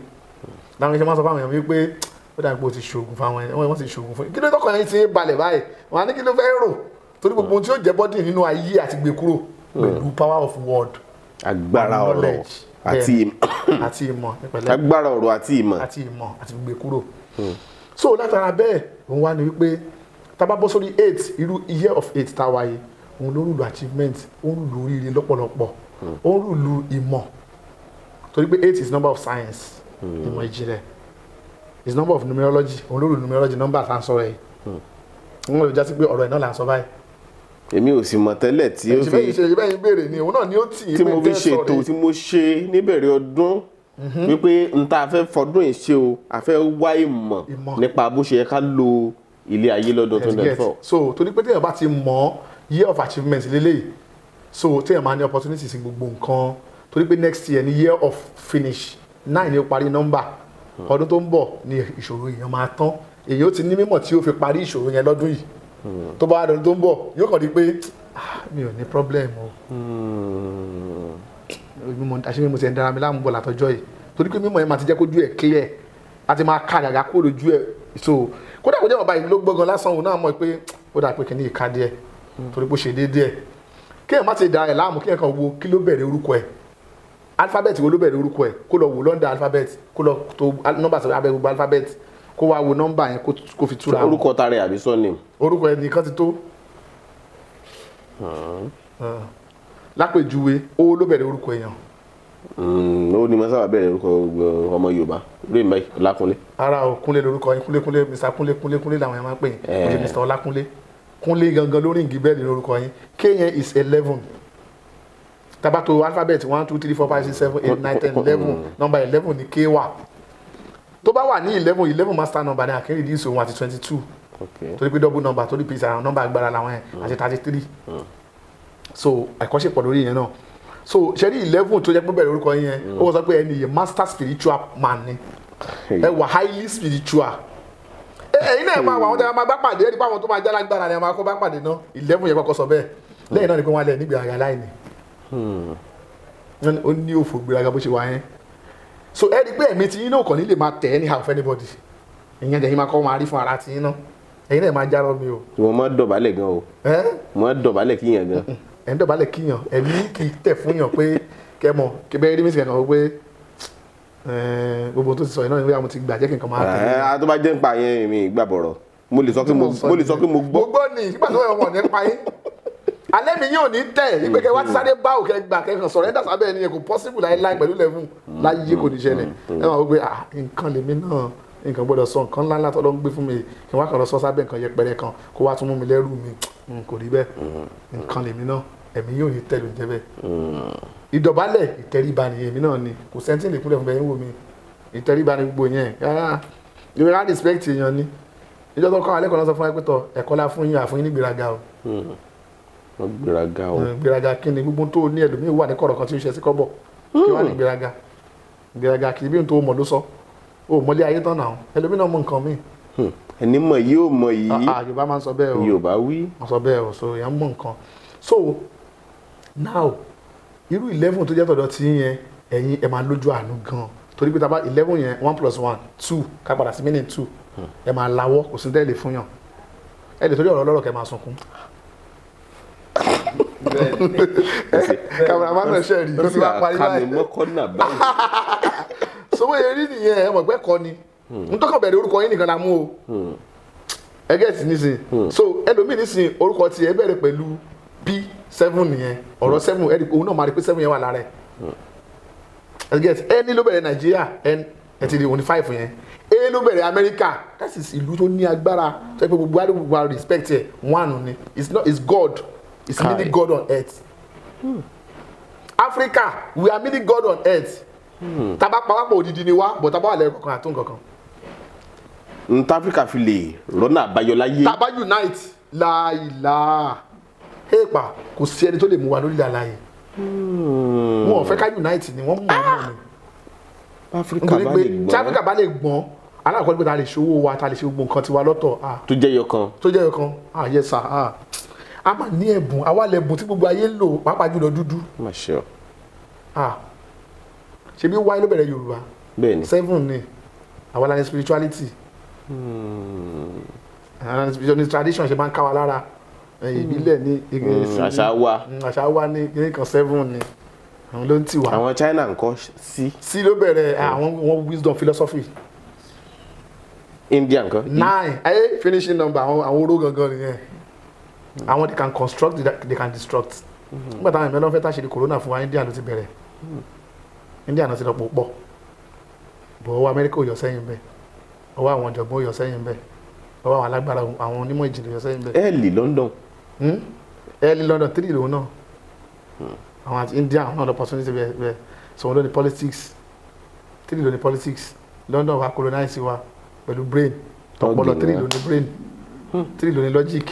làwọn iṣẹ́ máa sọ fáwọn èèyàn wípé ó dàbí pé o ti ṣoògùn fáwọn ẹni wọ́n ti ṣoògùn fún yín kí ló tọkàn yín ti ń balẹ̀ báyìí wọ́n á ní kí ló fẹ́ rò torí gbogbo ohun tí yóò jẹ́ bọ́dì nínú ayé àti gbé kúrò pẹ̀lú hmm. power of word agbára ọ̀rọ̀ àti ìmọ̀ agbára ọ̀rọ̀ àti ìmọ̀ àti ìmọ̀ àti gbé kúrò hmm. so látara bẹ́ẹ̀ òun wá ní wípé tá bá bọ́ sórí eight irú year of eight tá a wáyé òun ló rúlu achievement ó ń lu oríire lọ́pọ̀lọpọ̀ hmm. ó ń rúlu ìmọ̀ torí pé eight is number of science ìmọ̀ ìjìnlẹ̀. Mm is number of numerology òun ló numerology number tá à ń sọ rẹ̀ hmm. wọ́n lè jásí pé ọ̀rọ̀ ẹ̀ náà là ń sọ báyìí. èmi ò sì mọ̀ tẹ́lẹ̀ tí ó fi ṣèṣe bẹ́ẹ̀ béèrè ni òun náà ni ó tì í pé mo fi tí mo ṣe níbẹ̀rẹ̀ ọdún mhm. wípé n ta fẹ́ fọdún yìí ṣe o a fẹ́ wá ìmọ̀ nípa bó ṣe yẹ ká lo ilé ayé lọ́dún tó ń so torí pé téèyàn bá ti mọ̀ year of achievement lélẹ́yìí so téèyàn máa ní opportunity sí gbogbo nǹkan torí pé next year ni year of finish nine ni ó parí number Hmm. ọdún tó ń bọ̀ ni ìṣòro èèyàn máa tán èyí ó ti ní mímọ̀ tí ó fi parí ìṣòro yẹn lọ́dún yìí hmm. tó bá dọ̀dún tó ń bọ̀ yóò kàn di pé ah, mi ò ní problem o hmm. àṣé mi mo ti ẹ̀ ń dára mi láàmú bọ̀ látọjọ́ yìí torí pé mímọ̀ yẹn máa ti jẹ́ kójú ẹ̀ clear a ti máa ka àgàgà kó lójú ẹ̀ so kódà kó jẹ́ ọba ìlú ló gbọ́ngàn lásán òun náà mọ̀ pé ó dà pé kí ni ìka díẹ̀ torí pé ó ṣe déédéẹ̀ kí ẹ̀ má ti dà ẹ̀ láàmú kí ẹ̀ kàn wo kí ló bẹ̀rẹ̀ orúkọ ẹ̀ alphabet wo ló bẹ̀rẹ̀ orúkọ ẹ̀ kó lọ wò London alphabet kó lọ tó nọ́mbà sọ abẹ́ gbogbo alphabet kó wá wo nọ́mbà yẹn kó fi túra. orúkọ ta rẹ àbí surname. orúkọ ẹ nìkan ti tó. Hmm. Hmm. lápèjúwe owó ló bẹ̀rẹ̀ orúkọ èèyàn. Hmm, ó ní mọ́sábà bẹ̀rẹ̀ orúkọ ọmọ yorùbá lóyè mbẹ́ ọlákúnlé. ara o kúnlé lórúkọ yín kúnlé kúnlé mr kúnlé kúnlé kúnlé làwọn yẹn máa ń pè yín kúnlé eh. mr ọlákúnlé kúnlé gangan lórí ìgì bẹ́ẹ̀ lórúkọ yín kéèyàn is eleven tabato alphabet one two three four five six seven eight nine ten eleven number eleven ni k wà tó bá wà ní eleven eleven master number ni àkínrí ìdí ìṣòwò àti twenty two Okay. torí pé double number torí pé ìṣàràn number agbára làwọn yẹn àti mm. thirty three mm. so àkọ́ṣepọ̀ lórí yẹn náà so ṣẹ́rí eleven tó jẹ́ pé bẹ̀rẹ̀ orúkọ yẹn mm. ó wọ́n sọ pé ẹni yẹn master spiritual man ni ẹ wà highly spiritual ẹ̀yin náà máa wà àwọn tẹ́lẹ̀ máa bá pàdé ẹni pé àwọn tó máa jálágbára ni a máa kó bá pàdé náà eleven yẹn kọ́kọ́ sọ bẹ́ẹ̀ lẹ́yìn náà ni pé wọ́n á lẹ̀ nígbà àyà láìní Hmm. ó ní òfò gbéraga bó ṣe wá yẹn so ẹ rí i pé ẹ̀mí tí yín náà kàn ní lè máa tẹ̀ ẹ́ ní half anybody ìyẹn dẹ̀yìn máa kọ́ máa rí fún ara tí yín náà ẹ̀yin náà máa járọ mi o. mo máa dọ̀bálẹ̀ gan o mo máa dọ̀bálẹ̀ kíyàn gan. <laughs> ẹ̀ ń dọ̀bálẹ̀ kíyàn ẹ̀mí kì í tẹ̀ fún yàn pé kẹ́ mọ̀ kí bẹ́ẹ̀ rí mi sì kàn wọ́n pé gbogbo tó ti sọ yìí náà ni wíwá mo ti gbà jẹ́ kí n kàn máa tẹ̀lé. ẹ tó bá jẹ́ ń pa yẹn mi ìgbà bọ̀rọ̀ mo lè sọ pé mo gbọ́. mo gbọ́ ni ìgbà tó yẹ wọ̀ nípa yín alẹ́ mi yóò ní tẹ̀ ìgbẹ́kẹ̀ wá ti mm-hmm. sáré bá òkè gbà kẹ́kàn sọ̀rọ̀ ẹ̀dá sábẹ́ ẹni yẹn kò possible láéláé pẹ̀lú level mm-hmm. láyé kò ní ṣẹlẹ̀ mm-hmm. ẹ máa wọ pé ah nǹkan lèmi náà nǹkan gbọ́dọ̀ sọ nǹkan ńlá ńlá tọ́lọ́ ń gbé fún mi kí wọ́n á kàn lọ sọ sábẹ́ nǹkan yẹpẹrẹ kan kó wá tún mú mi lẹ́rù mi mm, kò rí bẹ́ẹ̀ nǹkan lèmi náà ẹ̀mí yóò ní tẹ̀lé oúnjẹ bẹ́ẹ̀ mm. ìdọ̀bálẹ̀ ìtẹríba ni èmi náà ni kò sẹ́ńtì lè kúnlẹ̀ fún bẹ́ẹ̀ ń wò mí ìtẹríba ni gbogbo yẹn rárá ìrora respect èèyàn ni ìjọba kan alẹ́ kan lọ sọ fún ẹ pé tọ ẹ̀kọ́ la fún yín àfún yín nígbèraga o mm gbéraga o gbéraga kí ni gbogbo tó ní ẹlòmíín wà ní kọ̀rọ̀ kan tí ń ṣe sí kọ́bọ̀ kí wàá ní hmm. gbéraga gbéraga kì í bí n tó mọ̀ ló sọ o mọ̀lẹ́ ayé tán náà ẹlòmíín náà mọ̀ nǹkan míì. Hmm. ẹni mọ̀ yìí ò mọ̀ yìí ah, ah, yorùbá máa ń sọ bẹ́ẹ̀ o yorùbá wí. wọ́n sọ bẹ́ẹ̀ o so èèyàn mọ̀ nǹkan so now irú eleven tó jẹ́ tọ̀dọ̀ tí yẹn ẹ̀yin ẹ̀ máa lójú àánú gan torí pé tá a eleven yẹn one plus one two ká padà sí mínì two hmm. ẹ̀ máa lawọ́ kò sí tẹ́lẹ̀ fún yàn ẹ̀ lè torí ọ̀rọ̀ ọlọ́rọ̀ kẹ́ máa sunkún cameraman náà ṣe rí i wá parí báyìí kàmí mọ́kànnà báyìí. sọwọ́ <laughs> yẹn rí nìyẹn ẹ̀ mọ̀gbẹ́ kọ́ ni hmm. n tọ́kọ̀ bẹ̀rẹ̀ orúkọ yín nìkan la mú o hmm. ẹ gẹ́ẹ̀tì nísìn hmm. so ẹlòmíì nísìn orúkọ tiẹ̀ bẹ̀rẹ̀ pẹ̀lú p seven seven ti five yẹn ẹ ló that is ìlú tó ní agbára tó yẹ pé respect one ni it's not it's God is Kai. meeting God on earth. Hmm. Africa, we are meeting God on earth. Hmm. Taba papapọ̀ odidi ni wa, but taba wà lẹ́yìn kankan àtún kankan. Nta Africa fi lè rọ́nà àbáyọ láyé. Taba unite láìlá. Èèpà kò sí ẹni tó lè mú wa lórí àlàyé. Hmm. Wọ́n fẹ́ ká unite ni wọ́n mú wọn ah! mú ni. Africa bá lè gbọ́n. Tí Africa bá lè gbọ́n alákọ̀ọ́lẹ́gbẹ̀ta lè ṣòwò wa ta lè ṣe gbogbo nǹkan tiwa lọ́tọ̀. Ah. tó jẹ́ yọkan. tó jẹ́ yọkan ah yes sir ah a máa ní ẹ̀bùn àwa lẹ̀bùn tí gbogbo ayé ń lò pàápàá jùlọ dúdú. mà ṣe ọ. ṣe bí wáyé ló bẹ̀rẹ̀ yorùbá. bẹ́ẹ̀ni seven ni àwa la ní spirituality. Hmm. àwa ní spirituality tradition ṣe máa ń ká wa lára hmm. ìbílẹ̀ ní ìgbésí. àṣà wa àṣà wa ní ìgbésí kan seven ni àwọn ló ń tì wá. àwọn China nǹkan sí. sí ló bẹ̀rẹ̀ hmm. àwọn wọn wisdom philosophy. India nǹkan. nine ayé finishing number àwọn oró gangan nìyẹn. Mm-hmm. àwọn they can construct they can destruct mm-hmm. nígbà táwọn ìmọ̀lẹ́ wọn fẹ́ táṣe di corona fún wa India ló ti bẹ̀rẹ̀ mm-hmm. India náà ti lọ́pọ̀ pọ̀ bọ̀ ọwọ́ Amẹ́ríkà ò yọ sẹ́yìn bẹ́ẹ̀ ọwọ́ àwọn ọ̀jọ̀gbọ́n ò yọ sẹ́yìn bẹ́ẹ̀ ọwọ́ àwọn alágbára àwọn onímọ̀ ìjìnlẹ̀ yọ sẹ́yìn bẹ́ẹ̀. early London. early hmm? London three lòun náà hmm. àwọn àti India àwọn náà lọ opportunity bẹ́ẹ̀ bẹ́ẹ̀ sọ̀rọ̀ lónìí politics three lónìí politics London wa colonize wa pẹ̀lú brain ọpọlọ three lónìí brain hmm. three lónìí logic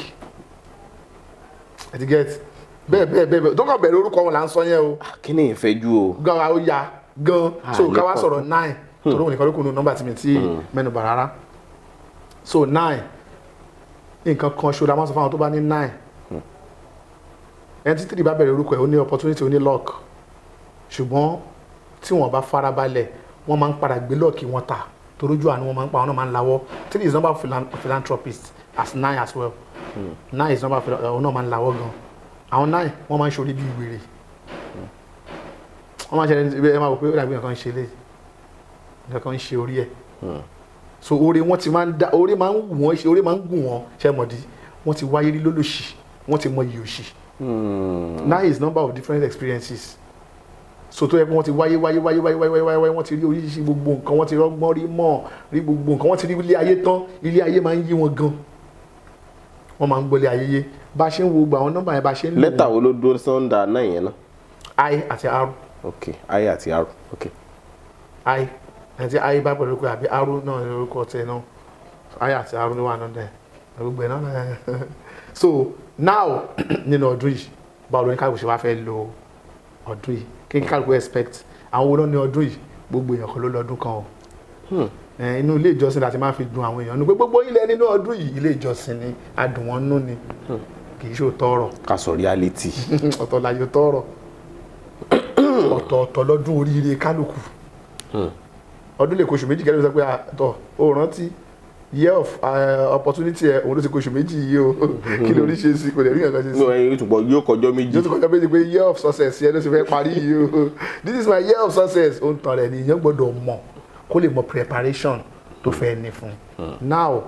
ẹ ti get bẹ́ẹ̀ bẹ́ẹ̀ bẹ́ẹ̀ tó kàn bẹ̀rẹ̀ orúkọ wọn là ń sọ yẹn o. Ah, kí ni ìfẹ́jú o. gan o ya gan ah, so ká wá sọ̀rọ̀ nine hmm. torí òun nìkan ló kù nù nọ́mbà tí ti hmm. mẹ́nu bà rárá so nine nǹkan kan ṣo la máa sọ fáwọn tó bá ní nine hmm. ẹni tí tìrì bá bẹ̀rẹ̀ orúkọ ẹ̀ ó ní opportunity ó ní luck. ṣùgbọ́n tí wọ́n bá farabalẹ̀ wọ́n máa ń padà gbé lọ́ọ̀kì wọn ta torójú àánú wọn máa ń pa wọn náà máa ń lawọ́ three is number philanthropist as nine as well Hmm. nine is number fẹ́ràn òun náà máa ń lawọ́ gan àwọn nine wọ́n máa ń ṣorí bíi wèrè wọ́n máa ń ṣẹlẹ̀ ẹ máa wò pé ó dàbí nǹkan ń ṣe lé nǹkan ń ṣe orí ẹ̀ hmm. so oore wọn ti máa ń da oore máa ń wù wọn oore máa ń gùn wọn ṣe mọ̀dí wọ́n ti wáyé rí lólòṣì wọ́n ti mọ iyì òṣì hmm. nine is number of different experiences so tó yẹ pé wọ́n ti wáyé wáyé wáyé wáyé wáyé wáyé wáyé wọ́n ti rí oríṣiríṣi gbogbo nǹkan wọ́n ti rọ́gbọ́n rí mọ̀ rí gbogbo nǹkan wọ́n ti rí ilé ayé tán ilé ayé máa ń yí wọn gan-an wọ́n máa ń gbọ́lé ayẹyẹ bá a ṣe ń wo gbogbo àwọn nọ́mbà yẹn bá a ṣe ń lò. lẹ́tà wo ló dúró sọ́ńdà náà yẹn náà. i àti r. ok i àti r ok. i àti i bá pẹ̀lú pé àbí r náà ní orúkọ tẹ náà i àti r ló wà nọ́ńdà yẹn gbogbo ẹ̀ náà <laughs> so now <clears throat> nínú ọdún yìí báwo ló ní kálukú ṣe wá fẹ́ lo ọdún yìí kí kálukú expect àwọn wo ló ní ọdún yìí gbogbo èèyàn kan ló lọ́dún kan o. Hmm. Eh, inú ilé ìjọsìn láti máa fi dùn àwọn èèyàn nù pé gbogbo ilẹ̀ nínú ọdún yìí ilé ìjọsìn ni adùn wọn ni hmm. kì í ṣe òtọ́rọ̀. ká sọ reality. <laughs> ọ̀tọ̀ láyé tọ́rọ̀ <coughs> ọ̀tọ̀ọ̀tọ̀ lọ́dún oríire kálukú hmm. ọdún lè kóṣù méjì kẹ́lẹ́ sọ pé àtọ̀ ó rántí year of opportunity ẹ òun ló ti kóṣù méjì yìí o hmm. kí ló rí ṣe sí kò lè rí nǹkan ṣe sí. yóò kọjọ́ méjì. yóò kọjọ́ méjì pé year of success yẹn ló ti fẹ́ parí yìí o <laughs> this is my year of success ó ń tan ni ìyẹn gbọ́dọ̀ mọ̀ kó lè mọ preparation tó fẹ́ ní fún un now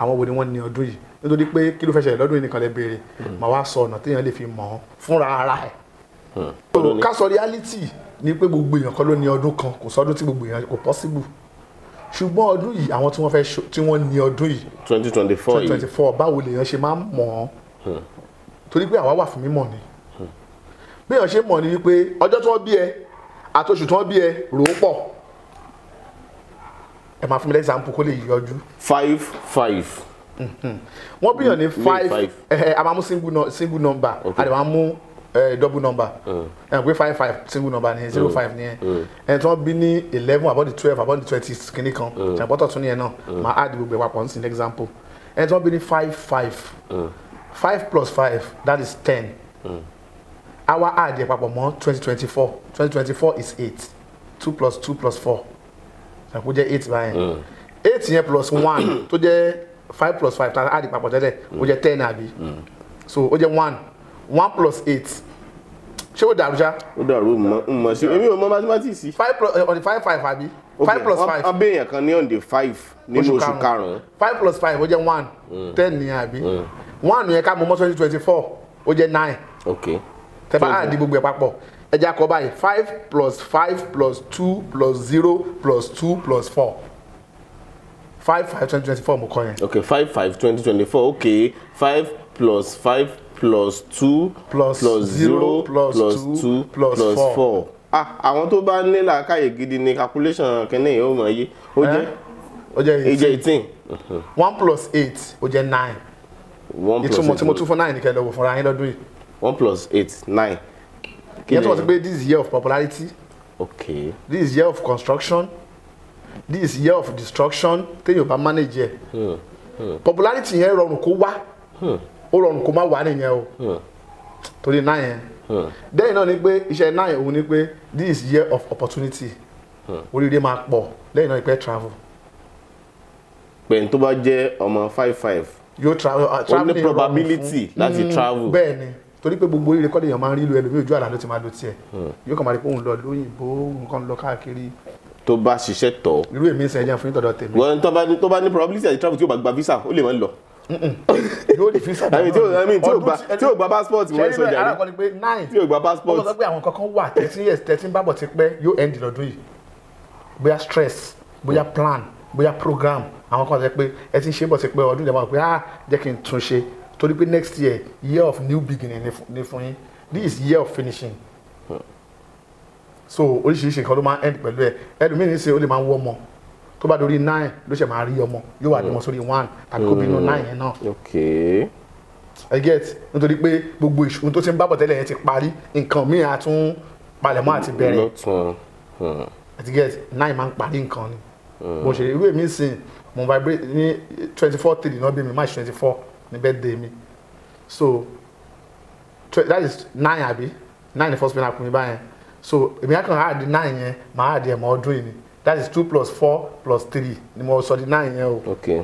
àwọn wo ni wọ́n ní ọdún yìí nítorí pé kí ló fẹ́ ṣẹlẹ̀ lọ́dún yìí nìkan lè béèrè màá wá sọ ọ̀nà téèyàn lè fi mọ̀ ọ́n fúnra ara ẹ̀ ká sọ reality ni pé gbogbo èèyàn kan ló ní ọdún kan kò sọdún tí gbogbo èèyàn kò possible ṣùgbọ́n ọdún yìí àwọn tí wọ́n fẹ́ tí wọ́n ní ọdún yìí twenty twenty four twenty twenty four báwo lèèyàn ṣe máa ń mọ̀ ọ́n hmm. torí pé àwa wà fún mímọ̀ ni hmm. béèyàn ṣe mọ̀ ni wípé ọjọ́ tí wọ́n bí ẹ àtòṣù tí wọ́n bí ẹ rò ó pọ̀ ẹ máa fún mi lẹ́sàmpù kó lè yọjú. five five. Mhm. wọ́n bíyàn ní five ẹ a máa mú single number a lè máa mú double number mm. ẹ pé five five single number ni zero mm. five ni ẹ mm. ẹ tí wọ́n bí ní eleven about the twelve about the twenty kìíní kan ṣàpọ̀tọ̀ tún ní ẹ náà máa add gbogbo ẹ̀ papọ̀ ní sin example ẹ tí wọ́n bí ní five five five plus five that is ten Our add ẹ̀ papọ̀ mọ́ twenty twenty four twenty twenty four is eight two plus two plus four ṣàkó jẹ́ eight báyẹn mm. eight yẹn plus one <coughs> tó jẹ́ five plus five tá a di papọ̀ tẹ́lẹ̀ ó mm. jẹ́ ten àbí mm. so ó jẹ́ one one plus eight ṣé ó dàrú ṣá. ó dàrú mọ mọ sí èmi ò mọ mathematics. five plus eh, on the five five àbí. five plus five. wọ́n béèyàn kan ní on the five nínú oṣù karùn-ún. five plus five ó jẹ́ one ten ní àbí one yẹn ká mọ mọ́ twenty twenty four ó jẹ́ nine. ok tẹ bá àdí gbogbo ẹ̀ papọ̀ ẹ jẹ́ àkọ́ báyìí five plus five plus two plus zero plus two plus four five five twenty twenty four mo kọ yẹn. ok five five twenty twenty four Okay. five plus five plus two plus, plus zero plus, plus two, plus, plus four. four. ah àwọn tó bá ní làákàyè gidi ni calculation kẹ́ni yìí ó mọ̀ yé ó jẹ́ eh? ó jẹ́ eighteen one plus eight ó jẹ́ nine ìtumọ̀ tí mo tún fún nine nìkan lọ́wọ́ fúnra yín lọ́dún yìí. one plus eight nine ìyẹn tó wọ́n ti pé this year of popularity okay. this year of construction this year of destruction téèyàn bá manage yẹ hmm, hmm. popularity yẹn rọrùn kó wá hmm. ó rọrùn kó má wá nìyẹn o torí náà yẹn dẹ́yìn náà ni pé iṣẹ́ náà yẹn òun ni pé this is year of opportunity oríire máa pọ̀ lẹ́yìn náà ni pé travel. pẹ̀lú tó bá jẹ́ ọmọ five five yóò travel travel ní probability láti travel. bẹ́ẹ̀ ni torí pé gbogbo ire kọ́lé èèyàn máa ń rí lu ẹlòmíì ojú àlá ló ti máa lo tiẹ̀ hmm. yóò kàn máa rí pé òun lọ lóyìnbó nǹkan lọ káàkiri. tó bá ṣiṣẹ́ tọ̀. irú èmi sẹ́yìn jẹ́ fún yín tọ̀dọ̀ tèmi. wọ́n tó bá ní probability àti travel tí yóò bá gba visa ó lè máa ń lọ yóò lè fi sábà náà ọdún tí o gba passport wọ́n sọ jàre tí o gba passport. wọ́n sọ pé àwọn kankan wà thirteen years thirteen bábọ̀ ti pẹ́ yóò end lọ́dún yìí bóyá stress bóyá plan bóyá program àwọn kan sọ pé ẹ ti ń ṣe bọ̀ ti pẹ́ ọdún ìjọba pé ah jẹ́ torí pé next year year of new beginning ni fún yín this is year of finishing so oríṣiríṣi nǹkan ló máa end pẹ̀lú ẹ ẹlòmíì ní í ṣe ó lè máa ń wọ́ ọmọ tó bá dorí nine ló ṣe máa rí ọmọ yóò wà ní ọmọ sórí one tàbí kó bínú nine yẹn náà I get nítorí pé gbogbo ìṣòro tó ti ń bábọ̀ tẹ́lẹ̀ yẹn ti parí nǹkan míì á tún palẹ̀mọ́ àti bẹ̀rẹ̀ ẹ ti hmm. get nine máa ń parí nǹkan ni hmm. mo ṣe ìwé mi sìn mo vibrate ní twenty four three náà bí mi march twenty four ní birthday mi so that is nine Abi nine ni first pin akùnrin báyẹn so èmi akàn á di nine yẹn màá di ẹ̀ mọ́ ọdún yìí that is two plus four plus three ni mo sọ di nine yẹn o okay.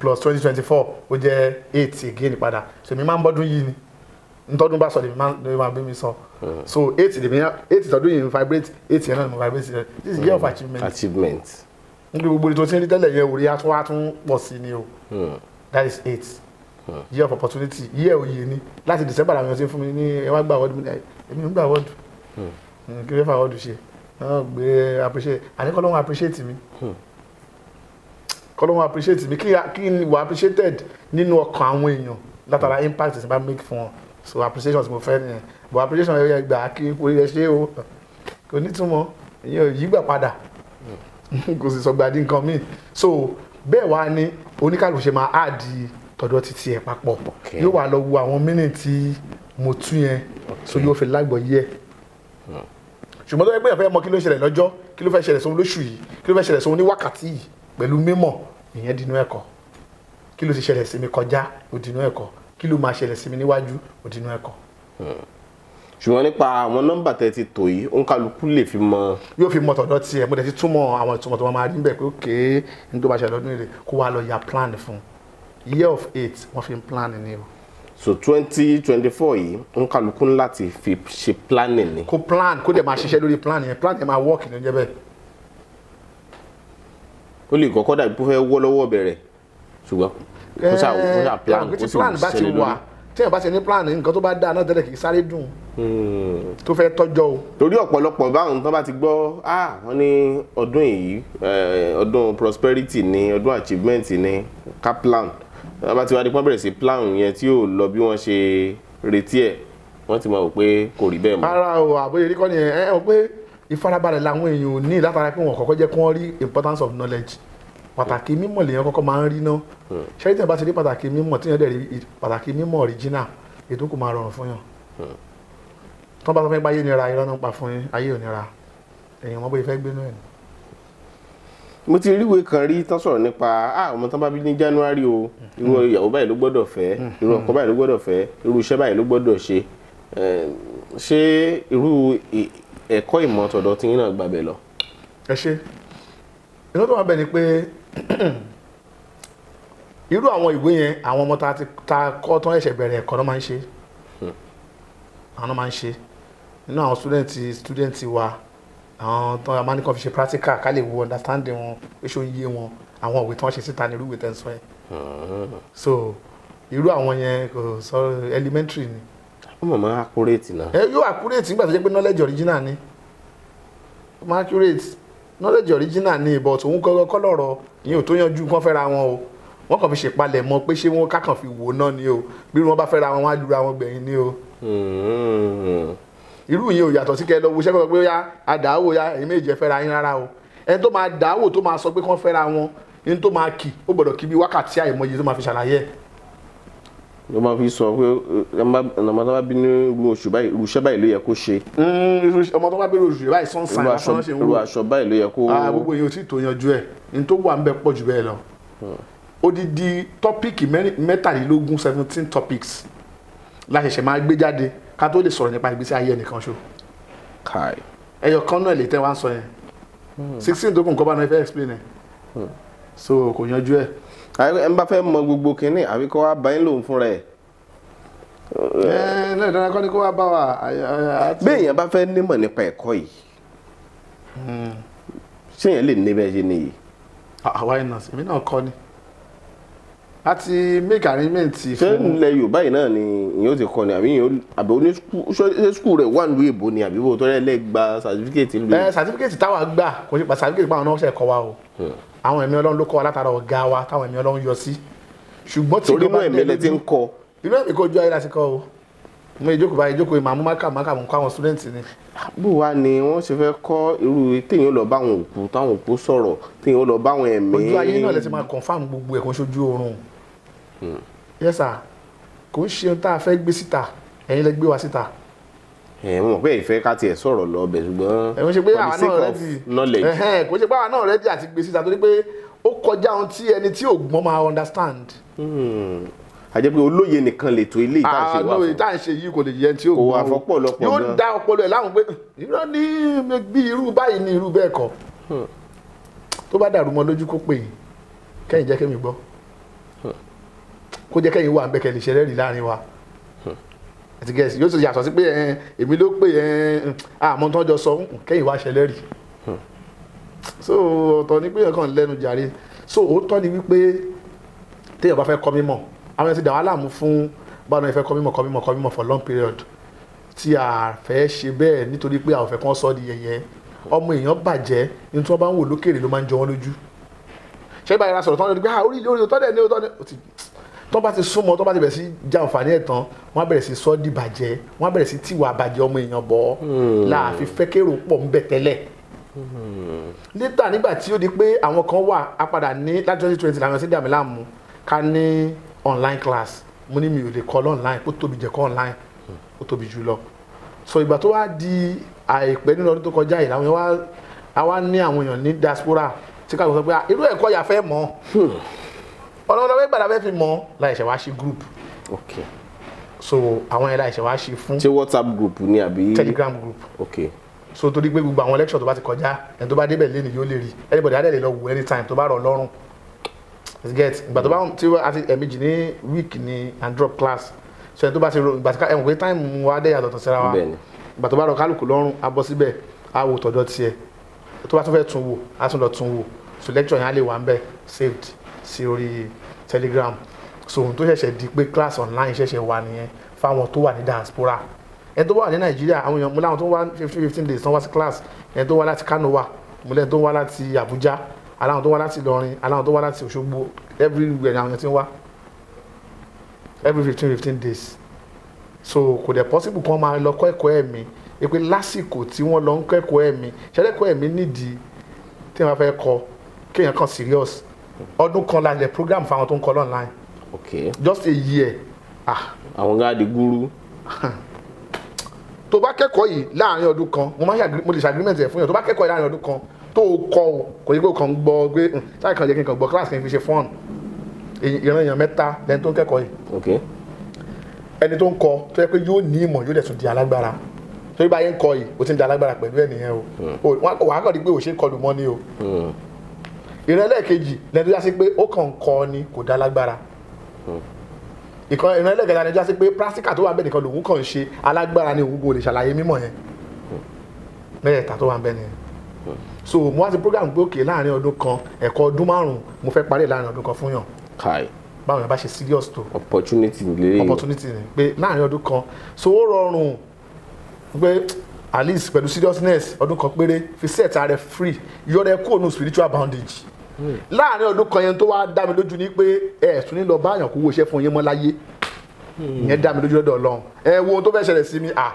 plus twenty twenty four ó jẹ́ eight again padà so èmi máa ń bọ́dún yìí ni ntọ́dún bá sọ de mi máa bí mi sọ hmm. so eight de mi eight tọdún yìí vibrate eight yẹn náà mo vibrate yẹn this is year of hmm. achievement. achievement. n kò gbogbo ètò tí tẹ́lẹ̀ yẹn wòlíì atún wá pọ̀ sí ni o hmm. that is eight year of opportunity Yeah, oyè ni láti december làwọn èèyàn ṣe fún mi ní ẹ wá gba award mi èmi ń gba award hmm, kí ló fà award ṣe náà gbé appreciate àní kọ́ lóun appreciate mi hmm. kọ́ lóun appreciate mi kí ni wà appreciated nínú ọkàn àwọn èèyàn látara impact tí bá make fún wọn so appreciation tí mo fẹ́ nìyẹn but appreciation yẹn gbà kí orí ẹ ṣe o kò nítumọ̀ ìyẹn yìí gbà padà hmm. <laughs> kò sì sọ gbàdí nǹkan míì so bẹ́ẹ̀ wá ní oníkàlù ṣe máa áàdì tọ̀dọ̀ títí ẹ̀ papọ̀ yóò wà lọ wo àwọn mínì tí mo tú yẹn so yóò fi lágbọ̀ yẹ hmm. ṣùgbọ́n tó yẹ pé èèyàn fẹ́ mọ kí ló ń ṣẹlẹ̀ lọ́jọ́ kí ló fẹ́ ṣẹlẹ̀ sóhun lóṣù yìí kí ló fẹ́ ṣẹlẹ̀ sóhun ní wákàtí yìí pẹ̀lú mímọ̀ ìyẹn dinú ẹ̀kọ́ kí ló ti ṣẹlẹ̀ sí mi kọjá òdinú ẹ̀kọ́ kí ló máa ṣẹlẹ̀ sí mi níwájú òdinú ẹ̀kọ́. Hmm. ṣùgbọ́n nípa àwọn nọ́mbà tẹ́ ti tò yìí ó ń kálukú lè fi mọ. yóò fi mọ tọ̀dọ̀ tiẹ̀ mo tẹ̀ ti túmọ̀ àwọn ìtumọ̀ tó máa rí bẹ́ẹ̀ pé òkè ní tó bá ṣẹlẹ̀ ọdún rẹ̀ kó wá lọ ya plan fún un year of eight wọ́n fi ń plan ni o. so twenty twenty four yìí ń kálukú láti fi ṣe planning ni. kó plan kó dẹ̀ máa ṣiṣẹ́ lórí plan yẹn plan yẹn máa work ní oúnjẹ bẹ́ẹ̀. ó lè kọ́kọ́ dàbí pé ó fẹ́ wọ́ lọ́wọ́ bẹ̀rẹ̀ ṣùgbọ́n kó ṣà kó ṣà eh, plan kó eh, sì ń ṣẹlẹ̀ lórí téèyàn bá ṣe ní plan nǹkan tó bá dáa náà tẹ́lẹ̀ kì í sáré dùn hmm. tó fẹ́ tọ́jọ́ o. torí ọ̀pọ̀lọpọ̀ báwọn tó bá ti gbọ́ ah wọ́n ní ọdún yìí eh, ọdún prosperity ni ọdún achievement ni Kaplan bá ti wá di pọ́n bẹ̀rẹ̀ sí plan yẹn tí ò lọ bí wọ́n ṣe retí ẹ̀ wọ́n ti mọ̀ wò pé kò rí bẹ́ẹ̀ mọ́. ara o àbóyè rí kọ́ ni ẹ ẹ pé ìfarabalẹ̀ làwọn èèyàn ò ní látara pé wọn kọ́kọ́ jẹ́ kí wọ́n rí importance of knowledge pàtàkì mímọ̀ lèèyàn kọ́kọ́ máa ń rí náà hmm. ṣé tí ẹ bá ti rí pàtàkì mímọ̀ tí yẹn dẹ̀ rí pàtàkì mímọ̀ original ètò kò máa rọrùn fún yàn hmm. tó bá sọ fẹ́ gbáyé nira irọ́ náà pa fún ayé ònira èèyàn mọ́ bóyá fẹ́ gbénú ẹ̀ ni mo ti ríwèé kan rí tán sọ̀rọ̀ nípa ọmọ tán bá bí ní January o irú hmm. ìyàwó báyìí ló gbọ́dọ̀ fẹ́ irú ọkọ báyìí ló gbọ́dọ̀ fẹ́ irú iṣẹ́ báyìí ló gbọ́dọ̀ ṣe ṣé irú ẹ̀kọ́ ìmọ̀ tọ̀dọ̀ tí yín náà gbàbẹ̀ lọ. ẹ ṣe inú tó wà bẹ́ẹ̀ ni pé irú àwọn ìwé yẹn àwọn ọmọ ta kọ́ tán ẹ̀ṣẹ̀ bẹ̀rẹ̀ ẹ̀kọ́ náà máa ń ṣe hmm. àwọn náà máa ń ṣe inú àwọn student student wa àwọn tó a máa fi ṣe practical ká lè wo understanding wọn oṣù yé wọn àwọn òwe tí wọ́n ṣe síta ní irú ìwé sọ yẹn. Ah. so irú àwọn yẹn kò sọ elementary ni. ó mọ̀ máa accurate náà. ẹ eh, yóò accurate nígbà tó jẹ́ pé knowledge original ni máa accurate knowledge original ni but òun kọ́ kọ́ lọ́rọ̀ ìyẹn ò tó yanjú kán fẹ́ra wọn o wọ́n kàn fi ṣèpalẹ̀ mọ́ pé ṣé wọ́n kákan fi wò náà ni o bí wọ́n bá fẹ́ra wọn wọ́n á lura wọn gbẹ̀yìn ni o. Hmm irú yìí ò yàtọ̀ sí kẹ́ ẹ lọ wo iṣẹ́ kọ́ pé yá àdáwò yá ẹ̀yin méje fẹ́ra yín rárá o ẹni tó máa dáwò tó máa sọ pé kán fẹ́ra wọn ẹni tó máa kì ó gbọ́dọ̀ kí bí wákàtí àìmọye tó máa fi ṣàlàyé ẹ̀. ló máa fi sọ pé ọmọ tó bá bí ní oṣù báyìí irúṣẹ́ báyìí ló yẹ kó ṣe. Hmm, ọmọ tó bá bí oṣù báyìí sọ́nsàn lásán ṣe ń wò irú aṣọ báyìí ló yẹ kó. Ah, gbogbo èyí ò tí ì tó yanjú ẹ̀ ní tó wà ń bẹ pọ̀ jù bẹ́ẹ̀ lọ. Hmm. odidi tọ́píìkì mẹ́tàlélógún seventeen topics la ṣẹ̀ṣẹ̀ máa gbé jáde ká tó lè sọ̀rọ̀ nípa ìgbésí ayé ẹnìkan ṣo. káì. ẹyọ kan náà lè tẹ́ wá ń sọ yẹn hmm. sixteen tó kún kọ́ bá náà fẹ́ explain ẹ̀ hmm. so kò yanjú ẹ̀. ẹ bá fẹ́ mọ gbogbo kínní àbí kó wá bá yín lòun fúnra ẹ̀. ẹ ẹ náà ìdáná kọ́ ni kó wá bá wa. bẹ́ẹ̀ yẹn bá fẹ́ nímọ̀ nípa ẹ̀kọ́ yìí hmm. ṣé yẹn lè ní bẹ́ẹ̀ ṣe nìyí. àwa ẹ̀ nà sí èmi náà kọ́ ni a ti make arrangement fún. ṣé ilẹ̀ yorùbá yìí náà ni ìyẹn ó ti kọ ni àbí ìyẹn àbí ó ní ṣé skul rẹ̀ wà nílùú èbó ni àbí bó tọ́lẹ̀ lẹ́ gba certificate ìlú. ẹ certificate táwa gbà kò sí pa certificate pàwọn náà ṣe kọ wa o hmm. àwọn ẹ̀mí ọlọ́run ló kọ́ wa látara ọ̀gá wa táwọn ẹ̀mí ọlọ́run yọ sí. ṣùgbọ́n tí ìjọba ní ẹ̀mí ti ń o mo ìjókòó báyìí ìjókòó ìmàmú mákàmákà mú káwọn students ni. bó wa ni wọ́n ṣe fẹ́ kọ́ irú téèyàn lọ bá àwọn òkú táwọn òkú sọ̀rọ̀ téèyàn lọ bá àwọn ẹ̀mí. ojú ayé náà lè ti máa confam gbogbo ẹ̀kọ́ sójú oorun Hmm. yes sir kò ń ṣe ohun tá a fẹ́ gbé síta ẹ̀yin lẹ gbé wa síta. ẹ mo mọ̀ pé ìfẹ́ ká tiẹ̀ sọ̀rọ̀ lọ ọbẹ̀ ṣùgbọ́n ẹ kò ṣe pé àwa náà rẹ́dì kò ṣe pé àwa náà rẹ́dì àti gbé síta torí pé ó kọjá ohun tí ẹni tí ò máa understand. àjẹ́ hmm. pé olóye nìkan lè tó ilé ìtàn ṣe wà fún àwọn ìtàn ṣe yìí kò lè yẹ tí ò gbọ́n wà fọ́pọ̀lọpọ̀ náà yóò dá ọpọlọ ẹ̀ láwọn pé irọ́ ní bí irú báyìí ní irú bẹ́ẹ̀ kọ́ hmm. tó bá dàrú mọ́ lójú kó pè é kẹ́yìn jẹ́ kẹ́mi gbọ́ kó jẹ́ kẹ́yìn wà ń bẹ̀kẹ̀ lè ṣe rẹ́rìí láàrin wa àti gẹ̀ẹ́sì yóò ti yàtọ̀ sí pé èmi ló pè àmọ́ tó jọ sọ kẹ́yìn wà ṣe rẹ́rìí so ọ̀tọ̀ ni pé ọkàn lẹ́nu jàre so òótọ́ ni wípé téèyàn bá fẹ́ kọ́ mímọ̀ àwọn ẹni tí dàwọn aláàmú fún báwọn ìfẹ́ kọ́ mímọ̀ kọ́ mímọ̀ kọ́ mímọ̀ for long period tí a fẹ́ ṣe bẹ́ẹ̀ nítorí pé àwọn fẹ́ kàn sọ di yẹ̀yẹ́ ọmọ èèyàn bàjẹ́ ní tí wọ́n bá ń wò lókèrè ló máa ń jọ wọ́n lójú ṣé báyìí sọ̀rọ̀ tán lórí pé ah orí ìlú òtọ́ dẹ̀ ní òtọ́ dẹ̀ tó bá ti súnmọ́ tó bá ti bẹ̀rẹ̀ sí jàǹfààní ẹ̀ tán wọ́n á bẹ̀rẹ̀ sí sọ́ di bàjẹ́ wọ́n á bẹ̀rẹ̀ sí tìwà bàjẹ́ ọmọ èèyàn bọ̀ ọ́ hmm. láàfi fẹ́kẹ́rò pọ̀ ń bẹ̀ tẹ́lẹ̀. Hmm. níta nígbà tí ó di pé àwọn kan wà á padà ní láti twenty twenty làwọn sí dàmí láàmú ká ní online class mo ní mi ò lè kọ́ online ó tóbi jẹ́ kọ́ online ó tóbi jù lọ. sọ ìgbà tó wá di àìpẹ́ nínú ọdún tó kọjá yìí làwọn wá ní àwọn èèyàn ní diaspora tí káwọn sọ pé ah, irú ẹ̀kọ́ yà ọ̀nà ọ̀nà mẹ́gbàá la fẹ́ fi mọ̀ láìṣẹ̀ wá sí group. ok so àwọn yẹn láìṣẹ̀ wá sí fún. ṣé whatsapp group ni àbí. telegram group. ok so torí pé gbogbo àwọn lecture tó bá ti kọjá ẹni tó bá débẹ̀ lé ni yóò lè rí anybody adé lè lọ wò anytime tó bá rọ̀ lọ́rùn get ìgbà tó bá ti àti ẹ̀mejì ní week ni and drop class so ẹni tó bá ti ro ìgbà tí ẹ̀wọ̀n pé time wa dé yàtọ̀ síra wa ìgbà tó bá rọ̀ kálukú lọ́rùn a bọ́ síbẹ̀ a wò tọ̀dọ̀ tiẹ̀ tó bá tún fẹ́ tún wò a tún lọ tún wò so lecture yẹn á lè wà ń bẹ̀ saved sí orí telegram so ohun tó ṣẹ̀ṣẹ̀ di pé class online ṣẹ̀ṣẹ̀ wà nìyẹn fáwọn tó wà ní diaspora ẹni tó wà ní nàìjíríà àwọn èèyàn mo láwọn tó wá fifteen fifteen days tán wá sí class ẹni tó wá láti kano wà mo lẹ́ni tó wá láti àbújá aláwọn tó wá láti ìlọrin aláwọn tó wá láti òṣogbo everywhere ni àwọn èèyàn ti ń wá every fifteen fifteen days so kò dẹ̀ possible kan máa lọ kọ́ ẹ̀kọ́ ẹ̀mí pé lásìkò tí wọ́n lọ ń kọ́ ẹ̀kọ́ ẹ̀mí ṣẹlẹ́kọ́ ẹ̀mí nídìí tí wọ́n fẹ́ kọ kéèyàn kan serious ọdún kan la lẹ̀ program fáwọn tó ń kọ́ online okay just a year ah àwọn gáàdì gúrú tó bá kẹ́kọ̀ọ́ yìí láàrin ọdún kan mo máa mo lè ṣàgírímẹ̀ntì ẹ̀ fún yàn tó bá kẹ́kọ̀ọ́ yìí láàrin ọdún kan tó kọ́ ọ kò yẹ kó kàn ń gbọ́ pé hmm, ṣáà kan yẹ kí n kàn gbọ́ class kan fi ṣe fọ́ọ̀nù ìran èèyàn mẹ́ta lẹ́ni tó ń kẹ́kọ̀ọ́ yìí ẹni tó ń kọ tó yẹ pé yóò ní ìmọ̀ yóò dẹ̀ tún di alágbára torí báyé ń kọ yìí o ti ń di alágbára pẹ̀lú ẹnìyẹn o hmm. wàá kàn rí pé òṣèkọlù mọ́ ni o hmm ìrẹ́lẹ̀ kejì lẹ́nu já sí pé ó kàn ń kọ́ ni kò dá lágbára ìkan ìrẹ́lẹ̀ kẹta lẹ́nu já sí pé pásíkà tó wà bẹ́ẹ̀ nìkan lòun kàn ń ṣe alágbára ni òun kò lè ṣàlàyé mímọ̀ yẹn mẹ́ẹ̀ta tó wà bẹ́ẹ̀ nìyẹn so mo wá sí program pé òkè láàrin ọdún kan ẹ̀kọ́ ọdún márùn-ún mo fẹ́ parí láàrin ọdún kan fún yàn kai báwo yẹn bá ṣe serious tó opportunity lè opportunity ni pé láàrin ọdún kan so ó rọrùn pé at least pẹ̀lú seriousness ọdún kan péré fi set are free yọrẹ kúrò ní spiritual bondage láàrin ọdún kan yẹn tó wá dá mi lójú ni pé ẹ̀sùn ní lọ báyàn kó wo iṣẹ́ fún yín mọ́ láyé ìyẹn dá mi lójú lọ́dọ̀ ọlọ́run ẹ wo ohun tó fẹ́ ṣẹlẹ̀ sí mi à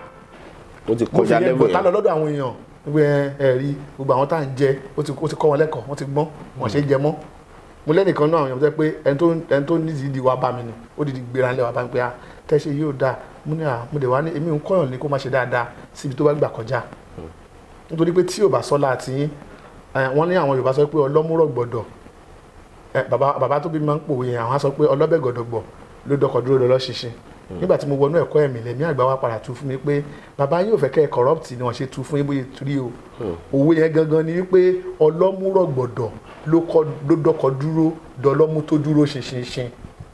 ó ti kọjá lẹ́wọ̀ yẹn kò tán lọ́dọ̀ àwọn èèyàn gbé ẹ̀rí gbogbo àwọn tá à ń jẹ ó ti kọ́ wọn lẹ́kọ̀ọ́ wọ́n ti gbọ́n wọ́n ṣe jẹ mọ́ mo lẹ́nìkan náà àwọn èèyàn sọ pé ẹni tó ní ìdí wa bá mi ni ó di gbéra ńlẹ̀ wa bá mi pé ah tẹ́ṣe yóò dáa mo ní à mo lè wá ní èmi ń kọ́yàn ní kó má ṣe Eh, wọ́n ní àwọn Yorùbá sọ pé ọlọ́múrọ̀ gbọ́dọ̀ eh, bàbá tó bí máa ń pòwe àwọn sọ pé ọlọ́bẹ̀ gbọ́dọ̀ gbọ̀ ló dọkọ̀ dúró lọ́lọ́ ṣinṣin hmm. nígbà tí mo wọnú ẹ̀kọ́ ẹ̀mí lẹ́mí àgbà wa padà tú fún mi pé bàbá yóò fẹ́ kẹ́ corrupt ni wọ́n ṣe tú fún ibóyè torí o hmm. òwe yẹn gangan ni wípé ọlọ́múrọ̀ gbọ́dọ̀ ló dọkọ̀ dúró dọlọ́mú tó dúró ṣinṣin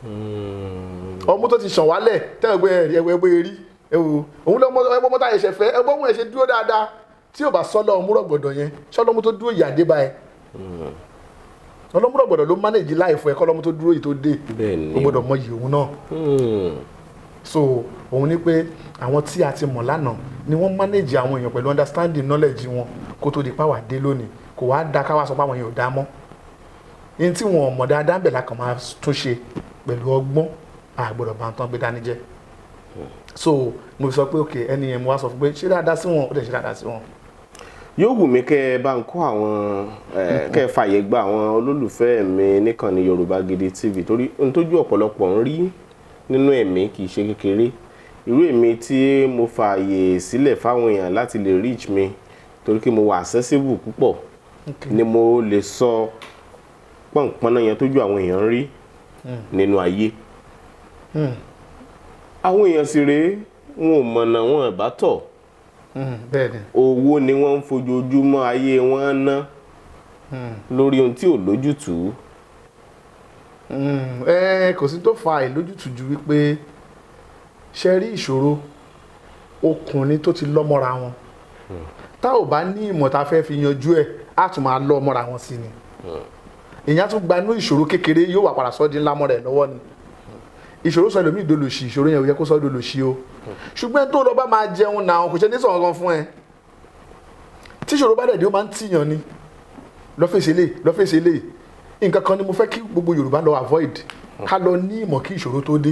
hmm. ọmú tó ti sàn wálẹ̀ tẹ́ ẹ̀gbẹ́ ẹ̀rí ẹ̀wẹ̀ ẹ̀rí ẹ̀wò òun lọ́mọ ẹ̀ṣẹ̀ fẹ́ ẹ̀gbọ́n ẹ̀ṣẹ̀ dúró dáadáa tí ò bá sọ́lọ́ ọmúrọ̀gbọ̀dọ̀ yẹn sọ́lọ́mú tó dúró ìyá dé báyìí hmm. ọlọ́múrọ̀gbọ̀dọ̀ ló manage life ẹ̀ kọ́lọ́mú tó dúró yìí tó dé ó gbọ́dọ̀ mọ iye òun náà hmm. so òun ni pé àwọn tí a ti mọ̀ lánàá ni wọ́n manage àwọn èèyàn pẹ̀lú understanding knowledge wọn kó tó di pàwà dé lónìí kò wá da káwá sọ pé àwọn èèyàn ò dá mọ́ yín tí wọn ò mọ̀ dáadáa bẹ̀ la kàn máa tún ṣe pẹ̀lú ọgbọ́n àgbọ̀dọ̀ bá ń tán gbé dání jẹ́ hmm. so mo sọ pé ok ẹni yẹn mo wá sọ fún pé ṣé dáadáa sí wọn ó dẹ̀ ṣe dáadáa sí wọn yóò wù mí kẹ́ ẹ bá ń kó àwọn kẹ́ ẹ fàyè gba àwọn olólùfẹ́ mi níkànnì Yorùbá Gidi TV torí ohun tójú ọ̀pọ̀lọpọ̀ ń rí nínú ẹ̀mí kì í ṣe kékeré irú èmi tí mo fààyè sílẹ̀ fáwọn èèyàn láti lè reach mi torí kí mo wà accessible púpọ̀ ni mo lè sọ pọ̀npọ́nà yẹn tójú àwọn èèyàn rí hmm. nínú ayé hmm. àwọn èèyàn sì rèé wọn ò mọ̀nà wọn ẹ̀ bá tọ̀ owó ni wọ́n ń fojoojúmọ́ ayé wọn ná lórí ohun tí ò lójútùú. Hmm, kò sí tó fa àìlójútùú ju wípé ṣe rí ìṣòro ọkùnrin tó ti lọ́mọ́ra wọn tá ò bá ní ìmọ̀ tá a fẹ́ fi yanjú ẹ̀ á tún máa lọ́mọ́ra wọn sí ni èèyàn hmm. tún gbanú ìṣòro kékeré yóò wà padà sọ́ọ́ ńlá mọ́ rẹ̀ lọ́wọ́ ni. Mm ìṣòro sọ ẹlòmíì dolòṣì ìṣòro yẹn ò yẹ kó sọ dolòṣì o ṣùgbọ́n tó lọ bá máa jẹun náà kò ṣe ní sọ̀rọ̀ kan fún ẹ tí ìṣòro bá dẹ̀ dé ó máa ń tìyàn ni lọ́fẹ̀ẹ́sẹ̀ lè lọ́fẹ̀ẹ́sẹ̀ lè nǹkan kan ni mo fẹ́ kí gbogbo Yorùbá lọ avoid ká lọ ní ìmọ̀ kí ìṣòro tó dé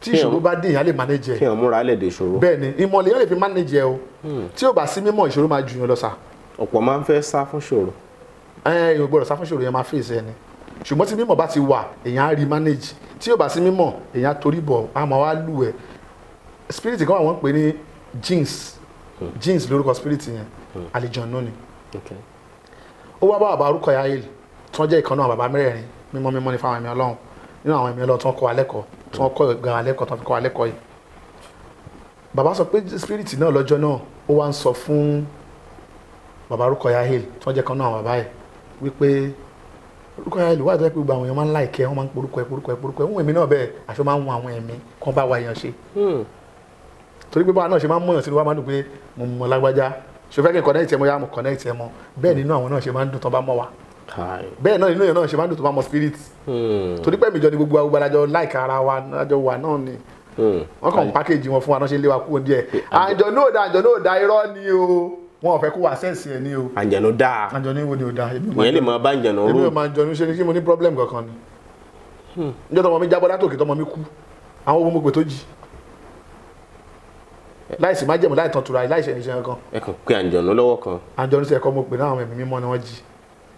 tí ìṣòro bá dé èèyàn lè manage ẹ kí èèyàn múra lẹ̀ dé ìṣòro bẹ́ẹ̀ ni ìmọ̀ lèèyàn lè fi manage ẹ o hmm. tí ò bá sí mímọ̀ ìṣòro máa jù yàn lọ sá. ọ̀pọ̀ máa ń fẹ́ sá fún ìṣòro. ẹ ẹ ìgbọ́dọ̀ sá fún ìṣòro yẹn máa fèsì ẹni ṣùgbọ́n tí mímọ̀ bá ti wà èèyàn á rí manage tí yóò bá sí mímọ̀ èèyàn á torí bọ̀ á máa wá lù ẹ̀ spirit kan wà wọ́n pè ní jeans jeans hmm. lórúkọ spirit yẹn hmm. àlejànú ni ó wá bá bàbá orúkọ ya yìí tí wọ́n jẹ́ ìkan náà bàbá mẹ́rẹ̀ẹ̀rin mímọ́ mímọ́ ní fáwọn ẹ̀mí ọlọ́run nínú àwọn ẹ̀mí ọlọ́run tí wọ́n kọ́ alẹ́kọ̀ọ́ tí wọ́n kọ́ gan ya yìí tí wọ́n jẹ́ ìkan wípé orúkọ ara ìlú wà tó yẹ pé gbogbo àwọn èèyàn máa ń láìkẹ́ wọ́n máa ń porúkọ ẹ porúkọ ẹ porúkọ ẹ òun èmi náà bẹ́ẹ̀ àṣọ máa ń wọn àwọn ẹ̀mí kan bá wa èèyàn ṣe. Hmm. torí pé báwa náà ṣe máa ń mọ̀yàn sínú wa máa ń dùn pé mo mọ̀ lágbájá ṣòfẹ́ kí n connect ẹ yá mo connect ẹ bẹ́ẹ̀ nínú àwọn náà ṣe máa ń dùn tán bá mọ̀ wa bẹ́ẹ̀ náà inú yẹn náà ṣe máa ń dùn tó bá mọ spirit hmm. torí pé ìjọ ni gbogbo àwọn gbalajo láìka ara wa lájọ wà náà ni hmm. wọ́n kàn package wọn fún wa náà ṣe lé wa kúrò díẹ̀ <laughs> àjọ náà dá àjọ náà dá irọ́ ni o wọn ò fẹ́ kó wà sẹ́ẹ̀sì ẹ̀ ní o. àǹjànú dáa àǹjànú ìwò ni ò dáa. mo yẹn lè máa bá àǹjànú rò. èmi ò máa jọnu ṣe ni kí mo ní problem kankan ni. níjọ́ hmm. tọmọ mi jábọ́ látòkè tọmọ mi kú àwọn ohun mo gbè tó jì láìsí má jẹ̀mú láì tán tura láìsí ẹni ṣe kankan. ẹ kàn pé àǹjọ̀nù lọ́wọ́ kan. àǹjọ̀nù sí ẹ̀kọ́ mo pè náà àwọn ẹ̀mí mímọ́ ni wọ́n jí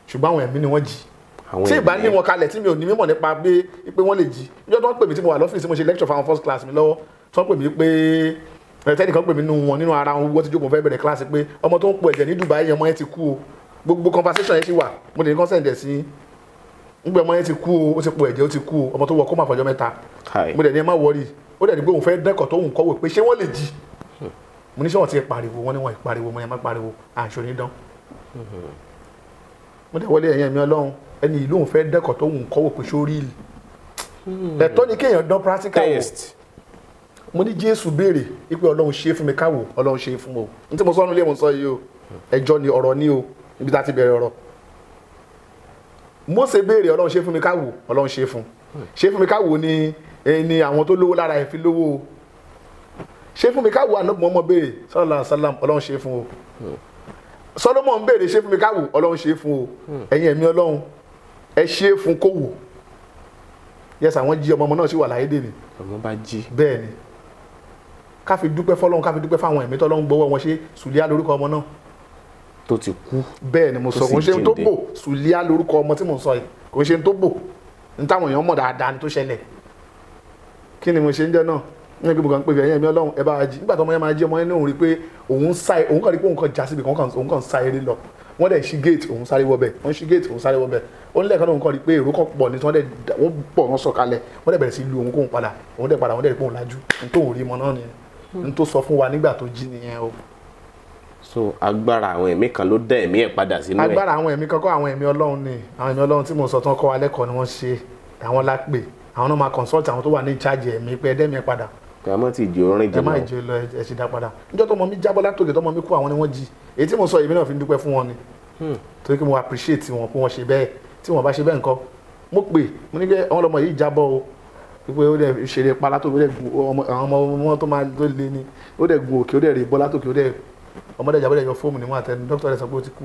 ṣùgbọ́n àwọn ẹ̀mí ni wọ́n jí. tí ìbá ní wọn kalẹ̀ tí mi ò ní mímọ̀ nípa pé wọ́n lè jí níjọ́ tó ń pè mí tí mo wà lọ́fíìsì mo ṣe lecture fáwọn first class mi lọ́wọ́ tó ń pè mí pé tẹ́nìkan pè mí nínú wọn nínú ara wọn wọ́n ti jókòó fẹ́ bẹ̀rẹ̀ kíláàsì pé ọmọ tó ń po ẹ̀jẹ̀ ní Dubai ọmọ yẹn ti kú o gbogbo conversation yẹn ti wà mo lè ní consent ẹ̀ sí ngbẹ ọmọ yẹn ti kú o ó ti po ẹ̀jẹ̀ ó ti kú o ọmọ tó wọ kó máa fọjọ́ mẹ́ta mo lè ní ẹ má wọrí ó dẹ̀ ní pé òun fẹ́ dẹ́kọ̀ tó òun kọ́ wò pé ṣé wọ́n lè jí mo ní ṣé wọ́n ti pariwo wọ́n ní wọ́n pariwo mo yẹn má pariwo àṣọ onídán mo dẹ̀ wọlé ẹ̀yẹn mi ọlọ́run ẹni ìlú òun fẹ́ dẹ́kọ̀ tó òun kọ́ wò pé ṣó rí ẹ̀tọ́ ni kéèyàn dán practical wò mo ní jésù béèrè wípé ọlọ́run ṣe fún mi káwò ọlọ́run ṣe fún mi o n tí mo sọ́nu ilé mo sọ yìí o ẹjọ́ ni ọ̀rọ̀ ni o ibi tá a ti bẹ̀rẹ̀ ọ̀rọ̀ Mósè béèrè ọlọ́run ṣe fún mi káwò ọlọ́run ṣe fún ṣe fún mi káwò ni eh, ni àwọn tó lówó lára ẹ̀ fi lówó o ṣe fún mi káwò ànágbọ̀n ọmọ béèrè sọlá sálàm ṣe fún fún mi káwò ọlọ́run ṣe fún o ẹ̀yin ẹ̀mí ọlọ́run ẹ ṣe fún kówò yẹsà wọn jí ọmọ ọmọ náà sì wà láyé dè ní. ọmọ bá jí. bẹ́ẹ̀ ká fi dúpẹ́ fọlọ́run ká fi dúpẹ́ fáwọn ẹ̀mí tọ́lọ́run gbọ́wọ́ wọn ṣe sùlíà lórúkọ ọmọ náà. tó ti kú bẹ́ẹ̀ ni mo sọ kò ń ṣe tó bò sùlíà lórúkọ ọmọ tí mo sọ yìí kò ń ṣe tó bò ní táwọn èèyàn mọ̀ dáadáa ni tó ṣẹlẹ̀ kí ni mo ṣe ń jẹ́ náà ní ẹgbẹ́ kan pé ẹ̀yìn ẹ̀mí ọlọ́run ẹ bá jí nígbà tó ọmọ yẹn máa jí ọmọ yẹn ní òun rí pé òun sá òun kàn rí pé òun kàn já síbi òun kàn sá eré lọ wọ́n gate òun sáré wọ́bẹ̀ wọ́n ṣí gate òun sáré wọ́bẹ̀ ó ní lẹ́ẹ̀kan náà òun kàn rí pé èrò kan pọ̀ ní tí wọ́n dẹ̀ wọ́n pọ̀ wọ́n sọ̀kalẹ̀ wọ́n n tó sọ fún wa nígbà tó jí nìyẹn o. so agbára àwọn ẹ̀mí kan ló dá ẹ̀mí ẹ̀ padà sínú ẹ̀. agbára àwọn ẹ̀mí kan kọ́ àwọn ẹ̀mí ọlọ́run ni àwọn ẹ̀mí ọlọ́run tí mo sọ tán kọ́ wa lẹ́kọ̀ọ́ ni wọ́n ṣe àwọn lápè àwọn náà máa consult àwọn tó wà ní ìcháàjì ẹ̀mí pé ẹ̀dẹ́mi ẹ̀ padà kàmá tí ìjì orin jẹ lọ ẹ̀ ṣì dá padà níjọ́ tó mọ mi jábọ́ látòkè tó mọ mi kú àwọn ni wọ́n jí èyí tí mo sọ èmi náà fi ń dúpẹ́ fún wọn ni hmm. torí pé mo appreciate wọn pé wọ́n ṣe bẹ́ẹ̀ tí wọ́n bá ṣe bẹ́ẹ̀ nǹkan mo pè mo ní pé àwọn ọlọ́mọ yìí jábọ́ o wípé ó dẹ̀ ṣeré pala tó dẹ̀ gun àwọn ọmọ tó máa tó lé ní ó dẹ̀ gun òkè ó dẹ̀ rè bọ́lá tókè ó dẹ̀ ọmọ dẹ̀ jàbọ́ dẹ̀ yọ fóòmù níwọ̀n àtẹnu dókítà rẹ̀ sọ pé ó ti kú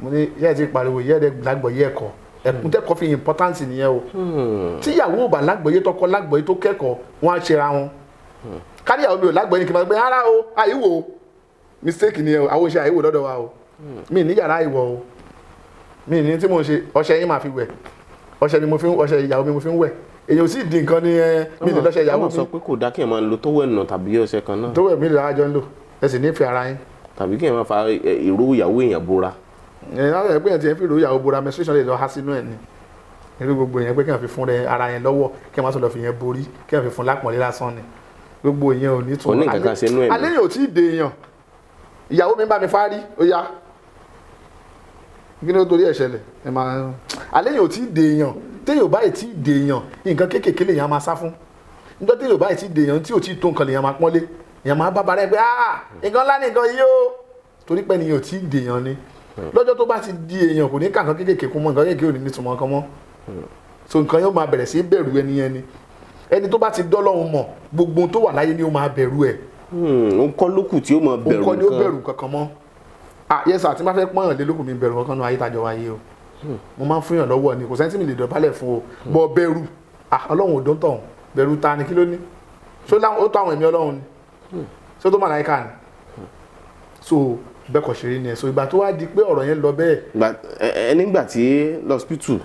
mo ní yẹ́ ẹ̀ ti pariwo yẹ́ ẹ̀ dẹ̀ lágbọ̀ yẹ́ ẹ̀kọ́ ẹkùn hmm. tẹkọọ fi importance nìyẹn o hmm. tíyàwó ò bá lágbọ̀yé tọkọ lágbọ̀yé tó kẹ́kọ̀ọ́ wọn á ṣera wọn hmm. káríyàwó mi ò lágbọ̀yé ni kí n máa gbé ara o àìwò mistake nìyẹn o àwọn oṣù àìwò lọ́dọ̀ wa o mi ní yàrá àìwọ̀ o mi ní tí mo ṣe ọṣẹ yín máa fi wẹ̀ ọṣẹ mi mo fi ń ọṣẹ ìyàwó mi mo fi ń wẹ̀ èyàn ò sì di nǹkan ní eh, mi lè lọ́sẹ̀ ìyàwó mi. wọ́n sọ pé kò dá kí ẹ máa lo tówẹ̀ nà tàbí ọṣẹ kan náà. tówẹ̀ mi lè lájọ ń lò ẹ sì nífẹ̀ẹ́ ara yín. tàbí kí ẹ máa fa eh, eh, ìró ìyàwó èèyàn bora. ẹ̀yin láti ẹgbẹ́ yẹn ti ẹ fi ìró ìyàwó bora menstruation lè lọ há sínú ẹ̀ ni irú gbogbo yẹn pé kí wọn fi fún ara yẹn lọ́wọ́ kí wọn sọ̀rọ̀ fi yẹn borí kí wọn fi fún lápọ̀nlé lásán ni gbogbo yẹn ò ní tún. òní kankan ṣe nú ẹ̀ mi téèyàn báyìí tí dèèyàn nǹkan kéékèèké lèèyàn máa sá fún níjọ́ téèyàn báyìí tí dèèyàn tí ò tí tó nǹkan lèèyàn máa pọ́nlé èèyàn máa bá bàrẹ́ pé ah nǹkan ńlá nìkan yìí o torí pé ènìyàn ò tí dèèyàn ni lọ́jọ́ tó bá ti di èèyàn kò ní kà nǹkan kéékèèké kún mọ́ nǹkan kéékèèké ò ní nítumọ̀ kan mọ́ so nǹkan yóò máa bẹ̀rẹ̀ sí bẹ̀rù ẹni yẹn ni ẹni tó bá ti dọ́lọ́hun mọ̀ gbogbo tó wà láyé ni ó máa bẹ̀rù ẹ̀. nǹkan hmm, lókù tí ó máa bẹ̀rù nǹkan nǹkan ni ó bẹ̀rù kankan mọ́ ah yes àti má pọ́nyàn lé lókùn mi bẹ̀rù kankan náà ayé tàjọ wáyé o. Hmm. mo máa ń fún yàn lọ́wọ́ ni kò sẹ́ni mi lè dọ̀bálẹ̀ fún o bọ́ hmm. bẹ̀rù ah, ọlọ́run ò dún tọ̀hún bẹ̀rù ta ni kí ló ní ṣó ó tó àwọn ẹ̀mí ọlọ́run ni hmm. ṣó tó màláìka ni so bẹ́ẹ̀ kọ̀ ṣeré ni ẹ̀ so ìgbà tó wá di pé ọ̀rọ̀ yẹn lọ bẹ́ẹ̀. ẹ nígbà tí lọ́sípítù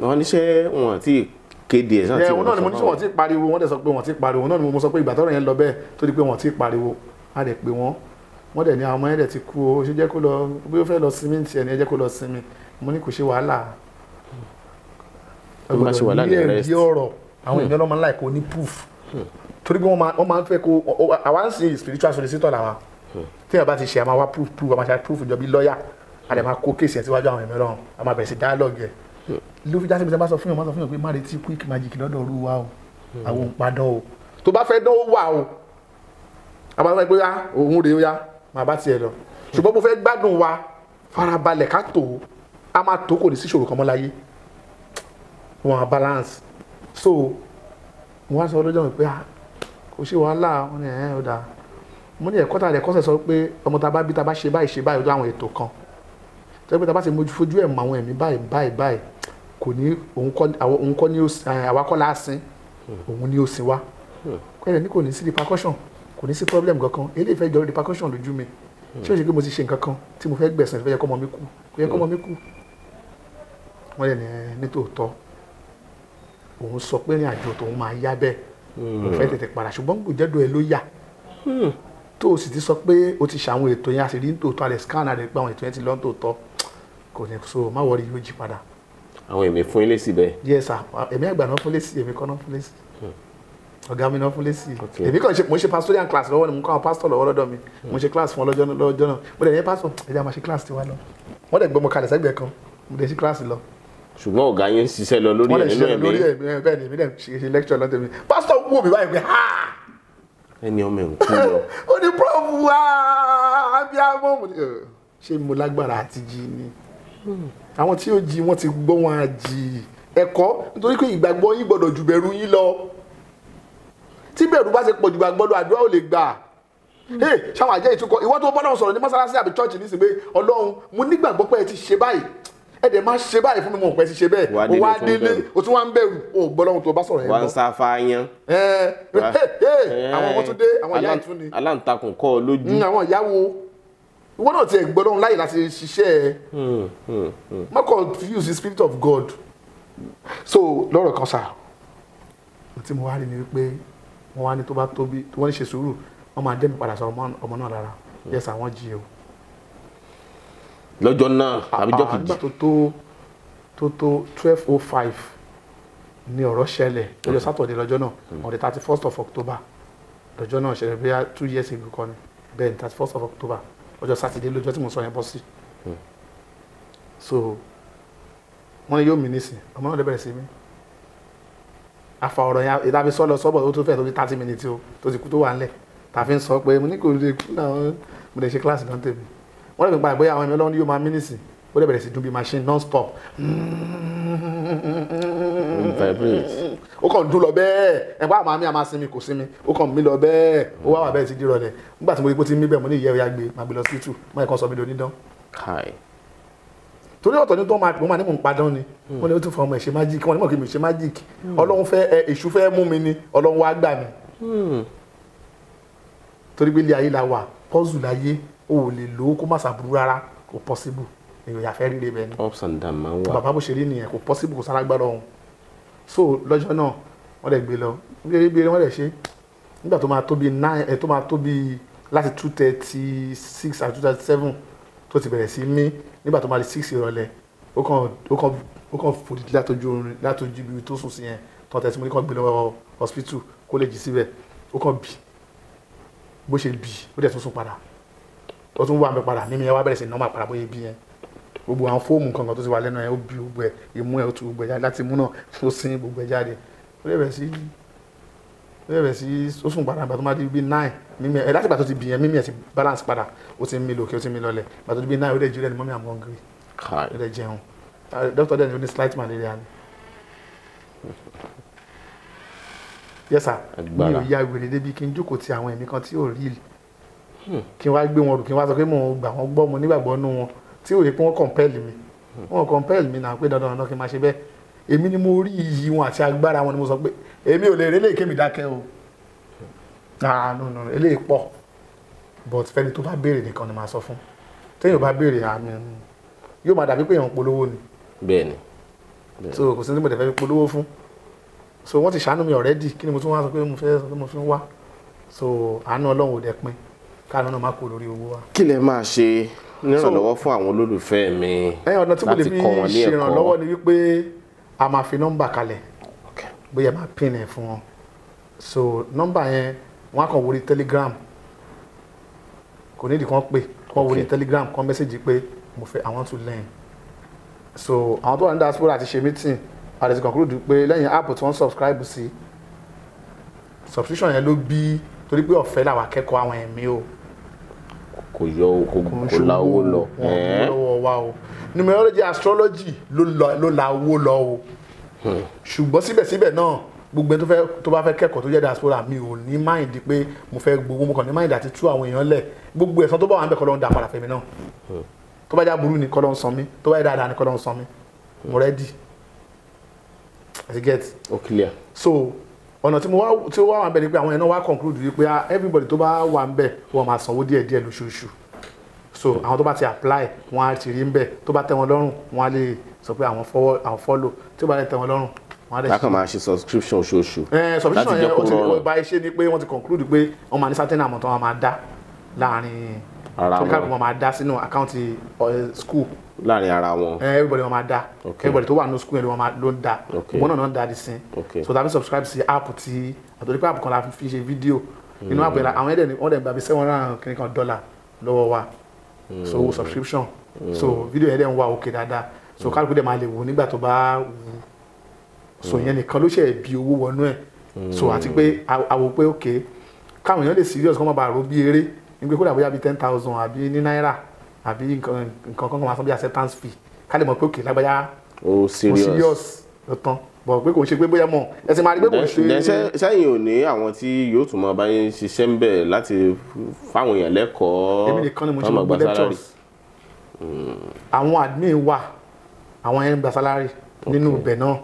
wọn níṣẹ́ wọn ti kéde ẹ̀ sàn tí wọ́n sọ fún wọn. ẹ̀ wọn náà ni mo ní sọ wọn ti pariwo wọn dẹ̀ sọ pé wọn ti pariwo wọn náà ni mo sọ pé ìgbà tọ́rọ̀ yẹn lọ bẹ́ẹ̀ tó di pé wọn ti pariwo a dẹ̀ pé wọn wọ́n dẹ̀ ní àwọn ọmọ yẹn dẹ̀ ti kú o ṣe jẹ́ kó lọ bí ó fẹ́ lọ sinmi tiẹ̀ ni ẹ jẹ́ kó lọ sinmi mo ní kò ṣe wàhálà ọgbọdọ ní ẹrí ọ̀rọ̀ àwọn hmm. ènìyàn lọ́mọ láì kò ní proof hmm. torí pé wọ́n máa ń fẹ́ kó àwa spiritual solicitor làwa hmm. tí yàrá bá ti ṣe àmà wá proof proof àmà ṣe proof jọ bí lọ́ọ̀yà àdè máa kó kéèsì ẹ̀ síwájú àwọn ènìyàn lọ́rùn àmà bẹ̀rẹ̀ sí dialogue ẹ̀ ló fi já sí ibi tí bá sọ fún yàn máa sọ fún yàn pé má retí quick magic lọ́dọ̀ ọ̀rú wa o àwọn ò ń padàn o tó bá fẹ́ dán ó wà o àmà sọ pé ah, òun rèé ó yá màá bá tiẹ̀ lọ ṣùgbọ́n mo fẹ́ gbádùn wa farabalẹ̀ ká tòó a máa tó kò ní sí ìṣòro kan mọ́ láyé wọn á balance so wọn á sọ lọ́jọ́ mi pé ah kò sí wàhálà wọn ni ẹ̀ẹ́n ọ̀dà mo ní ẹ̀kọ́ tà lẹ́kọ́ sẹ̀ sọ pé ọmọ tá a bá bí tá a bá ṣe báyìí ṣe báyìí lọ́dọ̀ àwọn ètò kan tó yẹ pé tá a bá ṣe fojú ẹ̀ mọ àwọn ẹ̀mí báyìí báyìí báyìí kò ní òun kọ́ ní àwa kọ́ láàsín òun ní òsín wa ẹ̀rẹ̀ ní kò ní sí repercussion kò ní sí problem kankan eléyìí fẹ́ jọ repercussion lójú mi ṣé o ṣe pé mo ti ṣe nǹkan kan tí mo fẹ́ gbẹ̀sán ìfẹ́ yẹ kọ́ mọ mi kú kò yẹ kọ́ mọ mi kú wọ́n lè ní nítòótọ́ òun sọ pé ìrìn àjò tòun máa yá bẹ́ẹ̀ hmm. òun fẹ́ tètè padà ṣùgbọ́n kò jẹ́dọ̀ ẹ ló yà hmm. tó o sì ti sọ pé o ti ṣàwọn ètò yẹn a sì rí nítòótọ́ alẹ́ scan rẹ̀ pé àwọn ètò yẹn ti lọ nítòótọ́ kò ní so má wọrí yóò jí padà. àwọn èmi fún ilé sí bẹ́ẹ̀. yes sir èmi àgbà náà fún lé sí èmi kọ́ náà fún lé sí hmm. ọ̀gá mi náà fún lẹ́sì èmi kàn ṣe mo ṣe pastoral class lọ́wọ́ ni mo kọ́ àwọn pastor lọ́wọ́ lọ́dọ̀ mi mo ṣe class fún ọ lọ́jọ́ náà mo dẹ̀ ní pastor ẹ̀jẹ̀ a máa ṣe class tiwa lọ wọ́n dẹ̀ gbọ́ mo kalẹ̀ sẹ́gbẹ̀ẹ́ kan mo dẹ̀ ṣe class lọ ṣùgbọ́n ọ̀gá yẹn ń ṣiṣẹ́ lọ lórí ẹ̀mí. lórí ẹ̀ bẹ́ẹ̀ ni èmi náà ṣe ṣe lecture lọ́tẹ̀ mi pásítọ̀ wò mí báyìí pé ha. ẹni ọmọ ẹ̀ ń kú lọ. <laughs> ó ní prof wa abiyamọ ṣé mo lágbára àti jí ni àwọn tí yóò jí wọn ti gbọ́ wọn á ẹ̀kọ́ nítorí pé ìgbàgbọ́ yín gbọ́dọ̀ ju bẹ̀rù yín lọ tí bẹ̀rù bá ṣe pọ̀ ju gbàgbọ́ lọ àdúrà ò lè gbà ṣáwọn àjẹ́ ìtúkọ ìwọ́n tó bọ́ náà sọ̀rọ̀ ní mọ́sálásí àbí chọ́ọ̀chì nísìnyí pé ọlọ́run mo nígbàgbọ́ pé ẹ ti ṣe báyìí ẹ dẹ̀ máa ṣe báyìí fún mi mọ̀ pẹ́ sí ṣe bẹ́ẹ̀ o wá délé o tún wá ń bẹ̀rù o gbọ́ lọ́hùn tó bá sọ̀rọ̀ ẹ̀ lọ. wọ́n ń sáfà <laughs> yan. àwọn ọmọ tó dé àwọn ìyá ìtún ni. aláǹtakùn kọ́ ọ lójú. Hmm, àwọn ìyàwó ìwọ náà tiẹ̀ gbọ́ láyè láti ṣiṣẹ́ ẹ. Hmm, hmm, má confuse the spirit of God. so lọ́rọ̀ kan sà tí mo wá rí ni pé wọ́n wá ní tó bá tóbi wọ́n ní ṣe sùúrù wọ́n máa dẹ́mi padà sọ ọmọ náà lára yẹ́sà lọ́jọ́ náà àbíjọ́ ah, kejì. àgbà tó tó tó tó twelve oh five ni ọ̀rọ̀ ṣẹlẹ̀ lọ́jọ́ mm. sátọ̀dẹ̀ lọ́jọ́ náà mm. on the thirty first of october lọ́jọ́ náà ṣẹlẹ̀ bí i two years ago kan bẹ́ẹ̀ ni thirty first of october ọjọ́ sátidé lọ́jọ́ tí mo sọ yẹn bọ́ sí. Mm. so wọ́n ní yóò mí nísìn ọmọ náà lè bẹ̀rẹ̀ sí mi afa ọ̀rọ̀ yẹn ìdábí sọ́ lọ sọ́bọ̀ tó tún fẹ́ tó ti thirty minutes o tó ti kú tó wà ńlẹ̀ tàfi ń sọ pé mo ní kò lè kú náà mo lè ṣe kíláàsì náà tèmi wọ́n lè gbà pé àwọn ẹ̀mí ọlọ́run yóò máa mí nísìn ó lè bẹ̀rẹ̀ sí dún bí machine non stop ó kàn dún lọ bẹ́ẹ̀ ẹ̀ bá àmàmí àmà sinmi kò sinmi ó kàn mí lọ bẹ́ẹ̀ ó wá wà bẹ́ẹ̀ ti di rọlẹ̀ nígbà tí mo rí pé ó ti mí bẹ́ẹ̀ mo ní ìyẹ́rẹ́ agbe màá gbé lọ sí tù mọ́ ẹ̀kan sọ mi lóní dán. torí ọ̀tọ̀ ní tó máa mo máa ní mò ń padán ni hmm. wọ́n ní ó tún fọ ọmọ ẹ̀ ṣe magic wọ́n ní mò ń kí mi ṣe magic hmm. ọlọ́run fẹ́ èṣù fẹ́ mú mi ni ọlọ́run wá gbà mí hmm. torí pé ilé ayé la wà pọ́ọ̀zù láyé o ò lè lò ó kó má ṣàbúrú rárá kò possible èèyàn yàfẹ́ rírẹ bẹ́ẹ̀ ni. ups and downs máa ń wà. bàbá bó ṣe rí nìyẹn kò possible kò sára ọ̀hún so lọ́jọ́ náà wọ́n dẹ̀ gbé lọ bí bí wọ́n dẹ̀ ṣe nígbà tó máa tó nine ẹ̀ eh, tó máa tó láti two thirty six and two thirty seven tó ti bẹ̀rẹ̀ sí mí nígbà tó máa di six ìrọ̀lẹ́ ó kàn ó kàn ó kàn fòdì látọjú orin látọjú ibi tó sùn sí yẹn tó tẹ̀sí mo ní kàn gbé lọ hospital kó lè jí síbẹ̀ ó kàn bì bó ṣe bì ó dẹ̀ tún sùn padà tó tún wà mí padà mímí ẹ wá bẹ̀rẹ̀ sí nọ́mà padà bóyá bí yẹn gbogbo àwọn fóòmù kankan tó ti wà lẹ́nu ẹ ó bí gbogbo ẹ ìmú ẹ ó tu gbogbo ẹ jáde láti mú náà <laughs> ó sin gbogbo ẹ jáde ó lè bẹ̀rẹ̀ sí ó lè bẹ̀rẹ̀ sí ó sùn padà nígbà tó má di bí nine mímí ẹ láti gbà tó ti bì yẹn mímí ẹ ti balance padà ó ti mí lòkè ó ti mí lọlẹ̀ gbà tó di bí nine ó lè jí rẹ̀ ni mọ́mí àmọ́ ń gírí ó lè jẹun ah, dókítà dẹ́ni ó ní slight malaria ni yes sir mi ò ya wèrè débi kí n jókòó ti àwọn ẹ̀mí kan tí ò real. Hmm. kí n wá gbé wọn rù kí n wá sọ pé mò ń gbà wọn gbọ́ mo nígbàgbọ́ nú wọn tí ò yẹ pé wọ́n compel mi hmm. wọ́n compel mi náà pé dandan dandan kí n máa ṣe bẹ́ẹ̀ èmi ni mo rí iyì wọn àti agbára wọn ni mo sọ pé èmi ò lè rélé kémi dákẹ́ o hmm. ah no eléyìí pọ̀ but fẹ́ni tó bá béèrè nìkan ni màá sọ fún téèyàn bá béèrè àmì ah, yóò máa dàbí pé èèyàn polówó ni. bẹ́ẹ̀ni. so kò sí ní mo dẹ̀ fẹ́ fi polówó fún so wọ́n ti ṣàánú mi already kí ni mo tún wá sọ pé mo fẹ́ sọ pé mo fi ń wá so àánú Ọlọ́run ò dẹ̀ pin káàánú náà má kó lórí owó wa. kí lẹ máa ṣe nírànlọ́wọ́ fún àwọn olólùfẹ́ mi láti kọ́ wọn ní ẹ̀kọ́. ìrànlọ́wọ́ ni wípé a máa fi nọ́mbà kalẹ̀ bóyá máa pín ẹ̀ fún wọn so nọ́mbà yẹn wọn á kàn wọlé telegram kò nídìí kan pè kàn wọlé telegram kan mẹ́sẹ̀gì pé mo fẹ́ i want to learn so àwọn tó wà ní diaspora àti ṣe meeting àti conclude pé lẹ́yìn app tí wọ́n subscribe sí subscription yẹn ló bí torí pé ọ̀fẹ́ làwọn akẹ́kọ̀ọ́ àwọn ẹ̀mí o kò yọ kò la owó lọ. lọ́wọ́ wa o numerology astrology ló la owó lọ o hmm. ṣùgbọ́n síbẹ̀síbẹ̀ náà gbogbo ẹni tó bá fẹ́ kẹ́kọ̀ọ́ tó jẹ́ diaspora mi ò ní máìndì pé mo fẹ́ gbowó mo kàn ní máìndì àti tú àwọn èèyàn lẹ̀ gbogbo ẹ̀san tó bá wà ń bẹ̀ kọ́ ló ń da padà fẹ́mi náà hmm. tó bá já burú ni kọ́ ló ń san mí tó bá yẹ dáadáa ni kọ́ ló ń san mí hmm. mo rẹ́dì. as you get. ó clear. so ọ̀nà tí mo wá tí ó wá wà ń bẹ̀ ni pé àwọn ẹ̀nà wá conclude wípé ah, everybody tó bá wà ń bẹ̀ wọ́n máa sanwó díẹ̀ díẹ̀ lóṣooṣù so àwọn tó bá ti apply wọ́n á ti rí ń bẹ̀ tó bá tẹ́ wọn lọ́rùn wọ́n á lè sọ pé àwọn follow tí ó bá lè tẹ́ wọn lọ́rùn wọ́n á lè ṣe. lákàn máa ṣe subscription oṣooṣù. ẹ eh, subscription yẹn ó ti wọ́n bá iṣẹ́ ni pé wọ́n ti conclude pé wọ́n máa ní certain amount wọn máa dá láàrin tó ní kálukú wọn máa dá sínú àkáǹtì eh, school láàrin ara wọn. Eh, everybody wọn máa da everybody tó wà ní school yẹn ló máa ló ń da gbogbo náà náà ń da di sin so tàbí subscribe sí app ti àtòrí pé app kan la fi ṣe fídíò hmm. inú app yẹn la àwọn ẹ̀dẹ̀ wọ́n dẹ̀ gbà bí seven hundred kìíní kan dọ́là lọ́wọ́ wa hmm. so wo subscription hmm. so video yẹn dẹ̀ ń wá òkè dáadáa so kálukú dẹ̀ máa lè wò nígbà tó bá wù so yẹn nìkan ló ṣe bí owó wọnú ẹ̀ so àti pé àwò pé òkè káwọn èèyàn lè serious kó má bàa rò bí eré nígbà kó dà bóyá bí ten thousand àbí ní náírà àbí nǹkan kan kan máa san bí acceptance fee ká lè mọ̀ pé òkè lágbájá o serious ló tán bọ̀ pé kò ṣe pé bóyá mọ̀ ẹsẹ̀ máa rí pé kò ṣe. sẹ́yìn ò ní àwọn tí yóò tún máa bá yín ṣiṣẹ́ ń bẹ̀ láti fáwọn èèyàn lẹ́kọ̀ọ́ èmi nìkan ni mo ṣe gbogbo lectures àwọn admin wà àwọn yẹn ń gba salary nínú ibẹ̀ náà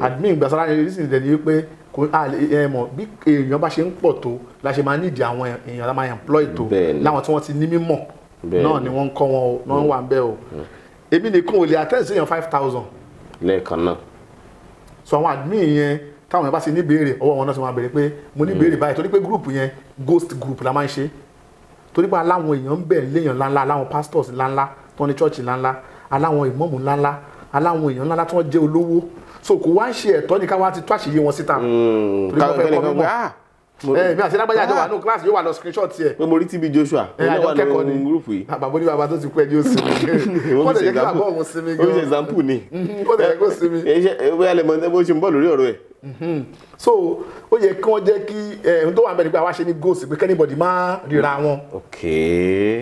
admin gba salary reason dẹ̀ ni pé kò ẹ mọ̀ bí èèyàn bá ṣe ń pọ̀ tó la ṣe máa nídìí àwọn èèyàn la máa employ tó láwọn tí wọ́n ti ní mímọ̀ náà ni wọ́n ń kọ́ wọn o náà ń wà ń bẹ́ o mm. Mm. èmi nìkan ò lè attend sí five thousand. lẹ́ẹ̀kan náà. so àwọn admin yẹn táwọn yẹn bá ti ní béèrè ọwọ́ wọn náà ti máa béèrè pé mo ní béèrè mm. báyìí torí pé group yẹn ghost group la máa ń ṣe torí pé aláwọn èèyàn ń bẹ̀ léèyàn ńláńlá aláwọn pastors ńláńlá tó ní church ńláńlá aláwọn ìmọ̀mù ńláńlá aláwọn èèyàn ńláńlá tó ń jẹ́ olówó so kò wá ń ṣe ẹ̀tọ́ ní ká wá ti tó àṣeyẹ wọn síta. torí wọn fẹ́ kọ́ mímọ́ ẹ bí àṣẹ lágbájá àjọ wà ah. nù class. yóò wà lọ screenshot tiẹ̀. pé mo rí TB Joshua ẹ eh, àjọ kẹ́kọ̀ọ́ ni group yìí. bàbá oní bàbá tó ti kú ẹni ó sinmi <laughs> kó lè jẹ́ kí bàbá òun example ni <laughs> kó lè jẹ́ kó sinmi. ẹ eh, eh, bóyá lè bó ṣe ń bọ̀ lórí ọ̀rọ̀ ẹ̀. Mm-hmm. so ó yẹ kí wọ́n jẹ́ kí ohun tó wà bẹ́ẹ̀ ni pé àwa ṣe ní goals pé kẹ́nìbọ̀dì máa ríra wọn.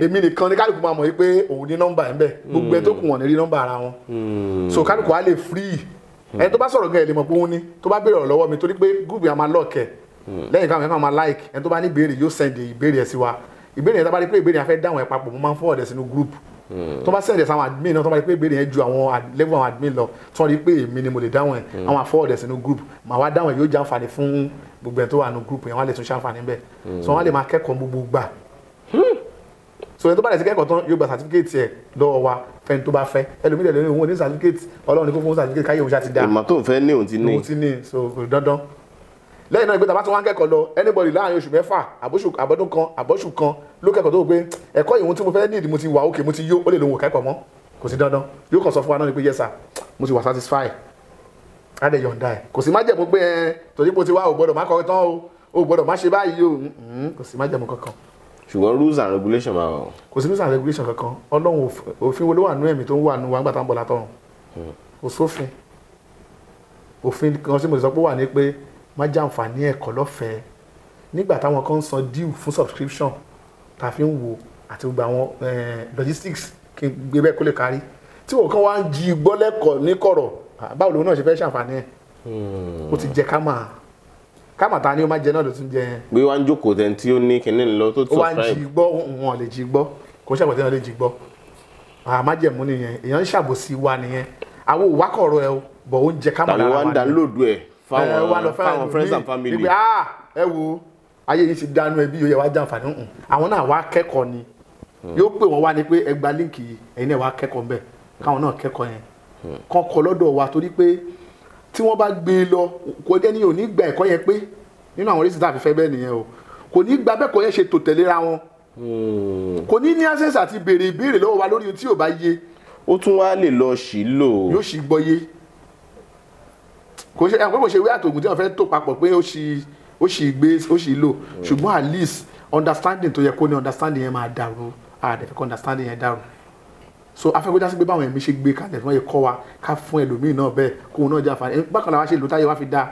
èmi nìkan ni kálukú máa mọ̀ wípé òun ní nọ́mbà ẹ̀ ń bẹ̀ gbogbo ẹ tó kù wọ́n ní rí nọ́mbà ara wọn. Hmm. so kálukú á lè free ẹni tó bá sọ̀rọ̀ gan ẹ̀ lè mọ̀ pé òun ni tó bá béèrè ọ̀rọ̀ lọ́wọ́ mi torí pé gúùbù yà máa lọ́ọ̀kẹ́ lẹ́yìn káwọn yẹn kàn máa like ẹni tó bá ní ìbéèrè yóò send ìbéèrè ẹ̀ sí wa ìbéèrè yẹn tó bá rí pé ìbéèrè yẹn fẹ́ dáhùn ẹ̀ papọ̀ mo máa ń forward ẹ̀ sínú group hmm. tó bá send ẹ̀ sáwọn admin náà tó bá rí pé ìbéèrè yẹn ju àwọn level àwọn admin lọ tó rí pé èmi ni mo lè dáhùn ẹ̀ àwọn hmm. forward ẹ̀ sínú group màá wá dáhùn ẹ̀ yóò jẹ́ àǹfààní fún gbogbo ẹ̀ tó wà nínú group yẹn wọ́n lè tún ṣàǹfààní bẹ́ẹ̀ hmm. so wọ́n lè máa kẹ́kọ̀ọ́ gbogbo gbà so ẹni tó bá lè ti kẹ́kọ̀ọ́ tán yóò gba certificate ẹ̀ lọ́wọ́ wa fẹ́ni tó bá fẹ́ ẹlòmíì lè lóyún òun ní certificate ọlọ́run ní kó fún certificate káyé òun ṣá ti dá ìmọ̀ tó ń fẹ́ ní òun ti ní òun ti ní so dandan lẹ́yìn náà ìgbésẹ̀ bá tún wá ń kẹ́kọ̀ọ́ lọ anybody láàrin oṣù mẹ́fà àbọ̀dún kan àbọ̀ṣù kan ló kẹ́kọ̀ọ́ tó pé ẹ̀kọ́ ìwọ̀n tí mo fẹ́ nídìí mo ti wà òkè mo ti yó ó lè lòun ò kẹ́kọ̀ọ́ mọ́ kò sí dandan yóò kàn sọ fún wa náà ni pé yes sir mo ti wà satisfy adé yọ̀ǹda ẹ̀ kò sí májẹ̀mú pé ẹ torí mo ti wá ò gbọ́dọ̀ má kọ́ tán o ò gbọ́dọ̀ má ṣe báyìí o kò sí májẹ̀mú kankan. regulation máa wà. kò sí regulation kankan ọlọ́run òfin wo ló wà nú ẹ̀mí tó ń wà nú wa nígbà tá à ń bọ̀ látọ̀run hmm. kò sófin òfin kan tí mo ti sọ pé wà ní má jàǹfààní ẹ̀kọ́ lọ́fẹ̀ẹ́ nígbà táwọn kan ń san díù fún subscription tá a fi ń wo àti gbogbo àwọn eh, logistics kí n gbé bẹ́ẹ̀ kó lè kárí tí wọn kàn wá ń jí gbọ́ lẹ́kọ̀ọ́ ní kọ̀rọ̀ báwo lòun náà ṣe fẹ́ ṣàǹfààní ẹ̀ hmm. ó ti jẹ kámà kámà ta ni ó máa jẹ náà ló tún jẹ. bí wàá ń jókòó tẹ̀ tí ó ní kinní lọ tó tó fẹ́. ó wá ń jí gbọ́ wọn lè jí gbọ́ kò ṣàpọ̀ tí wọn lè jí gbọ́ àmájẹ̀mú nìyẹn èèyàn ń ṣàbòsí wa nìyẹn àwọn òwákọ̀ọ̀rọ̀ ẹ̀ bọ̀ ó ń jẹ kámà lára wa nìyẹn. tàbí wàá ń dá ẹ̀ fáwọn fáwọn friends and family. ah ẹ wo ayé yìí ti dánú ẹbí yóò yẹ wá jàǹfààní hùn àwọn náà wá kẹ́kọ̀ọ́ work mm. yóò pè wọ́n wá ni pé ẹ gba líǹkì yìí ẹ̀yin náà wá kẹ́kọ̀ọ́ mbẹ́ káwọn náà kẹ́kọ̀ọ́ yẹn mm. kan kọ́ lọ́dọ̀ wa torí You know wọ́n bá gbé e lọ kò dé ní òní gba ẹ̀kọ́ yẹn pé nínú àwọn oríṣi tá a fi fẹ́ bẹ́ẹ̀ nìyẹn o kò ní gba bẹ́ẹ̀kọ́ yẹn ṣe tò tẹ̀léra wọn mm. kò wa lórí tí ò bá kò ṣe ẹ̀wọ̀n pé kò ṣe wíwá àtògùn tí wọ́n fẹ́ tó papọ̀ pé ó ṣì ó ṣì gbé ó ṣì lò mm. ṣùgbọ́n at least understanding tó yẹ kó ní understanding yẹn máa dàrú àdẹ̀fẹ́ kó understanding yẹn dàrú so afẹ́kọ́já sí pé báwọn ẹ̀mí ṣe gbé kalẹ̀ fún ẹ̀kọ́ wa ká fún ẹlòmíì náà bẹ́ẹ̀ kóun náà jẹ́ àǹfààní bákan làwọn ṣe lò táyé wá fi dáa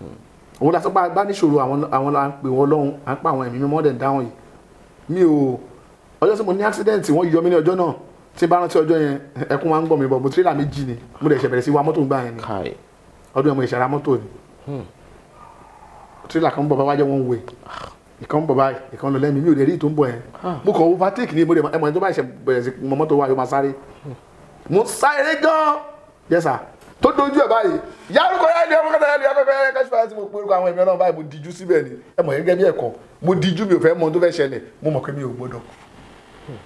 mm. òun la sọ pé bá níṣòro àwọn la ń pè wọn lọ́hùn à ń pa àwọn ẹ̀mí mímọ́ dẹ̀ ń dáhùn yìí mi ò ọjọ́ sí mo ní accident wọ́n yọ mí ní ọjọ́ náà tí bá rántí ọjọ́ yẹn ẹkún wa ń gbọ̀n mi bọ̀ mo tírélà méjì ni mo dẹ̀ ṣẹ̀bẹ̀rẹ̀ sí wa mọ́tò ń gbà yẹn ni ọdún ẹ̀mọ ìṣẹ̀ra mọ́tò ni hmm. tírélà kan ń bọ̀ bá wájẹ́ wọn wé ìkan ń bọ̀ báyìí ìkan lọ lẹ́mìí mi ò lè rí ìtò ń bọ̀ yẹn ah. mo kàn overtake ní ìbòdì ẹ̀mọ tó bá ṣe bẹ̀rẹ̀ sí mọ mọ́tò wa yóò máa sáré hmm. mo sáré gan yẹsà tó dojú ẹ̀ báyìí yálùkọ yá ni ọmọ kẹta yá ni ọmọ kẹta yá kẹsì fàyà tí mo pe orúkọ àwọn ẹ̀mí ọlọ́run báyìí mo dijú síbẹ̀ ni ẹ mọ̀ gẹ́gẹ́ bí ẹ̀kọ́ mo dijú mi ò fẹ́ mọ tó fẹ́ ṣẹlẹ̀ mo mọ̀ pé mi ò gbọ́dọ̀. Hmm.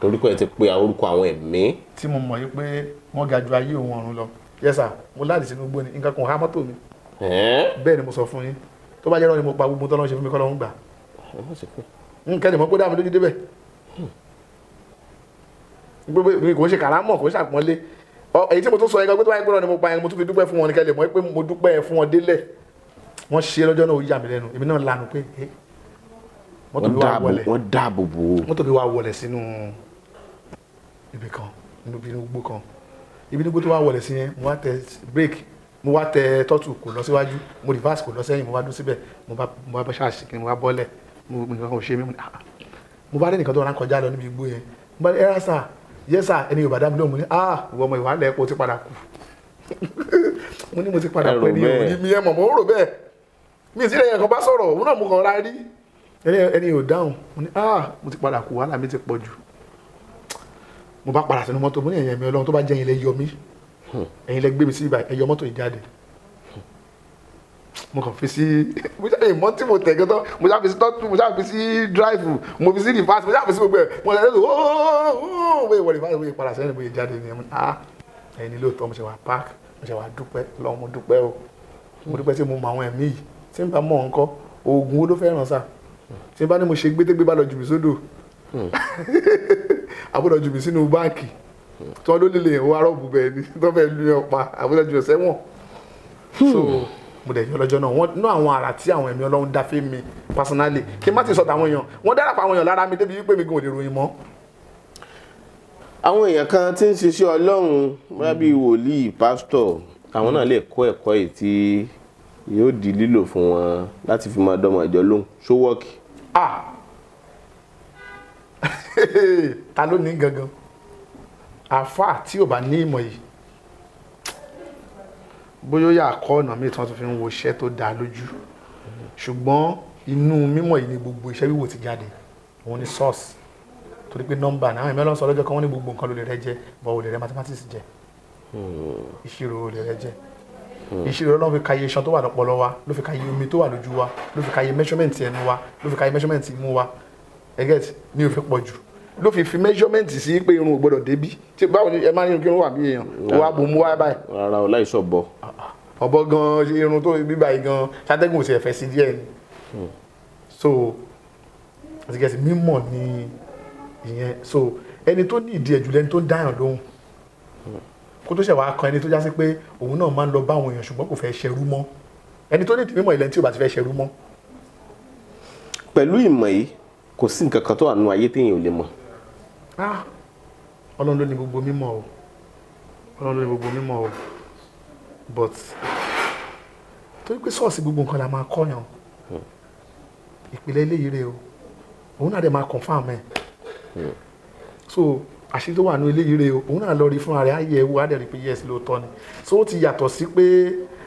torí pé ẹ ti pe orúkọ àwọn ẹ̀mí. tí mo mọ̀ yí pé wọ́n ga ju ayé òun ọ̀run lọ yes sir mo láti sínú gbóni nǹkan kan ha mọ́tò mi bẹ́ẹ̀ ni mo sọ fún yín tó bá jẹ́ rán ni mo pa gbogbo tọ́lọ́ ṣe fún mi kọ́ lọ́hún gbà nǹkan ni mo kó dá mi lójú débẹ̀ hmm. gbogbo kò ń ṣe kàrámọ̀ kò ń ṣàpọ́nlé èyí tí mo tún sọ yẹn kan pé tó bá yẹ pé rán ni mo pa yẹn mo tún fi dúpẹ́ fún wọn nìkan lè pé mo dúpẹ́ fún wọn délẹ̀ wọ́n ṣe lọ́jọ́ náà ó yà mí lẹ́nu èmi náà lanu pé mọ́tò mi wá wọlé wọ́n dáàbò bò ó mọ́tò mi ibi nígbó tó wá wọlé sí yẹn mo wá tẹ break mo wá tẹ tọ́tù kò lọ síwájú mo reverse kò lọ sẹ́yìn mo wá dún síbẹ̀ mo bá mo bá ṣáàṣì kí ni mo wá bọ́lẹ̀ mo nǹkan kan ò ṣe mí mo ah, ah. bá rí nìkan tó rán kọjá lọ níbi igbó yẹn mo bá rí ẹ̀rá sà yẹ sà ẹni Yorùbá dá mi lóhùn mo ní ah ìwọ ọmọ ìwàlẹ̀ epo ti padà kù <laughs> mo ní mo ti padà pẹ́ ní òní mi ẹ̀ mọ̀ mo rò bẹ́ẹ̀ mi ì sí ẹ̀yẹ̀ kan bá sọ̀rọ̀ òun náà mo kàn ra ẹni ò dáhùn mo ní ah mo ti padà kù wàhálà mi ti pọ̀ jù mo bá padà sínú mọ́tò mo ní ẹ̀yìn ẹ̀mí ọlọ́run tó bá jẹ́ ẹ̀yin lẹ yọ mí hmm. ẹ̀yin lẹ gbé mi sí ibà ẹ yọ mọ́tò yìí jáde mo kàn fi sí mo ṣáà ìmọ̀ tí mo tẹ̀ gẹ́tọ́ mo ṣáà fi sí tọ́tù mo ṣáà fi sí dráìfù mo fi sí rìfáàsì mo ṣáà fi sí gbogbo ẹ̀ mo ṣáà lẹ́sọ̀ ooo wọ́n rìfáàsì wọ́n padà sẹ́yìn bóyá jáde ni ah ẹ̀yin ni lóòótọ́ mo ṣe wá park mo ṣe wá dúpẹ́ lọ́wọ́ mo dúpẹ́ o mo dúpẹ́ tí mo mọ àwọn ẹ̀mí yìí tí n bá mọ̀ nǹkan oògùn ó ló fẹ́ràn sà tí n bá ní mo ṣe gbédégbé bá lọ jù mí sódò hmm. <laughs> àbúrò jù mí sínú báǹkì tí wọ́n ló lè lè wọ arọ́bù bẹ́ẹ̀ ni tó fẹ́ lu yẹn àbúrò jù sẹ́wọ̀n hmm. so mo dẹ̀ yan lọ́jọ́ náà wọ́n ná àwọn àrà tí àwọn ẹ̀mí ọlọ́run dá fẹ́ mi personally kí n má ti sọ tàwọn èèyàn wọ́n dárapọ̀ àwọn èèyàn lára mi débi wípé mi gan ò lè ròyìn mọ́. àwọn èèyàn kan tí ń ṣiṣẹ́ ọlọ́run rábì hmm. wòlíì pásítọ̀ àwọn náà lè kọ́ ẹ̀kọ́ yìí tí yóò di lílò fún wọn láti fi máa dọ́mọ ìjọ lóhùn ṣó wọ́ọ̀kì. ah <laughs> ta ló ní gangan àáfàá tí ò bá ní ìmọ̀ yìí bóyá ó yà kọ́ ọ̀nà míì tí wọ́n tún fi ń wo iṣẹ́ tó dáa lójú ṣùgbọ́n inú mímọ̀ yìí ni gbogbo iṣẹ́ wíwò ti jáde òun ni source torí pé nọ́mbà náà àwọn ìmọ̀lọ́sọ ọlọ́jọ́ kan wọ́n ní gbogbo nǹkan ló lè rẹ jẹ bọ́ ò lè rẹ mathematics jẹ hmm. ìṣirò ò lè rẹ jẹ hmm. ìṣirò ọlọ́run fi kàyé iṣan tó wà lọ́pọlọ wa ló fi kàyé omi tó wà lójú wa ló fi kàyé measurement ẹnu wa ló fi kàyé measurement imú wa ẹgẹt ni o fi pọ̀ jù ló fi fi measurement sí pé irun ò gbọdọ̀ débi tí báwo ni ẹ máa nínú kí irun wà bí èèyàn wà bò mú wá báyìí. rárá o láìsọ bọ. ọbọ gan irun tó bíbá yìí gan ṣàtẹgùn òsì ẹfẹ sí díẹ̀ ni hmm. so àti gẹ̀ẹ́sì mímọ̀ ni ìyẹn so ẹni tó ní ìdí ẹ̀jù lẹni tó ń dáyàn lóhùn kó tó ṣẹ̀ wá kan ẹni tó já sí pé òun náà máa ń lọ bá àwọn èèyàn ṣùgbọ́n kò fẹ́ ṣerú mọ́ ẹni tó ní ìdí mímọ̀ ilẹ̀ tí ò bá ti fẹ́ ṣerú mọ́. pẹ̀lú ìmọ̀ yìí kò sí nǹkan kan tó wà nínú ayé téèyàn ò lè mọ̀. Ah, ọlọ́run ló ní gbogbo mímọ̀ o ọlọ́run ló ní gbogbo mímọ̀ o but torí pé sọ́ọ̀sì gbogbo nǹkan la máa kọ́yàn hmm. ìpìlẹ̀ eléyìí rè o òun náà dẹ̀ máa confam ẹ̀ hmm. so àṣírí tó wà nínú eléyìí rè o òun náà lọ rí fúnra rẹ̀ ayé ẹ̀wò adẹ̀rí pé yes lóòótọ́ ni so ó ti yàtọ̀ sí pé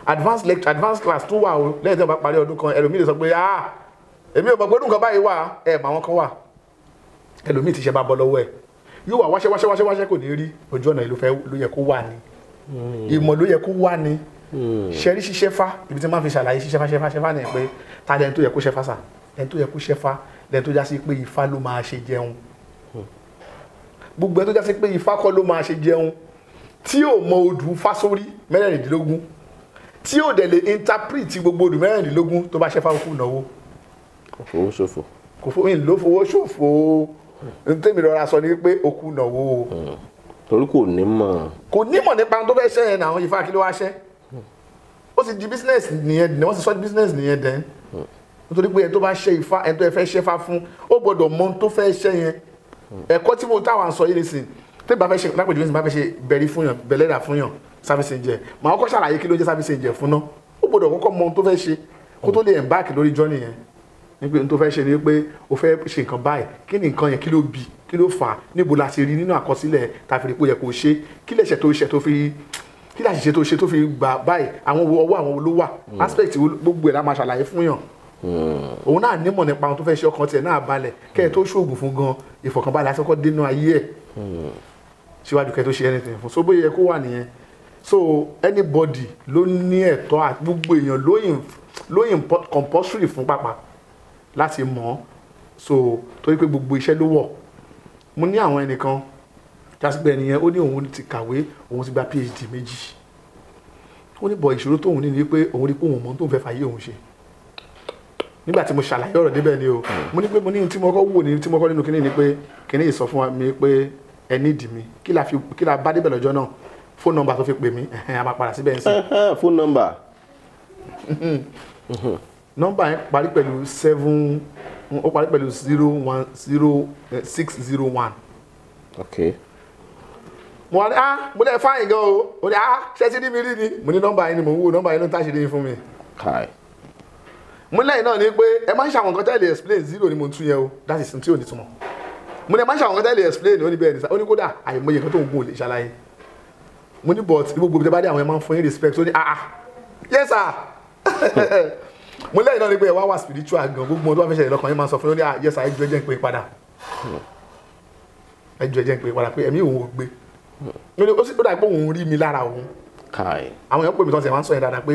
advanced lecture advanced class tó wà o lẹ́yìn tí wọ́n bá parí ọdún kan ẹlòmíì sọ pé ah èmi ò mọ̀ pé nǹkan báyìí wà ẹ̀ mà wọn kan wà ẹlòmíì ti ṣe bá bọ́ lọ́wọ́ ẹ̀ yóò wà wáṣẹ́ wáṣẹ́ wáṣẹ́ wáṣẹ́ kò ní rí ojú ọ̀nà ìlú fẹ́ ló yẹ kó wà ní hmm. ìmọ̀ ló yẹ kó wà ní hmm. ṣẹ́rí ṣiṣẹ́fá ibi tí wọ́n máa fi ṣàlàyé ṣiṣẹ́fá ṣẹ́fá ṣẹ́fá ni pé ta lẹ́ni tó yẹ kó ṣẹ́fá sà lẹ́ni tó yẹ kó ṣẹ́fá lẹ́ni tó jásí pé ifá ló máa ṣe jẹun hmm. gbogbo ẹni tó jásí pé ifá kọ́ ló máa ṣe jẹun tí ò mọ odù fá sórí mẹ́rẹ̀ẹ́rìndínlógún tí ò dẹ̀ lè interpret gbogbo odù mẹ́rẹ̀ẹ́rìndínlógún tó bá ṣẹ́fá okùn náwó kò fowó ṣòfò. kò fowó ìlú fowó ṣòfò o ntẹ́mi lọ́ra sọ ni pé o kú náwó o. Hmm. torí kò nímọ̀. kò nímọ̀ nípa ohun tó fẹ́ ṣẹ́ yẹn náà àwọn ìfà kí ló ó ti di business nìyẹn dẹ̀ wọ́n ti sọ di business nìyẹn dẹ̀ hmm. nítorí pé ẹni tó bá ṣe Ifá ẹni tó fẹ́ ṣe Ifá fún ó gbọ́dọ̀ mọ ohun tó fẹ́ ṣẹ́ yẹn hmm. ẹ̀kọ́ tí mo táwọn sọ yìí nìsín tí bá fẹ́ ṣe lápèjúwe tí bá fẹ́ ṣe bẹ̀rí fún yàn bẹ̀lẹ́dà fún yàn service ń jẹ màá kọ́ ṣàlàyé kí ló jẹ́ service ń jẹ fún náà ó gbọ́dọ̀ kọ́kọ́ mọ ohun tó fẹ́ ṣe kó tó lè embark lórí journey yẹn nígbà tó fẹ́ ṣe ni pé o fẹ́ ṣe nǹkan báyìí kí ni nǹkan yẹn kí ló bí kí ló fà á níbo la ti rí nínú àkọsílẹ̀ tàfìrí pé ó yẹ kó ṣe kí lẹ̀ṣẹ̀ tó ṣe tó fi kí lẹ̀ṣẹ̀ ṣe tó ṣe tó fi gbà báyìí àwọn ọwọ́ àwọn ló wà hmm. aspect gbogbo ẹ̀ la máa ṣàlàyé fún yàn hmm. òun náà nímọ̀ nípa ohun tó fẹ́ ṣe ọkàn tiẹ̀ náà balẹ̀ kẹ́ ẹ tó ṣoògùn fún gan ìfọ̀kànbalẹ̀ asọ́kọ́ dénú ayé ẹ̀ hmm. síwájú kẹ́ tó ṣe anything fún so bóyá kó wà nìyẹn so anybody ló ní ẹ̀tọ́ àti gbogbo èèyàn lóyìn compulsory fún pàpà láti mọ̀ so torí pé gbogbo iṣẹ́ ló wọ̀ mo ní àwọn ẹnìkan jásígbẹ́ ẹnìyẹn ó ní òun ti kàwé òun ti gba phd méjì ó ní bọ̀ ìṣòro tóun ní ni pé òun rí pé òun mọ̀ tóun fẹ́ fàyè òun ṣe nígbà tí mo ṣàlàyé ọ̀rọ̀ débẹ̀ ni o mo ní pé mo ní tí mo kọ́ wò ní tí mo kọ́ nínú kinní ni pé kinní yìí sọ fún mi pé ẹ ní ìdí mi kí la fi kí la bá débẹ̀ lọ́jọ́ náà fóònù nọ́mbà tó fi pè mí <laughs> a máa padà síbẹ̀ ń sìn. fóònù nọ́mbà nọ́mbà yẹn parí pẹ̀lú seven ó parí pẹ̀lú zero one zero eh, six zero one. okay. mo wá ní ah mo lè fáyìn gan o mo ní ah ṣé ti ní mi rí ni mo ní nọ́mbà yẹn ni mo ń wò nọ́mbà yẹn ló ń táṣìírí fún mi. mo lẹ́yìn náà ni pé ẹ má ń ṣàwọn nǹkan tẹ́lẹ̀ explain zero ni mo ń tún yẹn o that is tí ò ní túmọ̀ mo ní ẹ má ń ṣàwọn nǹkan tẹ́lẹ̀ explain ó ní bẹ́ẹ̀ ni ó ní kódà àìmọye kan tó ń gun ò ṣàlàyé mo ní but gbogbo ìjọba dé àwọn ẹ máa ń fún yín respect ó ní ah ah yes sir. <laughs> mo lẹ́yìn náà ni pé ẹ wá wà spiritual gan gbogbo ọdún wa fẹ́ ṣẹlẹ̀ lọ́kàn yín máa sọ fún yín ah, yes ẹ jọ ẹ jẹ́ ń pè padà ẹ jọ ń pè padà pé ẹ̀mí òun ò gbé ó sì dà òun rí mi lára òun àwọn èèyàn pè mí tán sẹ̀ máa ń sọ yẹn dáadáa pé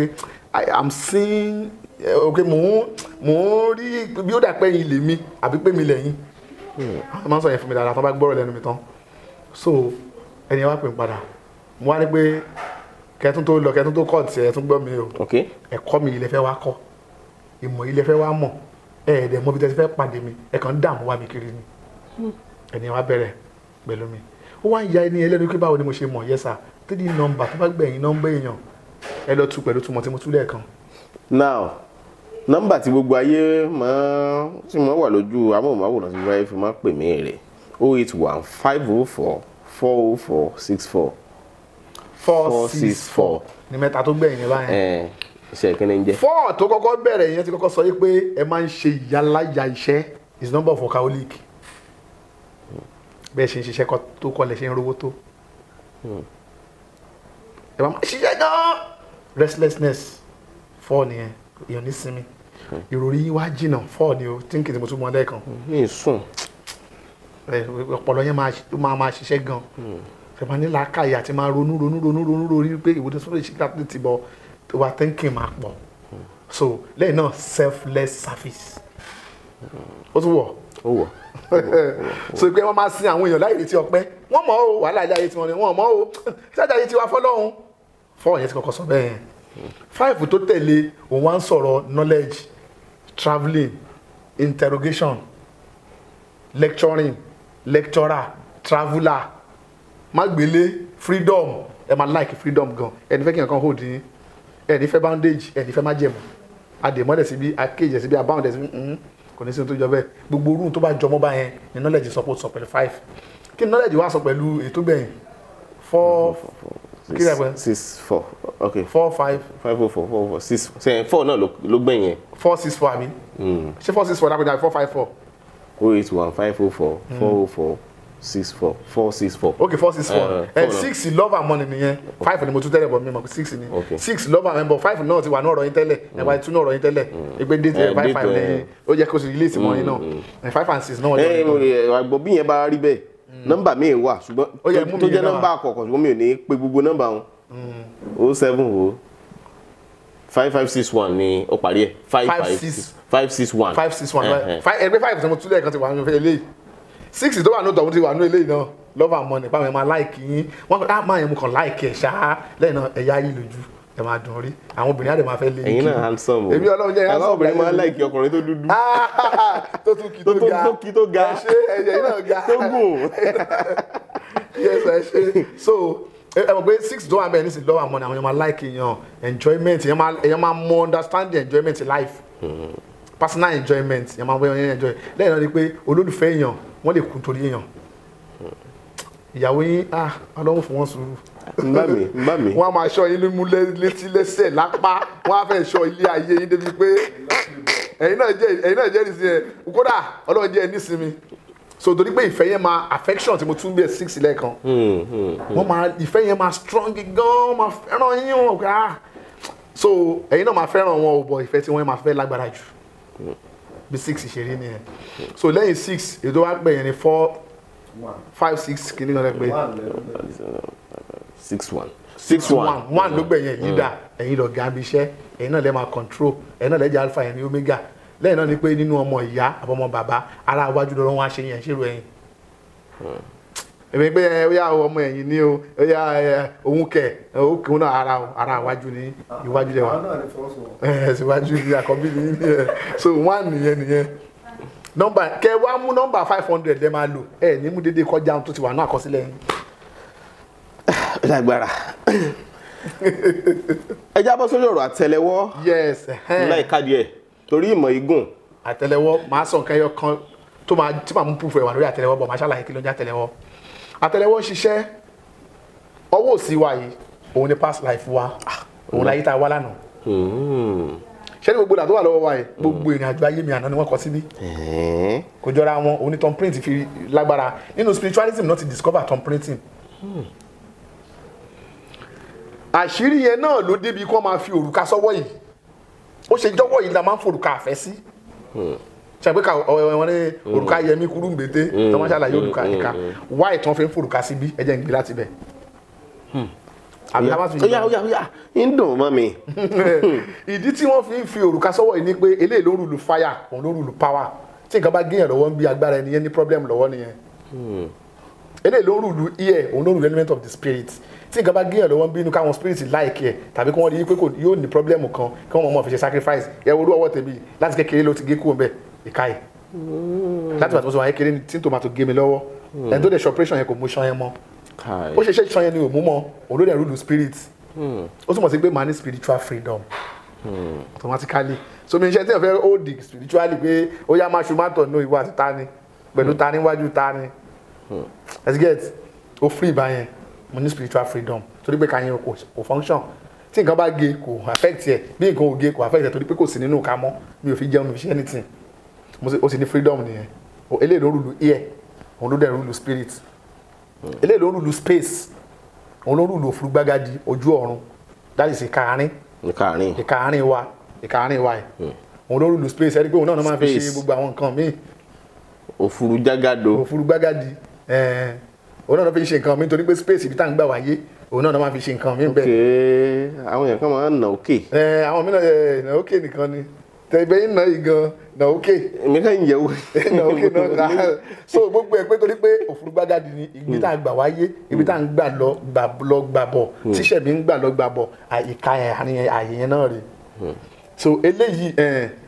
i seeing eh, ok mò ń mò ń rí bí ó dà pé ẹ̀yin lè mi àbí pé mi lẹ̀yin àwọn máa ń sọ yẹn fún mi dáadáa tán bá gbọ́rọ̀ lẹ́nu mi tán so ẹni wá pè padà mo wá ní pé kẹtún tó lọ kẹtún tó kọ̀ tiẹ̀ tún gbọ́ mi o ẹ̀kọ́ mi ilẹ̀ fẹ́ wá kọ́ ìmọ̀ ilé fẹ́ wá mọ̀ ẹ̀ẹ́dẹ̀ mọ́bi tẹ́ ti fẹ́ pàdé mi ẹ̀ kàn ń dààmú wá mi kiri ni hmm. ẹni wá bẹ̀rẹ̀ pẹ̀lú mi ó wá ń ya ẹni ẹlẹ́nu pé báwo ni mo ṣe mọ̀ yẹ́sà three number tó bá gbẹ̀yìn nọ́mbà èèyàn ẹ lọ tu pẹ̀lú tumọ̀ tí mo tú lẹ́ẹ̀kan. now nọ́mbà tí gbogbo ayé máa tí mo wà lójú amóhùnmáwòrán tí gbogbo ayé fi máa pè mí rè o oh eight one five o oh four four o oh four six four four six four ni mẹ́ta tó gbẹ̀yìn ní báyìí iṣẹ́ kí ni ń jẹ́. fọ́ọ̀ tó kọ́kọ́ bẹ̀rẹ̀ yẹn ti kọ́kọ́ sọ yìí pé ẹ máa ń ṣe ìyálàyà iṣẹ́ is number for catholic bẹ́ẹ̀ ṣe ń ṣiṣẹ́ tó kọlẹ̀ ṣe ń rówó tó hmm. ẹ máa ṣiṣẹ́ gan-an restlessness fọ́ọ̀ nìyẹn èèyàn ní sinmi hmm. ìròrí yín wá jìnnà fọ́ọ̀ ni o tí n kìí mo tún mọ lẹ́ẹ̀kan. Hmm, mi ì sùn. ọpọlọ yẹn máa máa ṣiṣẹ́ gan-an fẹ̀mọ́ ní làákàyè àti máa ronú ronú ronú ronú ronú pé ìwòdì sọ́dọ̀ ìṣèkà ti bọ̀ wà thinking máa pọ̀ so lẹ́yìn náà selfless service ó tún wọ̀ ó wọ̀ <laughs> so pé wọ́n máa sin àwọn èèyàn láì retí ọpẹ́ wọ́n mọ̀ ó wàhálà ilé ayé tí wọ́n ní wọ́n mọ̀ ó sájà yìí ti wá fọ́lọ́hún four yẹn ti kọ́kọ́ sọ bẹ́ẹ̀ yẹn five tó tẹ̀lé òun wá ń sọ̀rọ̀ knowledge travelling interrogation lecturing lecturer traveller magbele freedom ẹ máa like freedom gan ẹni fẹ́ kí nǹkan hold yín ẹni fẹ́ bandage ẹni fẹ́ májẹ̀mú àdèmọ́lẹ̀ síbi akéjẹ síbi abound ẹ̀sìn mm-hmm. kò ní sí ohun tó jọ bẹ́ẹ̀ gbogbo orú tó bá jọmọ́ bá yẹn ni knowledge sọ pé ó sọ pẹ̀lú five kí knowledge wá sọ pẹ̀lú ètò gbẹ̀yìn four kí ni àpẹ. six four ok four five. five oh four four four six ṣe four náà ló gbẹ̀yìn ẹ̀. four six four àbí. Hmm. ṣé four six four dákúndà four five four. oh eight one five oh four four oh four. Hmm six four four six four. Okay, four six four ẹ uh-huh. six love and money nìyẹn five ni mo tún tẹ́lẹ̀ bọ̀ mi mọ̀ six ni six love and member five náà ti wà ní ọ̀rọ̀ yín tẹ́lẹ̀ mm. ẹ wá tún ní ọ̀rọ̀ yín tẹ́lẹ̀ mm. ẹgbẹ́ dé eh, eh, five five lẹ́yìn eh. ó jẹ́ kó sì ilé ìsìnkú yín náà mm. five and six náà. ẹ ẹ àgbọ̀ bí yẹn bá rí bẹ́ẹ̀ nọ́mbà mi wà ṣùgbọ́n tó jẹ́ nọ́mbà àkọ́kọ́ ṣùgbọ́n mi ò ní pe gbogbo nọ́mbà wọn o oh seven o oh. five five six one ni ó parí ẹ̀ five five six one five six one ẹgbẹ́ five tí mo tún lẹ́ẹ̀kan ti wà ní ọ̀fẹ́ eléyìí six tó wà ní òtọ̀hún ti wà ní eléyìí náà love and money báwọn ẹ máa láìkì yín wọn kọ á ah, máa yẹn mo kàn láìkì ẹ ṣáá lẹ́yìn náà ẹ̀yà yìí lójú ẹ máa dùn rí àwọn obìnrin á lè máa fẹ́ lé yín náà handsome o èmi ọlọ́run jẹ́ handsome àwọn obìnrin máa láìkì ọkùnrin tó dúdú ah, tó tún kí tó ga tó kí tó ga ṣé ẹ̀yẹ náà ga tó gùn <laughs> yes ẹ ṣe so ẹ mọ̀ pé six dollar bẹ́ẹ̀ nísìnyí love and money àwọn yẹn máa láìkì yẹn enjoyment yẹn máa mọ understanding enjoyment life. Hmm personal enjoyment yẹn máa ń wọ́n yẹn enjoy lẹ́yìn náà ni pé olólùfẹ́ èèyàn wọ́n lè kú torí èèyàn ìyàwó yín ah ọlọ́run fún wọn sùúrù. mbà mí mbà mí. wọn a máa ṣọ́ yín ní mú létí lẹ́sẹ̀ lápá wọn a fẹ́ ṣọ́ ilé ayé yín débi pé ẹ̀yin náà jẹ́ ẹ̀yin náà jẹ́ nìsín yẹn kódà ọlọ́run jẹ́ ẹ nísinmi so torí pé ìfẹ́ yẹn máa affection tí mo tún bẹ̀ six lẹ́ẹ̀kan hmm, hmm, hmm. wọ́n máa ìfẹ́ yẹn máa strong gan máa fẹ́ràn yín wọn ah. so ẹ̀yin náà máa fẹ́ràn wọn ò bọ̀ ìfẹ́ tí wọ́n máa fẹ́ lágbára jù bí six ṣe rí nìyẹn so lẹ́yìn six èdè wa pè yẹn ni four five six kìíní kan pé six one six one one ló gbẹ̀ yẹn yídà ẹ̀yin lọ ga abiṣẹ́ ẹ̀yin náà lẹ́ máa control ẹ̀yin náà lẹ́ jẹ́ alpha ẹ̀yin ní omega lẹ́yìn náà ni pé nínú ọmọ ìyá àbọ̀mọ bàbá ara iwájú lọ́rọ́ wọn á ṣe yẹn ṣèrò ẹ̀yìn èmi pé ẹ ọmọ ẹ̀yìn ni o ó òun kẹ̀ ó kí òun náà ara ara iwájú ni iwájú lẹ wa síwájú ni àkọ́bí ni so one nìyẹn nìyẹn nọ́mbà kẹ wá mú nọ́mbà five hundred lẹ máa lò ẹ ní mú dédé kọjá ohun tó ti wà náà àkọsílẹ̀ yín. lágbára ẹ jábọ́ sórí ọ̀rọ̀ àtẹ́lẹwọ́ láìka díẹ̀ torí ìmọ̀ igun. àtẹ́lẹwọ́ màá sọ nǹkan ẹyọ kan tó máa tí màá mú púfù ẹ̀ wà lórí àtẹ́lẹwọ́ bọ̀ màá ṣàlàyé kí ló ń jẹ́ àtẹ́lẹwọ́ àtẹ́lẹwọ́ ń ṣiṣẹ́ ọwọ́ òsì wa yìí òun ni past life wa ah, òun láyé tá a wá lánàá hmm. ṣé ní gbogbo ìlà tó wà lọ́wọ́ wa yìí gbogbo ìrìn àjò ayé mi àná ni wọ́n kọ síbí kò jọra wọn òun ni tom print fi lágbára nínú spiritualism náà ti discover tom printing hmm. àṣírí yẹn náà ló débi kó máa fi òrùka sọ́wọ́ yìí ó ṣe jọ́wọ́ yìí la máa ń forùka àfẹ́ sí. Hmm ṣàgbé ka ọ̀rẹ́ wọn ní mm. òrùka yẹmí kúrú mbété mm. mm, tí wọ́n ṣàlàyé òrùka ìka wá ìtàn fi ń fòrùka sí bí ẹjẹ́ ń gbé láti bẹ̀. Hmm. àbí a bá tún yẹ. oya oya oya ń dùn mọ́ mi. <laughs> ìdí tí wọ́n fi ń fi òrùka sọ́wọ́ yìí ni pé eléyìí ló rúlu fáyà òun ló rúlu páwà tí nǹkan bá gé hmm. eléyìí ló ń rúlu ear òun ló rúlu element of the spirit tí nǹkan bá gíyàn lọ́wọ́ ń bínú káwọn spirit láìkí ẹ̀ tàbí kí wọ́n rí i pé yóò ní problem kan kí wọ́n mọ̀ mọ́ fi ṣe sacrifice ẹ wo ọwọ́ tèmi láti kékeré ló ti gé kúrò bẹ́ẹ̀ ìka yìí mm. láti bàtí mo sọ wọn kékeré tí tomato gé mi lọ́wọ́ mm. ẹni tó dẹ̀ ṣe operation yẹn kò mú ṣan yẹn mọ́ ó ṣe ṣe ṣan yẹn ni ò mú mọ́ òun ló dẹ̀ rúlu spirit mm. ó túmọ̀ sí pé màá ní spiritual freedom automatically so mi n ṣe tí yẹn fẹ́ hold it spiritually pé ó yá máa ṣùmọ́tò ní ìwà àti tani pẹ̀lú tani wájú tani let's get ó free báyẹn mo ní spiritual freedom torí pé kàyẹn kò function tí nǹkan bá ge kò affect ẹ bí nǹkan ò ge kò affect ẹ torí pé kò sí nínú ká mọ́ mi ò fi jẹun mi fi ṣe anything ó ti ní freedom nìyẹn eléyìí ló rúlu ear òun ló dẹ̀ rúlu spirit eléyìí ló rúlu space òun ló rúlu òfurufúgbágadì ojú ọ̀run that is ìkaarin ìkaarin wa ìkaarin wa yìí hmm. òun ló rúlu space ẹni pé òun náà máa fi ṣe gbogbo àwọn nǹkan míì òfurujágado òfurugbágadì òun náà ló fi ṣe nǹkan mi nítorí pé space ibi tá à ń gbà wáyé òun náà ló máa fi ṣe nǹkan mi bẹ́ẹ̀. àwọn èèyàn kan máa ń nà òkè. àwọn mìíràn tẹ̀gbẹ́ yín náà igan náà òkè. èmi náà ń yẹ̀wò. náà òkè náà náà so gbogbo ẹ̀ pé torí pé òfurufúgbàgàdì ni ibi tá à ń gbà wáyé ibi tá à ń gbà lọ gbà bọ̀ hmm. tíṣẹ̀ mi ń gbà lọ gbà bọ̀ àyíká àyè yẹn náà rè hmm. so eléyìí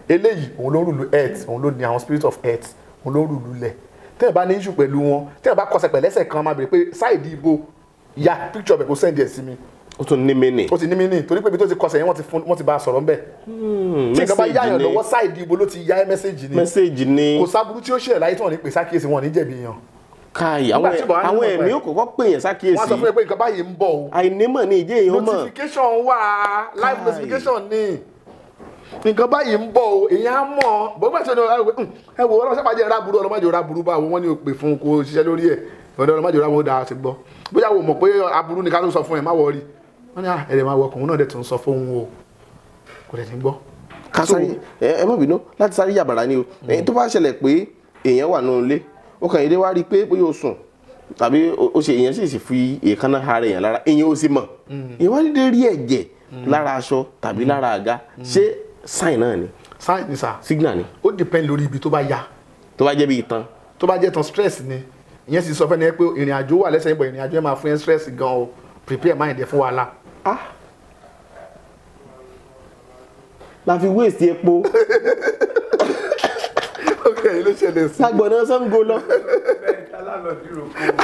eléyìí òun ló rùlù earth òun ló ní àwọn spirit of earth òun ló rùlù lẹ̀ tẹ́ẹ̀ bá ní issue pẹ̀lú wọn tẹ́ẹ̀ bá kọsẹ̀ pẹ̀lẹ́sẹ̀ kan máa bèrè pé sáìdì ibo ya picture bẹ̀ kó send ẹ̀ sí mi ó tún ní mini. ó ti ní mini torí pé ibi tó ti kọsẹ̀ yẹn wọ́n ti bá a sọ̀rọ̀ ńbẹ̀. Hmm, tí nǹkan bá lọ́wọ́ sáìdì ibo ló ti yá mẹ́sẹ̀gì ni. mẹ́sẹ̀gì ni. kò sábúrú tí ó ṣẹlẹ̀ láyé tí wọ́n ní pè sákìyèsí wọn ní jẹ̀bi yan. káyì àwọn ẹ̀mí ò kọ́kọ́ pè yẹn sákìyèsí. wọ́n sọ fún mi pé nǹkan báyìí ń bọ̀ o. àìnímọ̀ ni ìjẹ́ èèyàn mọ̀. notification wà live notification ni nǹkan báyìí ń bọ̀ o èèyàn á mọ̀ bọ́gbà tí ẹ wò hmm, ọlọ́run sábà jẹ́ ráburú ọlọ́mọdé ráburú bá wọn ní òpè fún kó ṣiṣẹ́ lórí ẹ̀ ọlọ́mọdé ráburú dáa ti gbọ́ bóyá wò mọ̀ pé aburú ni ká ló sọ fún ẹ má wọrí wọ́n ní ah, ẹ̀rẹ̀ máa wọkọ̀ òun náà dẹ̀ tún sọ fóun o kò dẹ̀ ní gbọ́. kásáré ẹ ẹ má bínú láti sáré yàbàrà ni o mm. tó bá ṣẹlẹ̀ pé èèyàn wà nínú ilé ó kàn yéde wá rí i pé bóyá o sùn tàbí o ṣe èèyàn sì sì fi èékánná ara èèyàn lára èèyàn ó sì mọ̀ mm. èèyàn wá dédé rí ẹ̀jẹ̀ mm. lára aṣọ tàbí lára àga ṣé sign náà ni. sign sa signal ni. ó depend lórí ibi tó bá ya. tó bá jẹ́ bí itan. tó bá jẹ́ tan stress ni ìyẹn sì sọ fẹ́ni pé ìrìn àjò wà lẹ́sẹ̀ yìí bọ̀ ìrìn àjò yẹn máa fún yẹn stress gan o prepare mind ẹ̀ fún wàhálà ah la fi waste epo ló ṣẹlẹ̀ sí. agbọ̀nà sango lọ.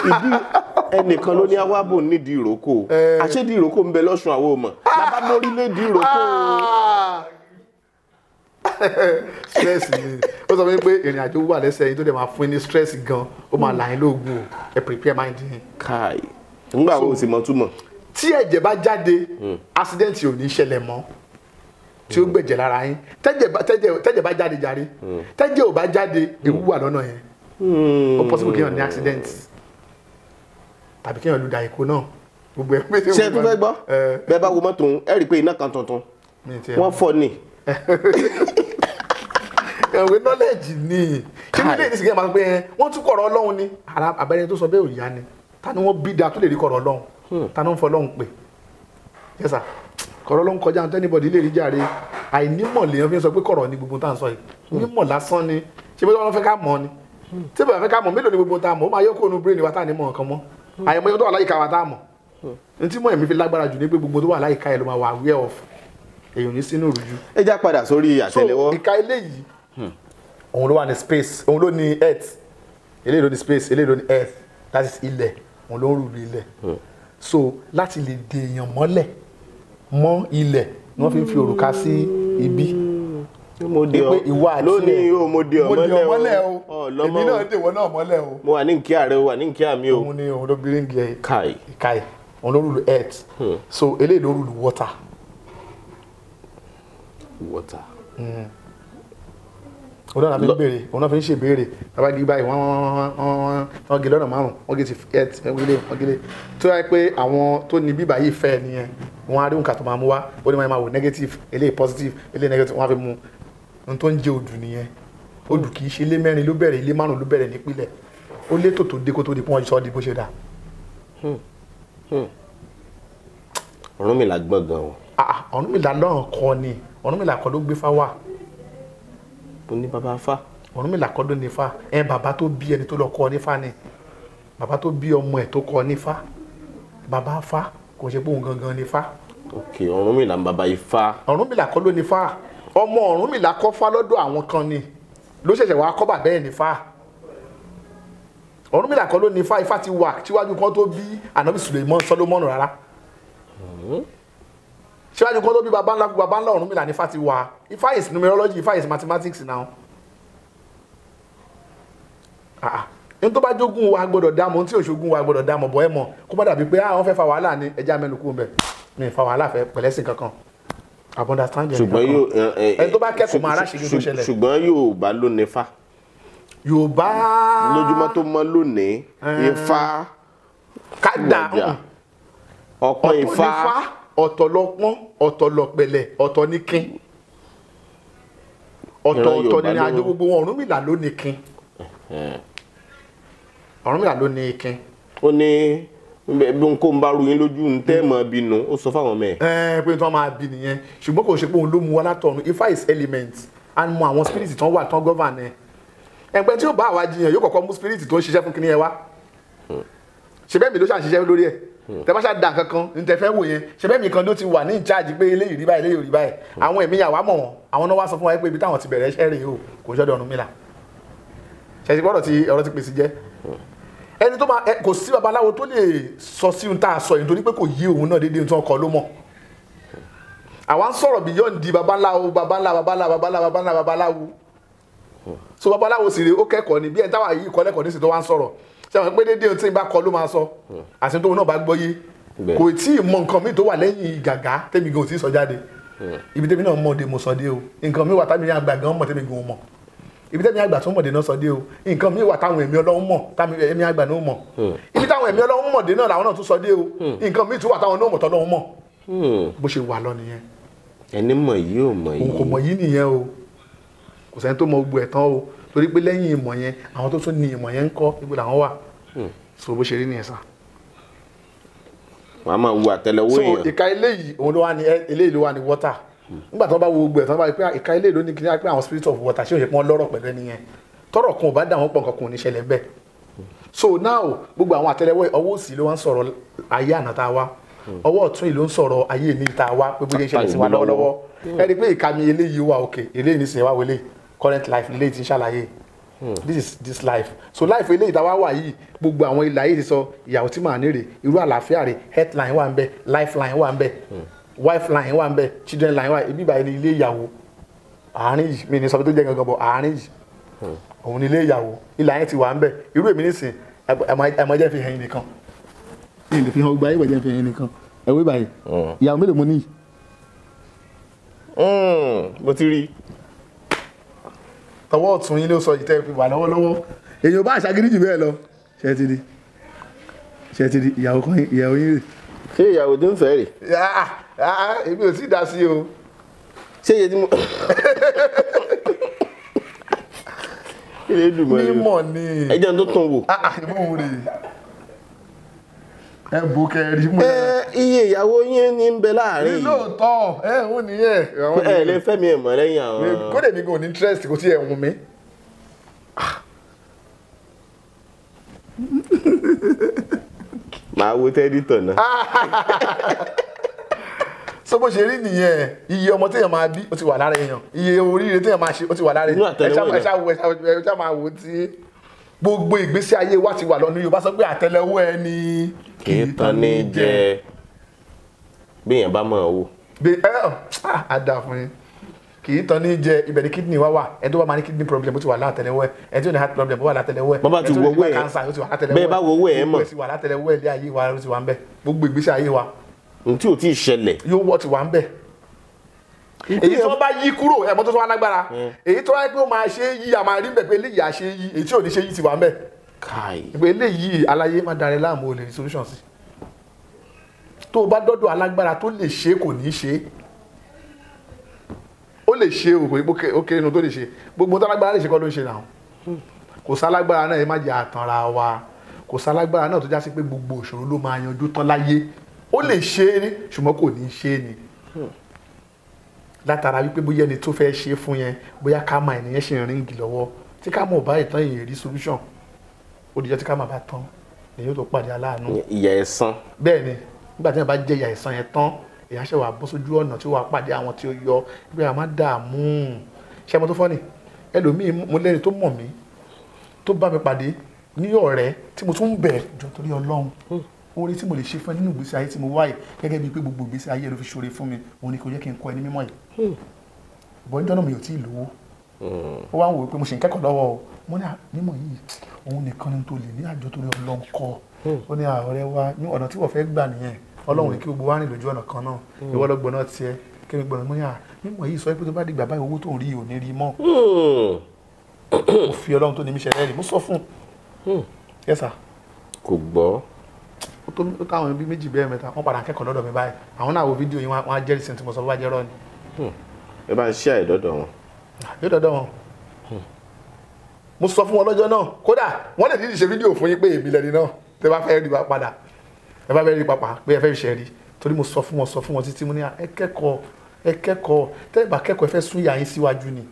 ìdí ẹnìkan ló ní awábò nídìí ìrókò àṣédìí ìrókò ń bẹ lọ́sùn àwọn ọmọ bàbá lórí lédìí ìrókò. stress ni ó sọ pé ìrìn àjò wà lẹ́sẹ̀ yìí tó dẹ̀ máa fún ní stress gan ó máa là ń lóògùn ẹ̀ prepare mind. káì ńgbà wo sì mọ̀ túmọ̀ tí ẹ̀jẹ̀ bá jáde hmm. accident ò ní ṣẹlẹ̀ mọ́ tí ó hmm. gbẹ̀jẹ̀ lára yín tẹ́jẹ̀ bá jáde jàre hmm. tẹ́jẹ̀ ò bá jáde ewu wà lọ́nà yẹn ó possible kéèyàn ní accident tàbí kéèyàn lu da èkó náà gbogbo ẹ̀ pé. ṣé ẹ tún fẹ́ gbọ́ bẹ́ẹ̀ bá wo mọ́tò ẹ rí i pé iná kan tuntun wọ́n fọ́ ni <laughs> ẹ̀wẹ̀ nọ́lẹ́jì ni kíni lè ní sìnkẹ́ máa ń pẹ́ wọ́n tún kọ̀rọ̀ ọlọ́run ni abẹ́rẹ́ tó sọ bẹ́ẹ̀ ò yá ni ta ni wọ́n bí da tó lè rí kọ̀rọ̀ ọlọ́run Hmm. ta ló ń fọlọ́hún pè yes sir kọ̀rọ̀ ló ń kọjá anybody lè rí jàre àìnímọ̀ lèèyàn fi ń sọ pé kọ̀rọ̀ ni gbogbo tá à ń sọ yìí mímọ̀ hmm. lásán ni ṣé bí wọ́n fẹ́ ká mọ̀ ni tí hmm. bàbá fẹ́ ká mọ̀ mélòó ni gbogbo tá a mọ̀ ó máa yọ kó nu brain wa tá a ní mọ̀ nǹkan mọ́ àyẹ̀mọ́ yẹn tó wà láyìíká wa tá a mọ̀ ní tí mọ̀ ẹ̀mí fi lágbára jù ní pé gbogbo tó wà láyìíká ẹ̀ ló máa wà aware of èèyàn ní sínú ìrújú. ẹ já padà sórí àtẹ́lẹwọ́. so ìka eléyìí òun ló wà ní space òun ló ní earth eléyìí ló ní space eléyìí ló ní earth that is ilẹ̀ òun ló ń rúlu ilẹ̀ so láti lè de èèyàn mọ́lẹ̀ mọ́ ilẹ̀ ni wọ́n fi ń fi òrùka sí ibi pé ìwà àti ẹ lónìí o mo di ọmọlẹ o èmi náà dèwọ náà mọ́lẹ̀ o. mo wà ní nkí ààrẹ o wà ní nkí àmì o. òun ni òun ló bí ríngì ẹ kai kai òun ló rúlu earth hmm. so eléyìí ló rúlu water. water. Mm òun náà fi ń béèrè òun náà fi ń ṣèbéèrè bàbá gidi báyìí wọ́n wọ́n wọ́n gé lọ́nà márùn wọ́n gé ti ẹt wílé wọ́n gé lé tó yà pé àwọn tó ní bíbà yìí fẹ́ nìyẹn wọ́n á rí nǹkan tó máa mú wá ó ní máa wò negative eléyìí positive eléyìí negative wọ́n á fi mú ohun tó ń jẹ odù nìyẹn odù kì í ṣe ilé mẹ́rin ló bẹ̀rẹ̀ ilé márùn ló bẹ̀rẹ̀ nípìnlẹ̀ ó létò tó dé kó tó di pọ́n sọ́ọ́ di bó ṣe dà. Hmm. Hmm. Ọ̀rúnmìlà gbọ̀ngàn o. Ah, ah, Ọ̀rúnmìlà náà kọ́ ni Ọ̀rúnmìlà kọ́ ló gbé fáwà kò ní baba fa. Ọ̀rúnmìlà kọ́ ló ní fa ẹ bàbá tó bí ẹni tó lọ kọ́ nífa ni bàbá tó bí ọmọ ẹ̀ tó kọ́ nífa bàbá fa kò ṣe pé òun gangan ní fa. ok Ọ̀rúnmìlà ń baba Ifá. Ọ̀rúnmìlà kọ́ ló ní fa ọmọ Ọ̀rúnmìlà kọ́ fa lọ́dọ̀ àwọn kan ni ló ṣẹ̀ṣẹ̀ wá kọ́ bàbá ẹ̀ ní fa Ọ̀rúnmìlà kọ́ ló ní fa Ifá ti wà tíwájú kan tó bí ànábì Suleiman Solomon rárá. Mm-hmm síwájú kan tó bí baba ńlá baba ńlá Ọ̀rúnmìlà ní Ifá ti wà Ifá is numerology Ifá is mathematics now ah, ah. n tó bá jogún wa gbọ́dọ̀ dá mọ̀ n tí òṣogún wa gbọ́dọ̀ dá mọ̀ bọ́ ẹ mọ̀ kó má dàbí pé àwọn ah, fẹ́ fa wàhálà ní ẹja mẹ́nu kú bẹ̀ mi fa wàhálà fẹ́ pẹ̀lẹ́sìn kankan abundastanding ṣùgbọ́n yóò eh, eh, ẹ tó bá kẹ́kọ̀ọ́ máa aráṣẹ́gi tó ṣẹlẹ̀ ṣùgbọ́n yóò bá ló ní fa. Yorùbá lójúmọ́ tó mọ́ lónìí eh. Ifá kádà ọ̀pọ̀ Ifá ọ̀tọ̀ lọ́pọ́n ọ̀tọ̀ lọ̀pẹ̀lẹ̀ ọ̀tọ̀ nìkin ọ̀tọ̀ ọ̀tọ̀ ní àjọ gbogbo wọn Ọ̀rúnmìlà ló nìkin Ọ̀rúnmìlà ló ní ikin. ó ní bí n kò ń bá ru yín lójú ń tẹ́ mọ̀ bínú ó sọ fáwọn ọmọ ẹ̀. ẹ pé tí wọn máa bí nìyẹn ṣùgbọ́n kò ṣe pé òun ló mu wá Ifá is element and mọ àwọn spirit tán wà tán govern ẹ ẹgbẹ́ tí yóò bá àwa jiyàn yóò kọ́kọ́ mú spirit tó ń ṣiṣẹ́ fún kinní ẹ wá ṣe bẹ́ẹ̀ mi ló ṣàṣiṣẹ́ lórí ẹ̀ Hmm. tẹ bá ṣáà dà kankan ní tẹ fẹ́ wò yẹn ṣẹbẹ́ mi kan ló ti wà ní ìcháàjì pé eléyìí rí báyìí eléyìí rí báyìí hmm. àwọn ẹ̀mí yàwá mọ̀ wọn àwọn náà wá sọ fún wa pé ibi táwọn ti bẹ̀rẹ̀ iṣẹ́ rèé o kò ṣọ́dọ̀ Ọ̀rúnmìlà ṣẹ̀sì gbọ́dọ̀ ti ọ̀rọ̀ ti pèsè jẹ́ hmm. ẹni tó máa kò sí babaláwo tó lè sọ sí ohun tá a sọ yìí nítorí pé kò yí òun náà déédéé nǹkan kọ ló mọ̀ àwa ń sọ̀rọ̀ beyond babaláwo babaláwo babaláwo babaláwo babaláwo so babaláwo sì rèé ó kẹ́kọ̀ọ́ ni bí ẹni táwa yìí kọ́ lẹ́kọ̀ọ́ nísìnyí tó wá ń sọ̀rọ̀ ṣe àwọn pé déédéé tí bá kọ ló máa sọ àti tóun náà bá gbọ́ yé kò tí ì mọ nǹkan míì tó wà lẹ́yìn gàgá tẹ́mi gan ò tí ì sọ jáde hmm. ibi tẹ́mi náà mọ̀ de mo sọ dé o nǹkan míì wà támi ní àgbà gan mọ̀ tẹ́mi gan mọ̀ ibi tẹ́mi àgbà tó mọ̀ de náà sọ dé o nǹkan míì wà táwọn ẹ̀mí ọlọ́run mọ̀ táwọn ẹ̀mí àgbà náà mọ̀ hmm. ibi táwọn ẹ̀mí ọlọ́run mọ̀ de náà làwọn náà tún sọ dé o hmm. nǹkan míì tún wà táwọn náà mọ̀ tọ́lọ́run mọ̀ bó ṣe wà lọ nìyẹn. ẹni mọ̀ yìí ò mọ̀ yìí. òun kò mọ̀ yìí nìyẹn o kò sẹ́ni tó mọ gbogbo ẹ̀ tán o torí pé lẹ́yìn ìmọ̀ yẹn àwọn tó tún ní ìmọ̀ yẹn ń kọ́ ibo làwọn wà hmm. so bó ṣe rí nìyẹn sá. wàá máa wu àtẹlẹwó yẹn so ìka eléyìí òun ló wà ní eléyìí ló wà ní wọ́tà. Hmm. nígbà bá wo gbẹ bá rí pé ìka eléyìí ló ní pé àwọn spirit of water ṣé lọ́rọ̀ pẹ̀lú kan ò bá àwọn a wá a current life late ti ṣàlàyé hmm. this is this life so life eléyìí táwa wà yìí gbogbo àwọn ilé ayé ti sọ ìyàwó tí màá nírè irú àlàáfíà rẹ̀ headline wà ń bẹ lifeline wà ń bẹ hmm. wifeline wà ń bẹ children line wà ibi ìbàyẹn ni ilé ìyàwó àárín yìí mi ní sọ pé tó jẹ́ gangan bọ̀ àárín yìí hmm. òun ni ilé ìyàwó ilé ayé ti wà ń bẹ irú èmi nísìn ẹmọ jẹ́ fi hàn yín nìkan ilé fi hàn gba ẹ̀wẹ̀ jẹ́ fi hàn yín nìkan ẹ̀wẹ̀ ìbàyẹn ìyàwó mélòó mo ní tọwọ́ ọ̀tún yín ló sọ ìtẹ́ fi wà lọ́wọ́lọ́wọ́ èèyàn bá ṣàgídí jù bẹ́ẹ̀ lọ ṣe ti di ṣe ti di ìyàwó kan ìyàwó yín rè. ṣé ìyàwó tó ń fẹ́ rè. Ah, ah, èmi ò sí dá sí o. ṣé iye tí mo. ilé <laughs> dùn mọ́ ẹ. mímọ̀ ni. ẹ jẹun tó tún wò. ìmọ̀ ah, òun rè é ẹ bò kẹrì mọ́. ẹ iye ìyàwó yín ní ń bẹ láàrin yìí. lóòótọ́ ẹ ń wùn nìyẹn. ẹ lè fẹ́ mi ẹ̀ mọ́ lẹ́yìn àwọn. kódà mi kò ní interest kò tí ẹ̀ wùn mí. <laughs> màá wo tẹ́dítọ̀ náà. <laughs> so bó ṣe rí nìyẹn iye ọmọ téèyàn máa bí ó ti wà lára èèyàn iye oríire téèyàn máa ṣe ó ti wà lára èèyàn ẹ ṣáà wo ẹ ṣáà máa wo tí gbogbo ìgbésí ayé wa ti wà lọ́nu Yorùbá sọ pé àtẹ́lẹwọ́ ẹni kì í tán ní jẹ bíyàn bá mọ̀ ọ́ wò. Ah, a dà fún yín kì í tán ní jẹ ibẹ̀ ni kidney wá wà ẹni tó bá máa ní kidney problem ó ti wà látẹlẹwẹ ẹni tó ní heart problem ó wà látẹlẹwẹ ẹni tó ní liver cancer ó ti wà látẹlẹwẹ bẹ́ẹ̀ bá wo owó ẹ̀ mọ̀ ó ti wà látẹlẹwẹ ilé ayé wa ó ti wà ń bẹ̀ gbogbo ìgbésí ayé wa. n tí ò tí ì ṣẹlẹ̀. yóò wọ́ ti wà ń bẹ̀ èyí tí wọ́n bá yí kúrò ẹ̀mọ́ tó tún wá lágbára hmm. èyí tó wáyé pé ó máa ṣe é yí àmàrí ń pé eléyìí àṣe èyí tí ò ní ṣe yí ti wà ń bẹ̀ káì. ìpè eléyìí aláyé má darí láàmú o lè rí solution sí tó o bá dọ́dọ̀ alágbára tó lè ṣe kò ní ṣe ó lè ṣe o ó kéré inú tó lè ṣe gbogbo tó alágbára lè ṣe kọ́ ló ń ṣe náà kò sálágbára náà ẹ má jẹ́ àtànra wa kò sálágbára náà tó já sí pé gbogbo òṣòro ló máa yanjú tán láyé ó lè ṣe é ṣùgbọ́n kò ní ṣe é ni látara wípé bóyá ẹni tó fẹ́ ṣe fún yẹn bóyá ká máa ẹnìyẹn ṣe ìrìngì lọ́wọ́ tí ká mọ̀ báyìí tán èèyàn rí solution òdìjọ́ tí ká máa bá tán ni yóò tó pàdé aláàánú. ìyà ẹ̀san. bẹ́ẹ̀ ni nígbà tí wọ́n bá jẹ ìyà ẹ̀san yẹn tán ìyà ṣe wà bọ́ sójú ọ̀nà tí wàá pàdé àwọn tí ó yọ bí a máa dààmú ṣe mo tó fọ́ ni ẹlòmíì mo lẹ́ni tó mọ̀ mí tó bá mi pàdé ní ọ̀rẹ́ tí mo tún ń bẹ̀ jọ torí ọlọ́run hmm. oore tí mo lè ṣe fún ẹ nínú ìgbésí ayé tí mo wáyé gẹ́gẹ́ bíi pé gbogbo ìgbésí ayé ló fi ṣoore fún mi òun ni kò yẹ kí n kọ́ ẹ ní mímọ́ yìí hmm. bọ́ mi ò tí ì lówó hmm. ó wá ń wò ó pé mo ṣì ń kẹ́kọ̀ọ́ lọ́wọ́ o mo ní àmímọ̀ yìí òun nìkan ni tó lè ní àjọ torí ọlọ́run kọ́ hmm. ó ní ààrẹ wa ní ọ̀nà tí wọ́n fẹ́ gbà nìyẹn ọlọ́run kí gbogbo wa rìn lójú ọ̀nà kan náà hmm. ìwọ lọ gbọ́nà tiẹ̀ kí mi gbọ́nà mọ́yà mímọ̀ yìí sọ pé tó bá dìgbà báyìí owó tó ń rí ò ní rí mọ́ hmm. mo fi ọlọ́run tó ní mi ṣẹlẹ̀ rí mo sọ fún un yes sir. kò gbọ́. ó tó ó táwọn ibi méjì bẹ́ẹ̀ mẹ́ta wọ́n padà kẹ́kọ̀ọ́ lọ́dọ̀ mi báyìí àwọn náà wo fídíò yìí wọ́n á jẹ́rìí sí ti mo mo sọ fún wọn lọ́jọ́ náà kódà wọ́n lè dídì ṣe fídíò fún yín pé èmi lẹni náà tẹ bá fẹ́ rí wa padà ẹ bá fẹ́ rí papà pé ẹ fẹ́ ṣe rí torí mo sọ fún wọn sọ fún wọn títí mo ní ẹ kẹ́kọ̀ọ́ ẹ kẹ́kọ̀ọ́ tẹ́ ẹ bá kẹ́kọ̀ọ́ ẹ fẹ́ sún ìyá yín síwájú ni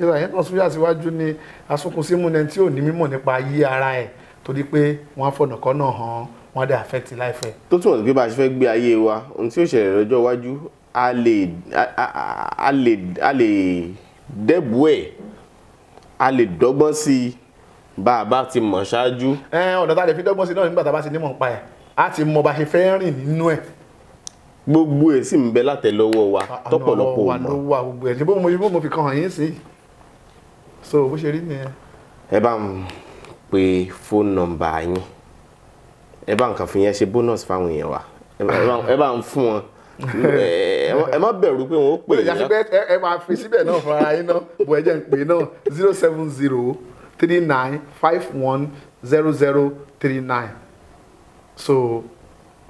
ìyá yín kan sún ìyá síwájú ni asunkun símú ni tí ò ní mímọ̀ nípa ayé ara ẹ̀ torí pé wọ́n á fọ̀nà kan náà hàn wọ́n á dẹ̀ àfẹ́tì láìfẹ́. tó túmọ̀ sí pé bá a ṣe fẹ́ gbé ayé wa ohun tí ó ṣẹlẹ̀ lọ́jọ́ iwájú a lè dẹ́bù ẹ̀ a lè dọ́gbọ́n sí i bá a bá ti mọ̀ ṣáájú. ọ̀nà tá a lè fi dọ́gbọ́n sí i náà nígbà tá a bá ti nímọ̀ pa ẹ̀ a ti mọ bá a ṣe fẹ́ rìn nínú ẹ̀ gbogbo ẹ sì ń bẹ látẹlọwọ wa tọpọlọpọ wa ló wà gbogbo ẹ níbo mo mo fi kan hàn yín sí so bó ṣe rí nìyẹn. ẹ bá ń pe fóònù nọ́mbà yín ẹ bá nǹkan fi yẹn ṣe bónọ́sì fáwọn èèyàn wa ẹ bá ń fún wọn ẹ má bẹ̀rù pé wọ́n pè é. ìyá síbẹ̀ ẹ máa fi síbẹ̀ náà fún ara yín náà bọ̀ ẹ jẹ́ ń pè náà zero seven zero three nine five one zero zero three nine so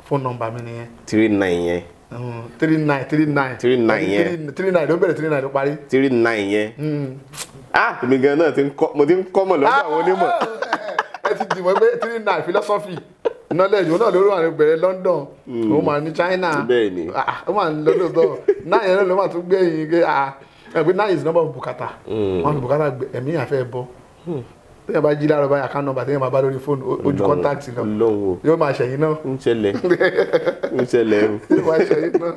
phone number mi nìyẹn. three nine yẹn. Mm, three nine three nine. three nine yẹn. three nine ló bẹ̀rẹ̀ three nine ló parí. three nine yẹn. Mm. ah èmi gan náà mo ti ń kọ́ mọ̀ lọ́dọ̀ ah, àwọn onímọ̀. <laughs> ẹ ti dìbò pé three nine philosophy nọlẹ ìjọ náà lórí hmm. wà ní bẹ̀rẹ̀ London ah, ó máa ní China ó máa ní lọlọtọ náà yẹn ló máa tún gbẹ̀yìn gé a ah, ẹgbẹ náà is number of bùkátà wọn ní bùkátà ẹmí àfẹ bọ téèyàn bá jí lára báyà kan nọ́mbà téèyàn máa bá lórí fóònù ojú kọ́ńtáàtì náà yóò máa ṣẹ̀yìn náà. ń ṣẹlẹ̀ ń ṣẹlẹ̀ o. yóò máa ṣẹ̀yìn náà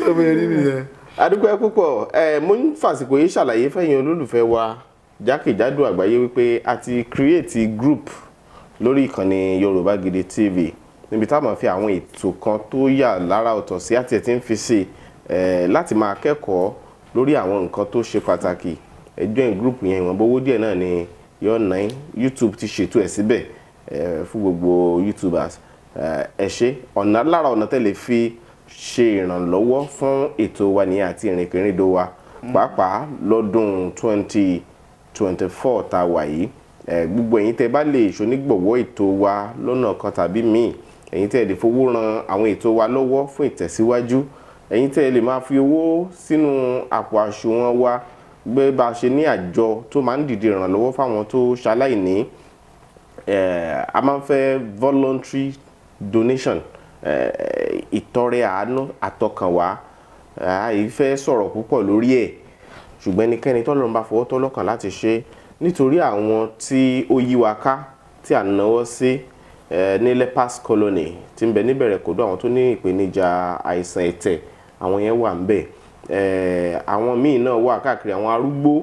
sọ́mọ eré nìyẹn. adúgbò ẹ púpọ̀ ẹ mo ń fàsìkò yìí ṣàlàyé fẹ́yìn olólùfẹ́ wa jákèjádò àgbáyé wípé a ti create group lórí ìkànnì Yorùbá Gidi TV níbi táwọn fi àwọn ètò kan tó yà lára ọ̀tọ̀ sí àti ẹ̀ tí ń fi sí láti máa kẹ́kọ̀ọ́ lórí àwọn nǹkan tó ṣe pàtàkì ẹ join group yẹn ìwọ̀n bówó díẹ̀ náà ni yọ nine YouTube ti ṣètò ẹ̀ síbẹ̀ fún gbogbo YouTubers ẹ ṣe ọ̀nà lára ọ̀nà tẹ́lẹ̀ fi ṣe ìrànlọ́wọ́ fún ètò wa nìyẹn àti ìrìnkèrindò wa pàápàá lọ́dún twenty twenty four tá a wà yìí gbogbo ẹ̀yin tẹ́ bá lè ṣonígbọ̀wọ́ ètò wa lọ́nà kan tàbí míì ẹ̀yin tẹ́ lè fowó ran àwọn ètò wa lọ́wọ́ fún ìtẹ̀síwájú ẹ̀yin tẹ́ lè máa fi owó sínú àpò àṣùwọ̀n wa gbé bá a ṣe ní àjọ tó máa ń dìde ìrànlọ́wọ́ fáwọn tó ṣaláìní a máa ń fẹ́ voluntary donation ìtọrẹ àánú àtọkànwá àìfẹ́ sọ̀rọ̀ púpọ̀ lórí ẹ̀ ṣùgbọ́n ẹnikẹ́ni tọ́lọ́run bá fọwọ́ tọ́lọ́kàn láti ṣe é nítorí àwọn tí ó yí wa ká tí à ń náwó sí ní lepers colony tí ń bẹ níbẹ̀rẹ̀ kódó àwọn tó ní ìpèníjà àìsàn ẹ̀tẹ̀ àwọn yẹn wà ń bẹ àwọn míì náà wà káàkiri àwọn arúgbó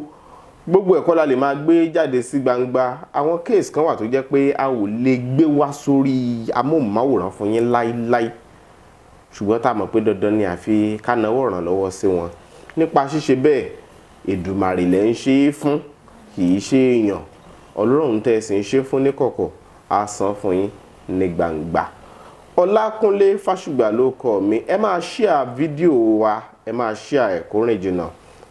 gbogbo ẹ̀kọ́ la lè máa gbé jáde sí gbangba àwọn case kan wà tó jẹ́ pé a ò lè gbé wá sórí amóhùnmáwòrán fún yín láíláí ṣùgbọ́n tá a mọ̀ pé dandan ni àfi ká náwó ràn lọ́wọ́ sí wọn nípa ṣíṣe bẹ́ẹ̀ Èdùmàrè lẹ́ ń ṣe é fún kì í ṣe èèyàn ọlọ́run tẹ́ ẹ sì ń ṣe fún níkọ̀kọ̀ á san fún yín ní gbangba ọlákúnlé fásùgbà ló kọ mi ẹ máa ṣíà fídíò wa ẹ máa ṣíà ẹ̀kọ́ rìn jìnnà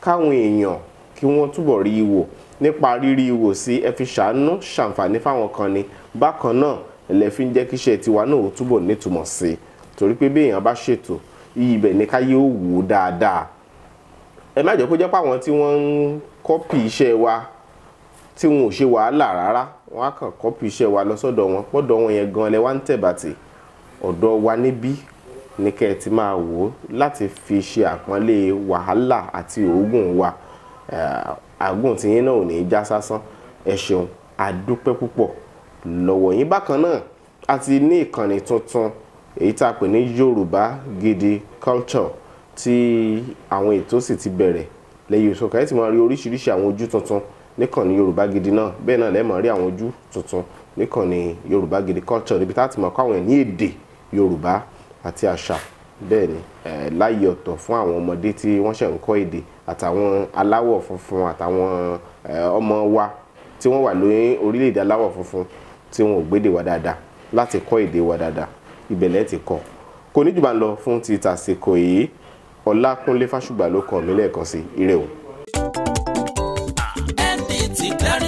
káwọn èèyàn kí wọ́n túbọ̀ rí i wò nípa rírí i wò sí ẹ fi ṣàánú ṣàǹfààní fáwọn kan ni bákan náà lẹ fi ń jẹ́ kí iṣẹ́ tiwa náà ó túbọ̀ nítumọ̀ sí i torí pé bí èèyàn bá ṣètò ibẹ̀ ní káyé ó wò ó dáadáa ẹ má jẹ́ kó jẹ́ pé tí wọ́n ń kọ́pì iṣẹ́ wa tí wọn ò ṣe wàhálà rárá wọn á kàn kọ́pì iṣẹ́ wa lọ́sọ̀dọ̀ wọn pọ́dọ̀ wọn yẹn gan lẹ wá ń tẹ̀bàtì ọ̀dọ̀ wa níbí ní kẹ́ ẹ ti máa wò ó láti fi ṣe àpọ́nlé wàhálà àti òógùn wa àgùn tìyín náà ò ní í já sásán ẹ ṣeun a dúpẹ́ púpọ̀ lọ́wọ́ yín bákan náà a ti ní ìkànnì tuntun èyí tá a pè ní Yorùbá Gidi Culture tí àwọn ètò sì ti bẹ̀rẹ̀ lẹ́yìn ìṣọ̀kan ẹ ti máa rí oríṣiríṣi àwọn ojú tuntun níkànnì Yorùbá Gidi náà bẹ́ẹ̀ náà lẹ́mọ̀ rí àwọn ojú tuntun ni Yorùbá Gidi culture níbi tá a ti mọ̀ kọ́ àwọn ẹ̀ ní èdè Yorùbá àti àṣà bẹ́ẹ̀ ni láyé ọ̀tọ̀ fún àwọn ọmọdé tí wọ́n ṣẹ̀ ń kọ́ èdè àtàwọn aláwọ̀ funfun àtàwọn ọmọ wa tí wọ́n wà lóyún orílẹ̀-èdè aláwọ̀ funfun tí wọn ò gbédè wa dáadáa láti kọ́ èdè wa dáadáa ìbẹ̀lẹ̀ ti kọ́ kò ní jùbà lọ fún ti tàsíkò yìí Ọlákúnlé Fásùgbà ló kàn mí lẹ́ẹ̀kan sí ire declaring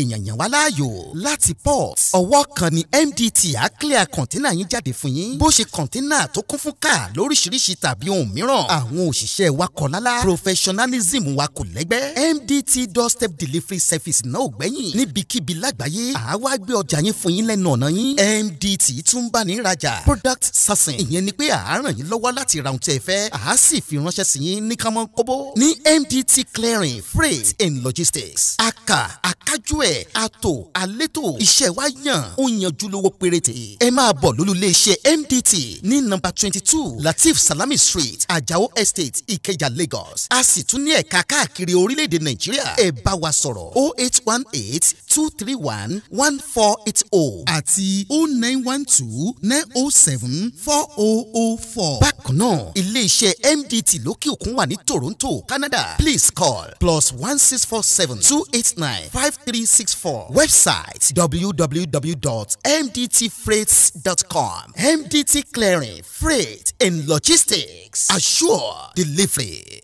èèyàn yàn wá láàyò láti port ọwọ́ kan ni MDT á clear kọ̀ńténà yín jáde fún yín bó ṣe kọ̀ńténà tó kún fún káà lóríṣiríṣi tàbí ohun mìíràn àwọn òṣìṣẹ́ wa kọ̀ lálá professionalism wa kò lẹ́gbẹ́ MDT doorstep delivery service náà ò gbẹ́yìn níbikíbi lágbàáyé àwa gbé ọjà yín fún yín lẹ́nu ọ̀nà yín MDT tún bá ní ìrajà product sourcing ìyẹn ni pé à á ràn yín lọ́wọ́ láti ra ohun tí ẹ fẹ́ à á sì fi ránṣẹ́ sí yín ní kánmọ́ kóbó ní MDT clearing freight and logistics aka akájú ẹ̀ àtò àlétò iṣẹ́ wa yàn ó yanjú lówó péréte ẹ máa bọ̀ lólùléeṣẹ́ MDT ní nọ́mbà twenty two Latif Salami Street Ajao Estate Ikeja Lagos a sì tún ní ẹ̀ka káàkiri orílẹ̀-èdè Nàìjíríà ẹ bá wa sọ̀rọ̀ o oh eight one eight two three one one four eight oh àti O oh nine one two nine oh seven four oh oh four. bákan náà iléeṣẹ́ MDT lókè òkun wà ní Toronto Canada please call plus one six four seven two eight nine five three six four website www.mdtfreights.com MDT Clearing Freight and Logistics assure delivery.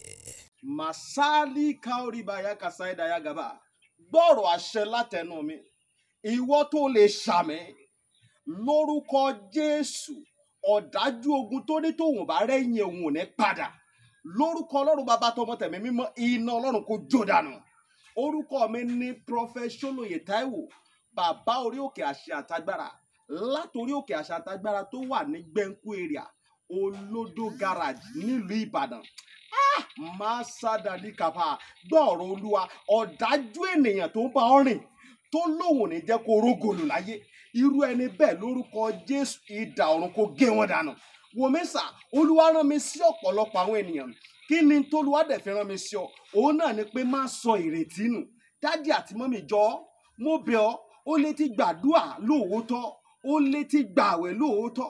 Masali Kauriba ya kasaida ya gaba gbọ́rọ̀ àṣẹ látẹnu mi ìwọ tó lè ṣàmì lórúkọ Jésù ọ̀dájú ogun tó ní tòun bá rẹ́yìn òun ò ní padà lórúkọ ọlọ́run bàbá tọmọ tẹ̀mí mímọ́ iná ọlọ́run kò jó dànù orúkọ mi ní prọfẹsọlóye Táíwò bàbá orí òkè àṣẹ àtagbára látòrí òkè àṣẹ àtagbára tó wà ní gbẹ̀ǹkú area olódó garage nílùú Ìbàdàn masadali kapa gbọ́ọ̀rọ̀ olúwa ọ̀dájú ènìyàn tó ń bá ọ rìn tó lóun ò ní jẹ́ kó rógòlù láyé irú ẹni bẹ́ẹ̀ lórúkọ jésù idà ọ̀run kó gé wọn dànù wòmísà olúwa rán mi sí ọ̀pọ̀lọpọ̀ àwọn ènìyàn kí ni tolúwa dẹ̀ fi rán mi sí ọ òun náà ni pé má sọ ìrètí nù dádì àti mọ́mì jọ ọ́ mo bẹ̀ ọ́ ó lè ti gbàdúà lóòótọ́ ó lè ti gbààwẹ̀ lóòótọ́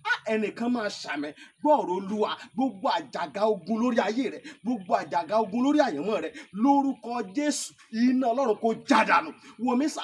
ẹnìkan máa ṣàmì gbọ́ọ̀rọ̀ olúwa gbogbo àjàgà ogun lórí ayé rẹ gbogbo àjàgà ogun lórí àyànmọ́ rẹ lórúkọ jésù iná ọlọ́run kò jádànù wọmísà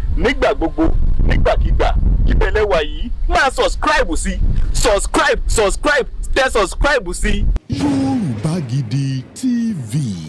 nígbà gbogbo nígbàkigbà ibẹ̀ lẹ́wà yìí máa subscribe sí subscribe subscribe tẹ subscribe sí. Yorùbá Gidi TV.